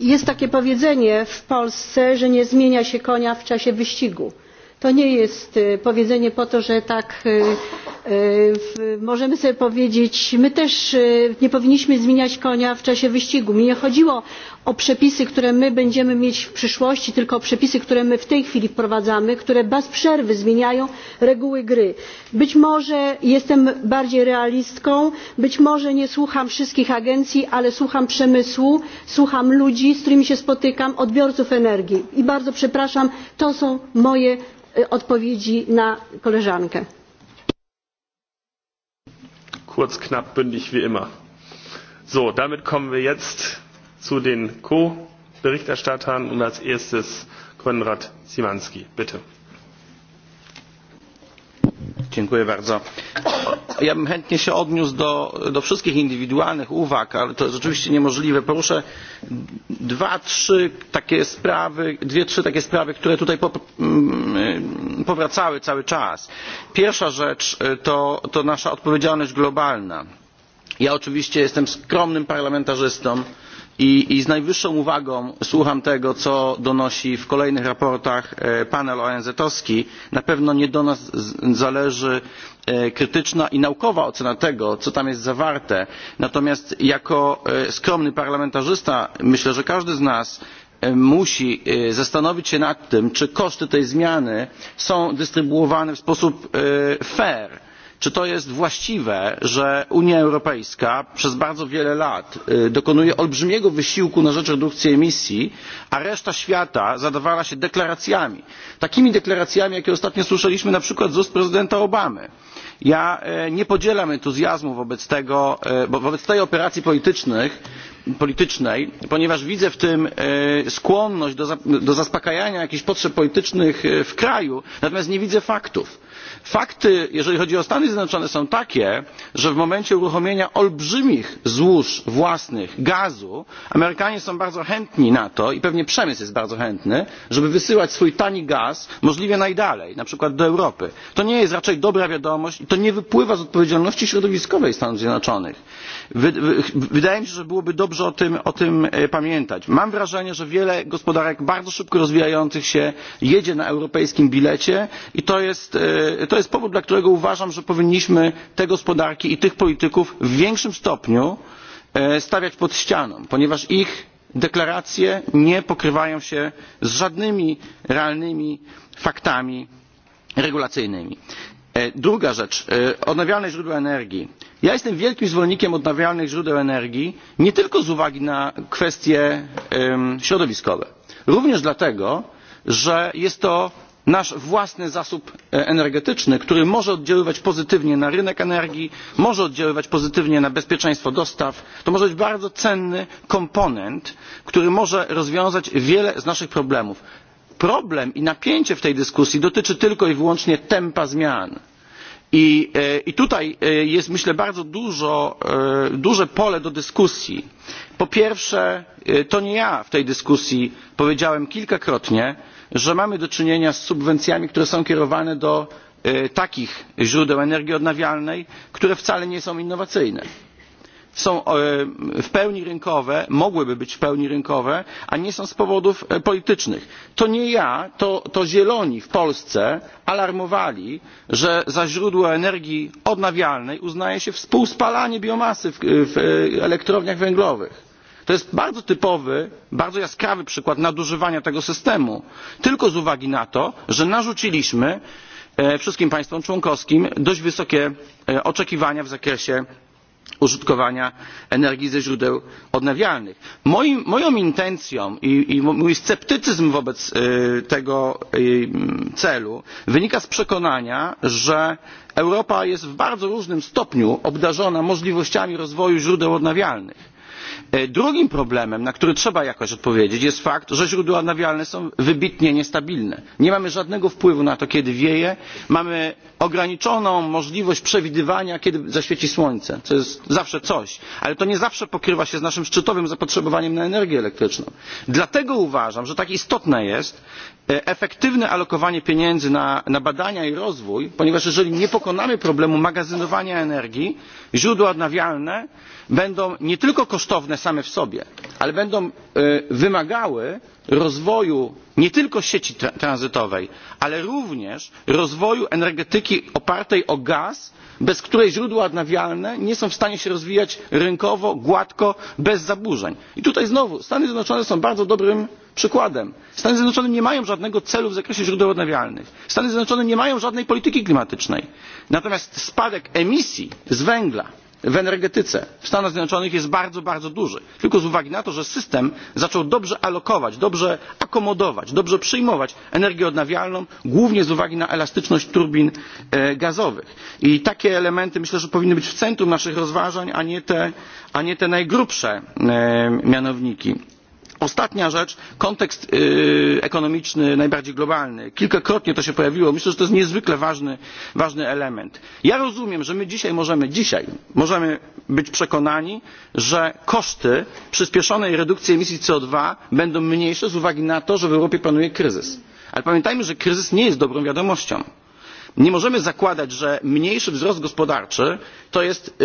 jest takie powiedzenie w Polsce, że nie zmienia się konia w czasie wyścigu. To nie jest e, powiedzenie po to, że tak e, E, możemy sobie powiedzieć my też e, nie powinniśmy zmieniać konia w czasie wyścigu. mi nie chodziło o przepisy które my będziemy mieć w przyszłości tylko o przepisy które my w tej chwili wprowadzamy które bez przerwy zmieniają reguły gry. być może jestem bardziej realistką być może nie słucham wszystkich agencji ale słucham przemysłu słucham ludzi z którymi się spotykam odbiorców energii i bardzo przepraszam to są moje e, odpowiedzi na koleżankę kurz, knapp, bündig wie immer. So, damit kommen wir jetzt zu den Co-Berichterstattern und als erstes Konrad Szymanski. Bitte. Dziękuję bardzo. Ja bym chętnie się odniósł do, do wszystkich indywidualnych uwag, ale to jest oczywiście niemożliwe. Poruszę dwa, trzy takie sprawy, dwie, trzy takie sprawy, które tutaj po, mm, powracały cały czas. Pierwsza rzecz to, to nasza odpowiedzialność globalna. Ja oczywiście jestem skromnym parlamentarzystą, I, i z najwyższą uwagą słucham tego co donosi w kolejnych sprawozdaniach e, panel onz owski. na pewno nie do nas zależy e, krytyczna i naukowa ocena tego co tam jest zawarte natomiast jako e, skromny parlamentarzysta myślę że każdy z nas musi zastanowić się nad tym czy koszty tej zmiany są dystrybuowane w sposób fair czy to jest właściwe że unia europejska przez bardzo wiele lat dokonuje olbrzymiego wysiłku na rzecz redukcji emisji a reszta świata zadawala się deklaracjami takimi deklaracjami jakie ostatnio słyszeliśmy na przykład z ust prezydenta obamy? ja nie podzielam entuzjazmu wobec, tego, wobec tej operacji politycznej ponieważ widzę w tym skłonność do, do zaspokajania jakichś potrzeb politycznych w kraju natomiast nie widzę faktów fakty jeżeli chodzi o stany zjednoczone są takie że w momencie uruchomienia olbrzymich złóż własnych gazu amerykanie są bardzo chętni na to i pewnie przemysł jest bardzo chętny żeby wysyłać swój tani gaz możliwie najdalej na przykład do europy. to nie jest raczej dobra wiadomość i to nie wypływa z odpowiedzialności środowiskowej stanów zjednoczonych wydaje mi się że byłoby dobrze o tym, o tym e, pamiętać. mam wrażenie że wiele gospodarek bardzo szybko rozwijających się jedzie na europejskim bilecie i to jest, e, to jest powód dla którego uważam że powinniśmy te gospodarki i tych polityków w większym stopniu e, stawiać pod ścianą ponieważ ich deklaracje nie pokrywają się z żadnymi realnymi faktami regulacyjnymi. druga rzecz odnawialne źródła energii ja jestem wielkim zwolennikiem odnawialnych źródeł energii nie tylko z uwagi na kwestie środowiskowe również dlatego że jest to nasz własny zasób e, energetyczny który może oddziaływać pozytywnie na rynek energii może oddziaływać pozytywnie na bezpieczeństwo dostaw to może być bardzo cenny komponent który może rozwiązać wiele z naszych problemów. problem i napięcie w tej dyskusji dotyczy tylko i wyłącznie tempa zmian I, e, i tutaj e, jest myślę bardzo dużo, e, duże pole do dyskusji. po pierwsze to nie ja w tej dyskusji powiedziałem kilkakrotnie że mamy do czynienia z subwencjami które są kierowane do takich źródeł energii odnawialnej które wcale nie są innowacyjne są e, w pełni rynkowe mogłyby być w pełni rynkowe a nie są z powodów e, politycznych. to nie ja to, to zieloni w polsce alarmowali że za źródło energii odnawialnej uznaje się współspalanie biomasy w, w e, elektrowniach węglowych. to jest bardzo typowy bardzo jaskrawy przykład nadużywania tego systemu tylko z uwagi na to że narzuciliśmy wszystkim państwom członkowskim dość wysokie oczekiwania w zakresie użytkowania energii ze źródeł odnawialnych. Moim, moją intencją i, i mój sceptycyzm wobec y, tego y, celu wynika z przekonania że europa jest w bardzo różnym stopniu obdarzona możliwościami rozwoju źródeł odnawialnych E, drugim problemem na który trzeba jakoś odpowiedzieć jest fakt że źródła odnawialne są wybitnie niestabilne nie mamy żadnego wpływu na to kiedy wieje mamy ograniczoną możliwość przewidywania kiedy zaświeci słońce co jest zawsze coś ale to nie zawsze pokrywa się z naszym szczytowym zapotrzebowaniem na energię elektryczną dlatego uważam że tak istotne jest E, efektywne alokowanie pieniędzy na, na badania i rozwój ponieważ jeżeli nie pokonamy problemu magazynowania energii źródła odnawialne będą nie tylko kosztowne same w sobie ale będą e, wymagały rozwoju nie tylko sieci tranzytowej ale również rozwoju energetyki opartej o gaz bez której źródła odnawialne nie są w stanie się rozwijać rynkowo gładko bez zaburzeń. i tutaj znowu stany zjednoczone są bardzo dobrym przykładem. stany zjednoczone nie mają żadnego celu w zakresie źródeł odnawialnych stany zjednoczone nie mają żadnej polityki klimatycznej natomiast spadek emisji z węgla w energetyce w stanach zjednoczonych jest bardzo bardzo duży tylko z uwagi na to że system zaczął dobrze alokować dobrze akomodować dobrze przyjmować energię odnawialną głównie z uwagi na elastyczność turbin e, gazowych i takie elementy myślę że powinny być w centrum naszych rozważań a nie te, a nie te najgrubsze e, mianowniki ostatnia rzecz kontekst yy, ekonomiczny najbardziej globalny kilkakrotnie to się pojawiło myślę że to jest niezwykle ważny, ważny element. ja rozumiem że my dzisiaj możemy dzisiaj możemy być przekonani że koszty przyspieszonej redukcji emisji co dwa będą mniejsze z uwagi na to że w europie panuje kryzys ale pamiętajmy że kryzys nie jest dobrą wiadomością nie możemy zakładać że mniejszy wzrost gospodarczy to jest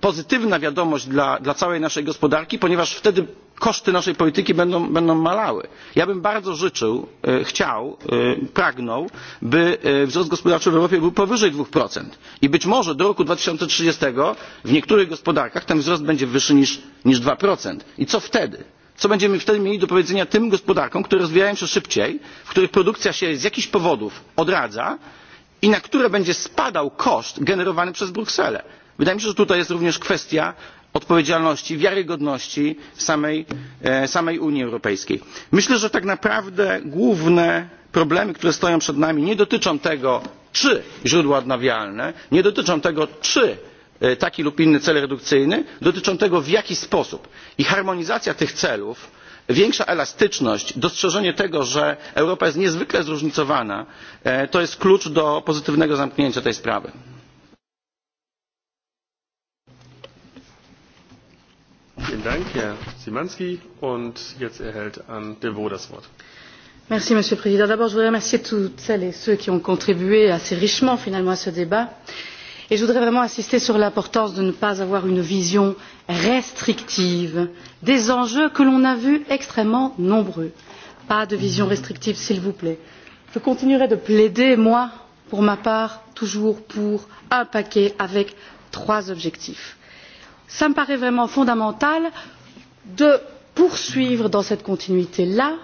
pozytywna wiadomość dla, dla całej naszej gospodarki ponieważ wtedy koszty naszej polityki będą, będą malały. ja bym bardzo życzył chciał pragnął by wzrost gospodarczy w europie był powyżej dwa i być może do roku dwa tysiące trzydzieści w niektórych gospodarkach ten wzrost będzie wyższy niż dwa i co wtedy? co będziemy wtedy mieli do powiedzenia tym gospodarkom które rozwijają się szybciej w których produkcja się z jakichś powodów odradza i na które będzie spadał koszt generowany przez brukselę. wydaje mi się że tutaj jest również kwestia odpowiedzialności wiarygodności samej, e, samej unii europejskiej. myślę że tak naprawdę główne problemy które stoją przed nami nie dotyczą tego czy źródła odnawialne nie dotyczą tego czy e, taki lub inny cel redukcyjny dotyczą tego w jaki sposób i harmonizacja tych celów większa elastyczność dostrzeżenie tego że europa jest niezwykle zróżnicowana e, to jest klucz do pozytywnego zamknięcia tej sprawy. Merci, monsieur le président d'abord je voudrais remercier toutes celles et ceux qui ont contribué assez richement finalement à ce débat et et je voudrais vraiment insister sur l'importance de ne pas avoir une vision restrictive des enjeux que l'on a vus extrêmement nombreux. pas de vision restrictive s'il vous plaît. je continuerai de plaider moi pour ma part toujours pour un paquet avec trois objectifs. cela me paraît vraiment fondamental de poursuivre dans cette continuité là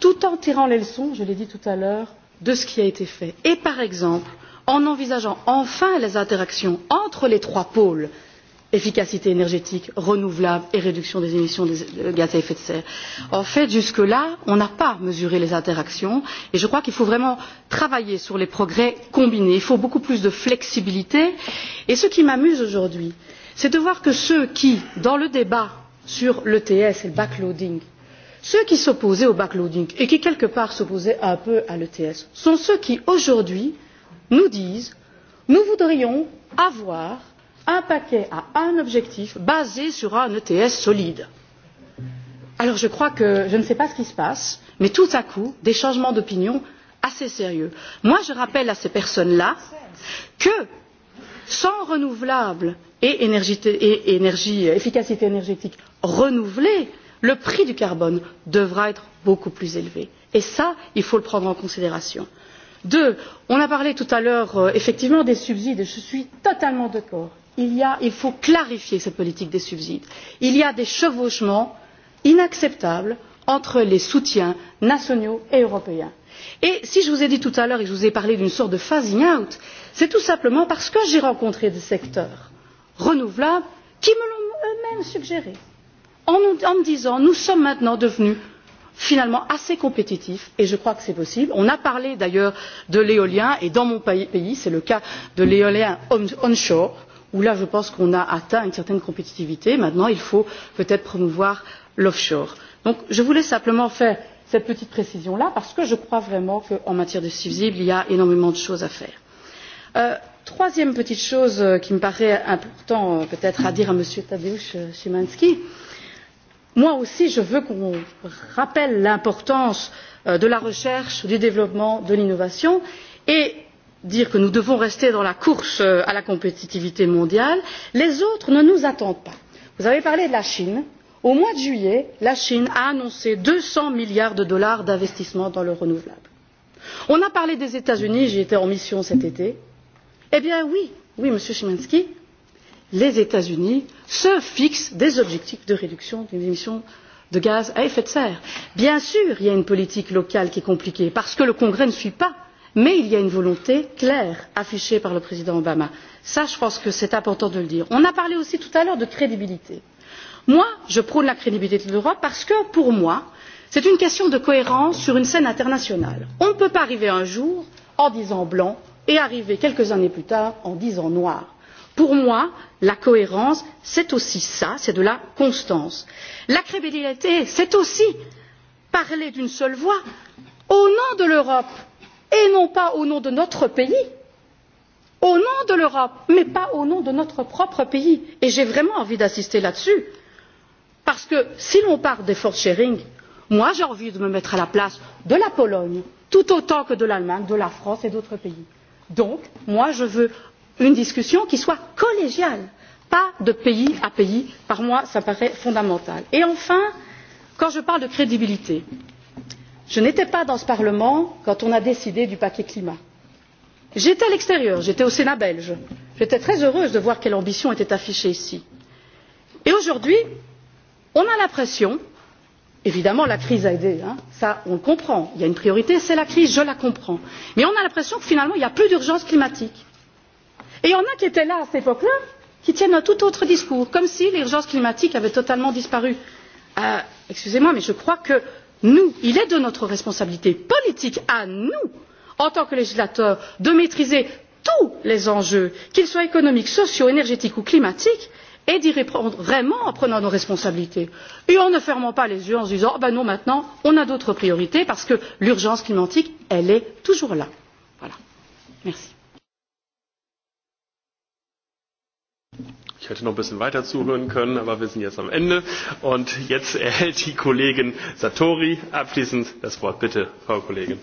tout en tirant les leçons je l'ai dit tout à l'heure de ce qui a été fait et par exemple en envisageant enfin les interactions entre les trois pôles efficacité énergétique renouvelable et réduction des émissions de gaz à effet de serre. en fait jusque là on n'a pas mesuré les interactions et je crois qu'il faut vraiment travailler sur les progrès combinés. il faut beaucoup plus de flexibilité et ce qui m'amuse aujourd'hui c'est de voir que ceux qui dans le débat sur l'ets et le backloading ceux qui s'opposaient au backloading et qui quelque part s'opposaient un peu à l'ets sont ceux qui aujourd'hui nous disent nous voudrions avoir un paquet à un objectif basé sur un ets solide. alors je crois que je ne sais pas ce qui se passe mais tout à coup des changements d'opinion assez sérieux. moi je rappelle à ces personnes là que sans renouvelables et, énergie, et énergie, efficacité énergétique renouvelée le prix du carbone devra être beaucoup plus élevé et ça il faut le prendre en considération deuxièmement on a parlé tout à l'heure euh, effectivement des subsides et je suis totalement d'accord il, il faut clarifier cette politique des subsides. il y a des chevauchements inacceptables entre les soutiens nationaux et européens. et si je vous ai dit tout à l'heure et je vous ai parlé d'une sorte de phasing out c'est tout simplement parce que j'ai rencontré des secteurs renouvelables qui me l'ont eux mêmes suggéré en, en me disant nous sommes maintenant devenus finalement assez compétitif et je crois que c'est possible. on a parlé d'ailleurs de l'éolien et dans mon pays c'est le cas de l'éolien onshore où là je pense qu'on a atteint une certaine compétitivité. maintenant il faut peut être promouvoir l'offshore. donc je voulais simplement faire cette petite précision là parce que je crois vraiment qu'en matière de fusibles il y a énormément de choses à faire. Euh, troisième petite chose euh, qui me paraît importante euh, peut être à dire à m. tadeusz euh, szymaski c'est moi aussi je veux qu'on rappelle l'importance euh, de la recherche du développement de l'innovation et dire que nous devons rester dans la course euh, à la compétitivité mondiale les autres ne nous attendent pas. vous avez parlé de la chine au mois de juillet la chine a annoncé deux cents milliards de dollars d'investissements dans le renouvelable. on a parlé des états unis j'y étais en mission cet été. eh bien oui monsieur szymaski les états unis se fixent des objectifs de réduction des émissions de gaz à effet de serre. bien sûr il y a une politique locale qui est compliquée parce que le congrès ne suit pas mais il y a une volonté claire affichée par le président obama. ça je pense que c'est important de le dire. on a parlé aussi tout à l'heure de crédibilité. moi je prône la crédibilité de l'europe parce que pour moi c'est une question de cohérence sur une scène internationale. on ne peut pas arriver un jour en disant blanc et arriver quelques années plus tard en disant noir pour moi la cohérence c'est aussi cela c'est de la constance. la crédibilité c'est aussi parler d'une seule voix au nom de l'europe et non pas au nom de notre pays au nom de l'europe mais pas au nom de notre propre pays et j'ai vraiment envie d'insister là dessus parce que si l'on parle d'effort sharing moi j'ai envie de me mettre à la place de la pologne tout autant que de l'allemagne de la france et d'autres pays. donc moi je veux une discussion qui soit collégiale pas de pays à pays par moi cela me paraît fondamental. et enfin quand je parle de crédibilité je n'étais pas dans ce parlement quand on a décidé du paquet climat j'étais à l'extérieur j'étais au sénat belge j'étais très heureuse de voir quelle ambition était affichée ici et aujourd'hui on a l'impression évidemment la crise a aidé ça on le comprend il y a une priorité c'est la crise je la comprends mais on a l'impression que finalement il n'y a plus d'urgence climatique Et il y en a qui étaient là à cette époque-là, qui tiennent un tout autre discours, comme si l'urgence climatique avait totalement disparu. Euh, Excusez-moi, mais je crois que nous, il est de notre responsabilité politique, à nous, en tant que législateurs, de maîtriser tous les enjeux, qu'ils soient économiques, sociaux, énergétiques ou climatiques, et d'y répondre vraiment en prenant nos responsabilités et en ne fermant pas les yeux en se disant oh ben non maintenant on a d'autres priorités parce que l'urgence climatique elle est toujours là. Voilà. Merci. Ich hätte noch ein bisschen weiter zuhören können, aber wir sind jetzt am Ende. Und jetzt erhält die Kollegin Satori abschließend das Wort. Bitte, Frau Kollegin.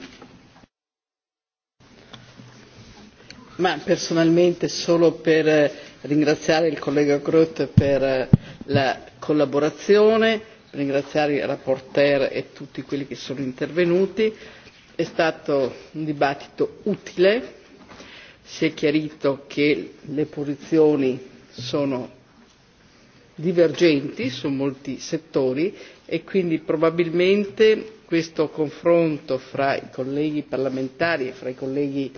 Ma personalmente solo per eh, ringraziare il collega Groth per eh, la collaborazione, ringraziare il rapporteur e tutti quelli che sono intervenuti. È stato un dibattito utile, si è chiarito che le posizioni sono divergenti su molti settori e quindi probabilmente questo confronto fra i colleghi parlamentari e fra i colleghi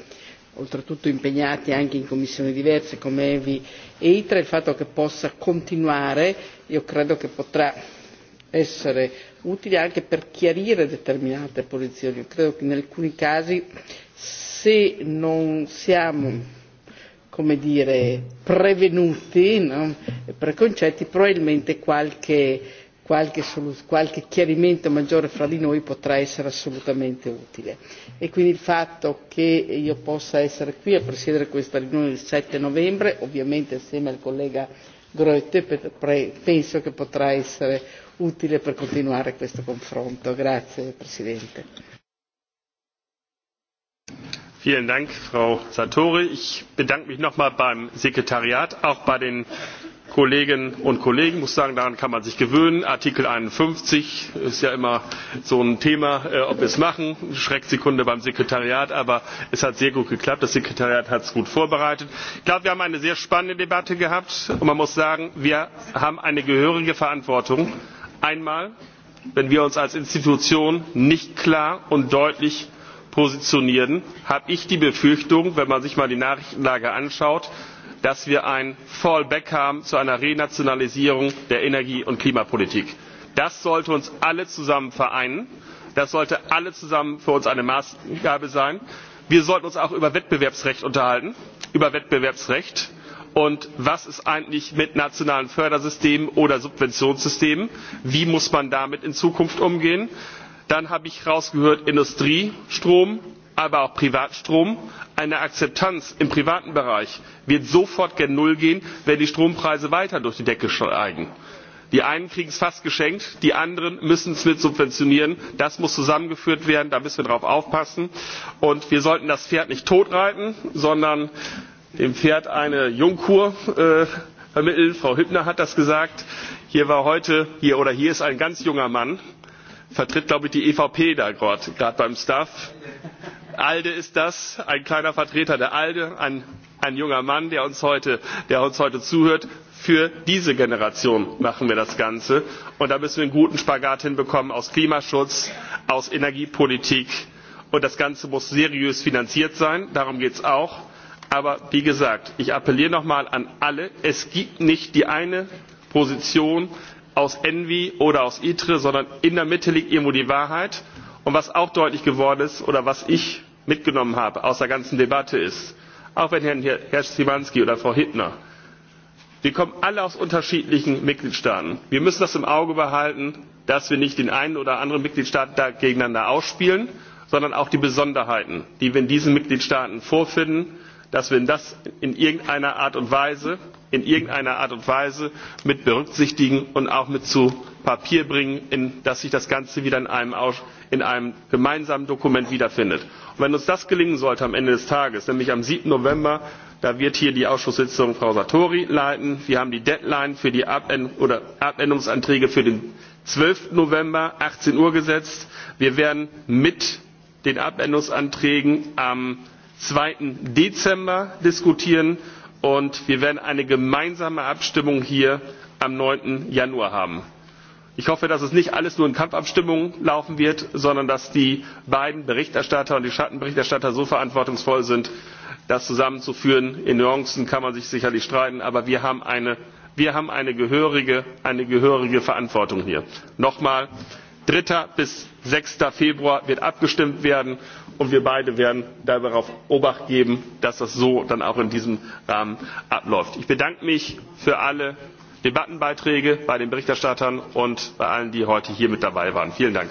oltretutto impegnati anche in commissioni diverse come envi e itre il fatto che possa continuare io credo che potrà essere utile anche per chiarire determinate posizioni. credo che in alcuni casi se non siamo come dire, prevenuti no? e preconcetti, probabilmente qualche, qualche, qualche chiarimento maggiore fra di noi potrà essere assolutamente utile. E quindi il fatto che io possa essere qui a presiedere questa riunione il 7 novembre, ovviamente assieme al collega Grote, per, pre, penso che potrà essere utile per continuare questo confronto. Grazie Presidente. Vielen Dank, Frau Sartori. Ich bedanke mich nochmal beim Sekretariat, auch bei den Kolleginnen und Kollegen. Ich muss sagen, daran kann man sich gewöhnen. Artikel 51 ist ja immer so ein Thema, äh, ob wir es machen. Schrecksekunde beim Sekretariat, aber es hat sehr gut geklappt. Das Sekretariat hat es gut vorbereitet. Ich glaube, wir haben eine sehr spannende Debatte gehabt und man muss sagen, wir haben eine gehörige Verantwortung. Einmal, wenn wir uns als Institution nicht klar und deutlich positionieren habe ich die befürchtung wenn man sich mal die nachrichtenlage anschaut dass wir ein fallback haben zu einer renationalisierung der energie und klimapolitik. das sollte uns alle zusammen vereinen das sollte für uns alle zusammen eine maßgabe sein. wir sollten uns auch über wettbewerbsrecht unterhalten über wettbewerbsrecht und was ist eigentlich mit nationalen fördersystemen oder subventionssystemen wie muss man damit in zukunft umgehen? dann habe ich herausgehört industriestrom aber auch privatstrom eine akzeptanz im privaten bereich wird sofort gen null gehen wenn die strompreise weiter durch die decke steigen. die einen kriegen es fast geschenkt die anderen müssen es mit subventionieren. das muss zusammengeführt werden da müssen wir darauf aufpassen. und wir sollten das pferd nicht totreiten sondern dem pferd eine jungkur äh, vermitteln. frau hübner hat das gesagt. hier war heute hier oder hier ist ein ganz junger mann vertritt glaube ich die evp da gerade beim staff. alde ist das ein kleiner vertreter der alde ein, ein junger mann der uns, heute, der uns heute zuhört. für diese generation machen wir das ganze und da müssen wir einen guten spagat hinbekommen aus klimaschutz aus energiepolitik und das ganze muss seriös finanziert sein darum geht es auch. aber wie gesagt ich appelliere noch einmal an alle es gibt nicht die eine position aus envi oder aus itre sondern in der mitte liegt irgendwo die wahrheit. und was auch deutlich geworden ist oder was ich mitgenommen habe aus der ganzen debatte ist auch wenn herr szymaski oder frau hittner wir kommen alle aus unterschiedlichen mitgliedstaaten wir müssen das im auge behalten dass wir nicht den einen oder anderen mitgliedstaat da gegeneinander ausspielen sondern auch die besonderheiten die wir in diesen mitgliedstaaten vorfinden dass wir das in irgendeiner art und weise in irgendeiner art und weise mit berücksichtigen und auch mit zu papier bringen dass sich das ganze wieder in einem gemeinsamen dokument wiederfindet. wenn uns das gelingen sollte am ende des tages nämlich am. sieben november da wird hier die ausschusssitzung frau sartori leiten wir haben die deadline für die abänderungsanträge für den. zwölf november achtzehn uhr gesetzt wir werden mit den abänderungsanträgen am. zwei dezember diskutieren und wir werden eine gemeinsame abstimmung hier am. neun januar haben. ich hoffe dass es nicht alles nur in kampfabstimmungen laufen wird sondern dass die beiden berichterstatter und die schattenberichterstatter so verantwortungsvoll sind das zusammenzuführen. in nuancen kann man sich sicherlich streiten aber wir haben eine, wir haben eine, gehörige, eine gehörige verantwortung hier. nochmal drei bis sechs februar wird abgestimmt werden und wir beide werden darauf obacht geben dass das so dann auch in diesem rahmen abläuft. ich bedanke mich für alle debattenbeiträge bei den berichterstattern und bei allen die heute hier mit dabei waren. vielen dank!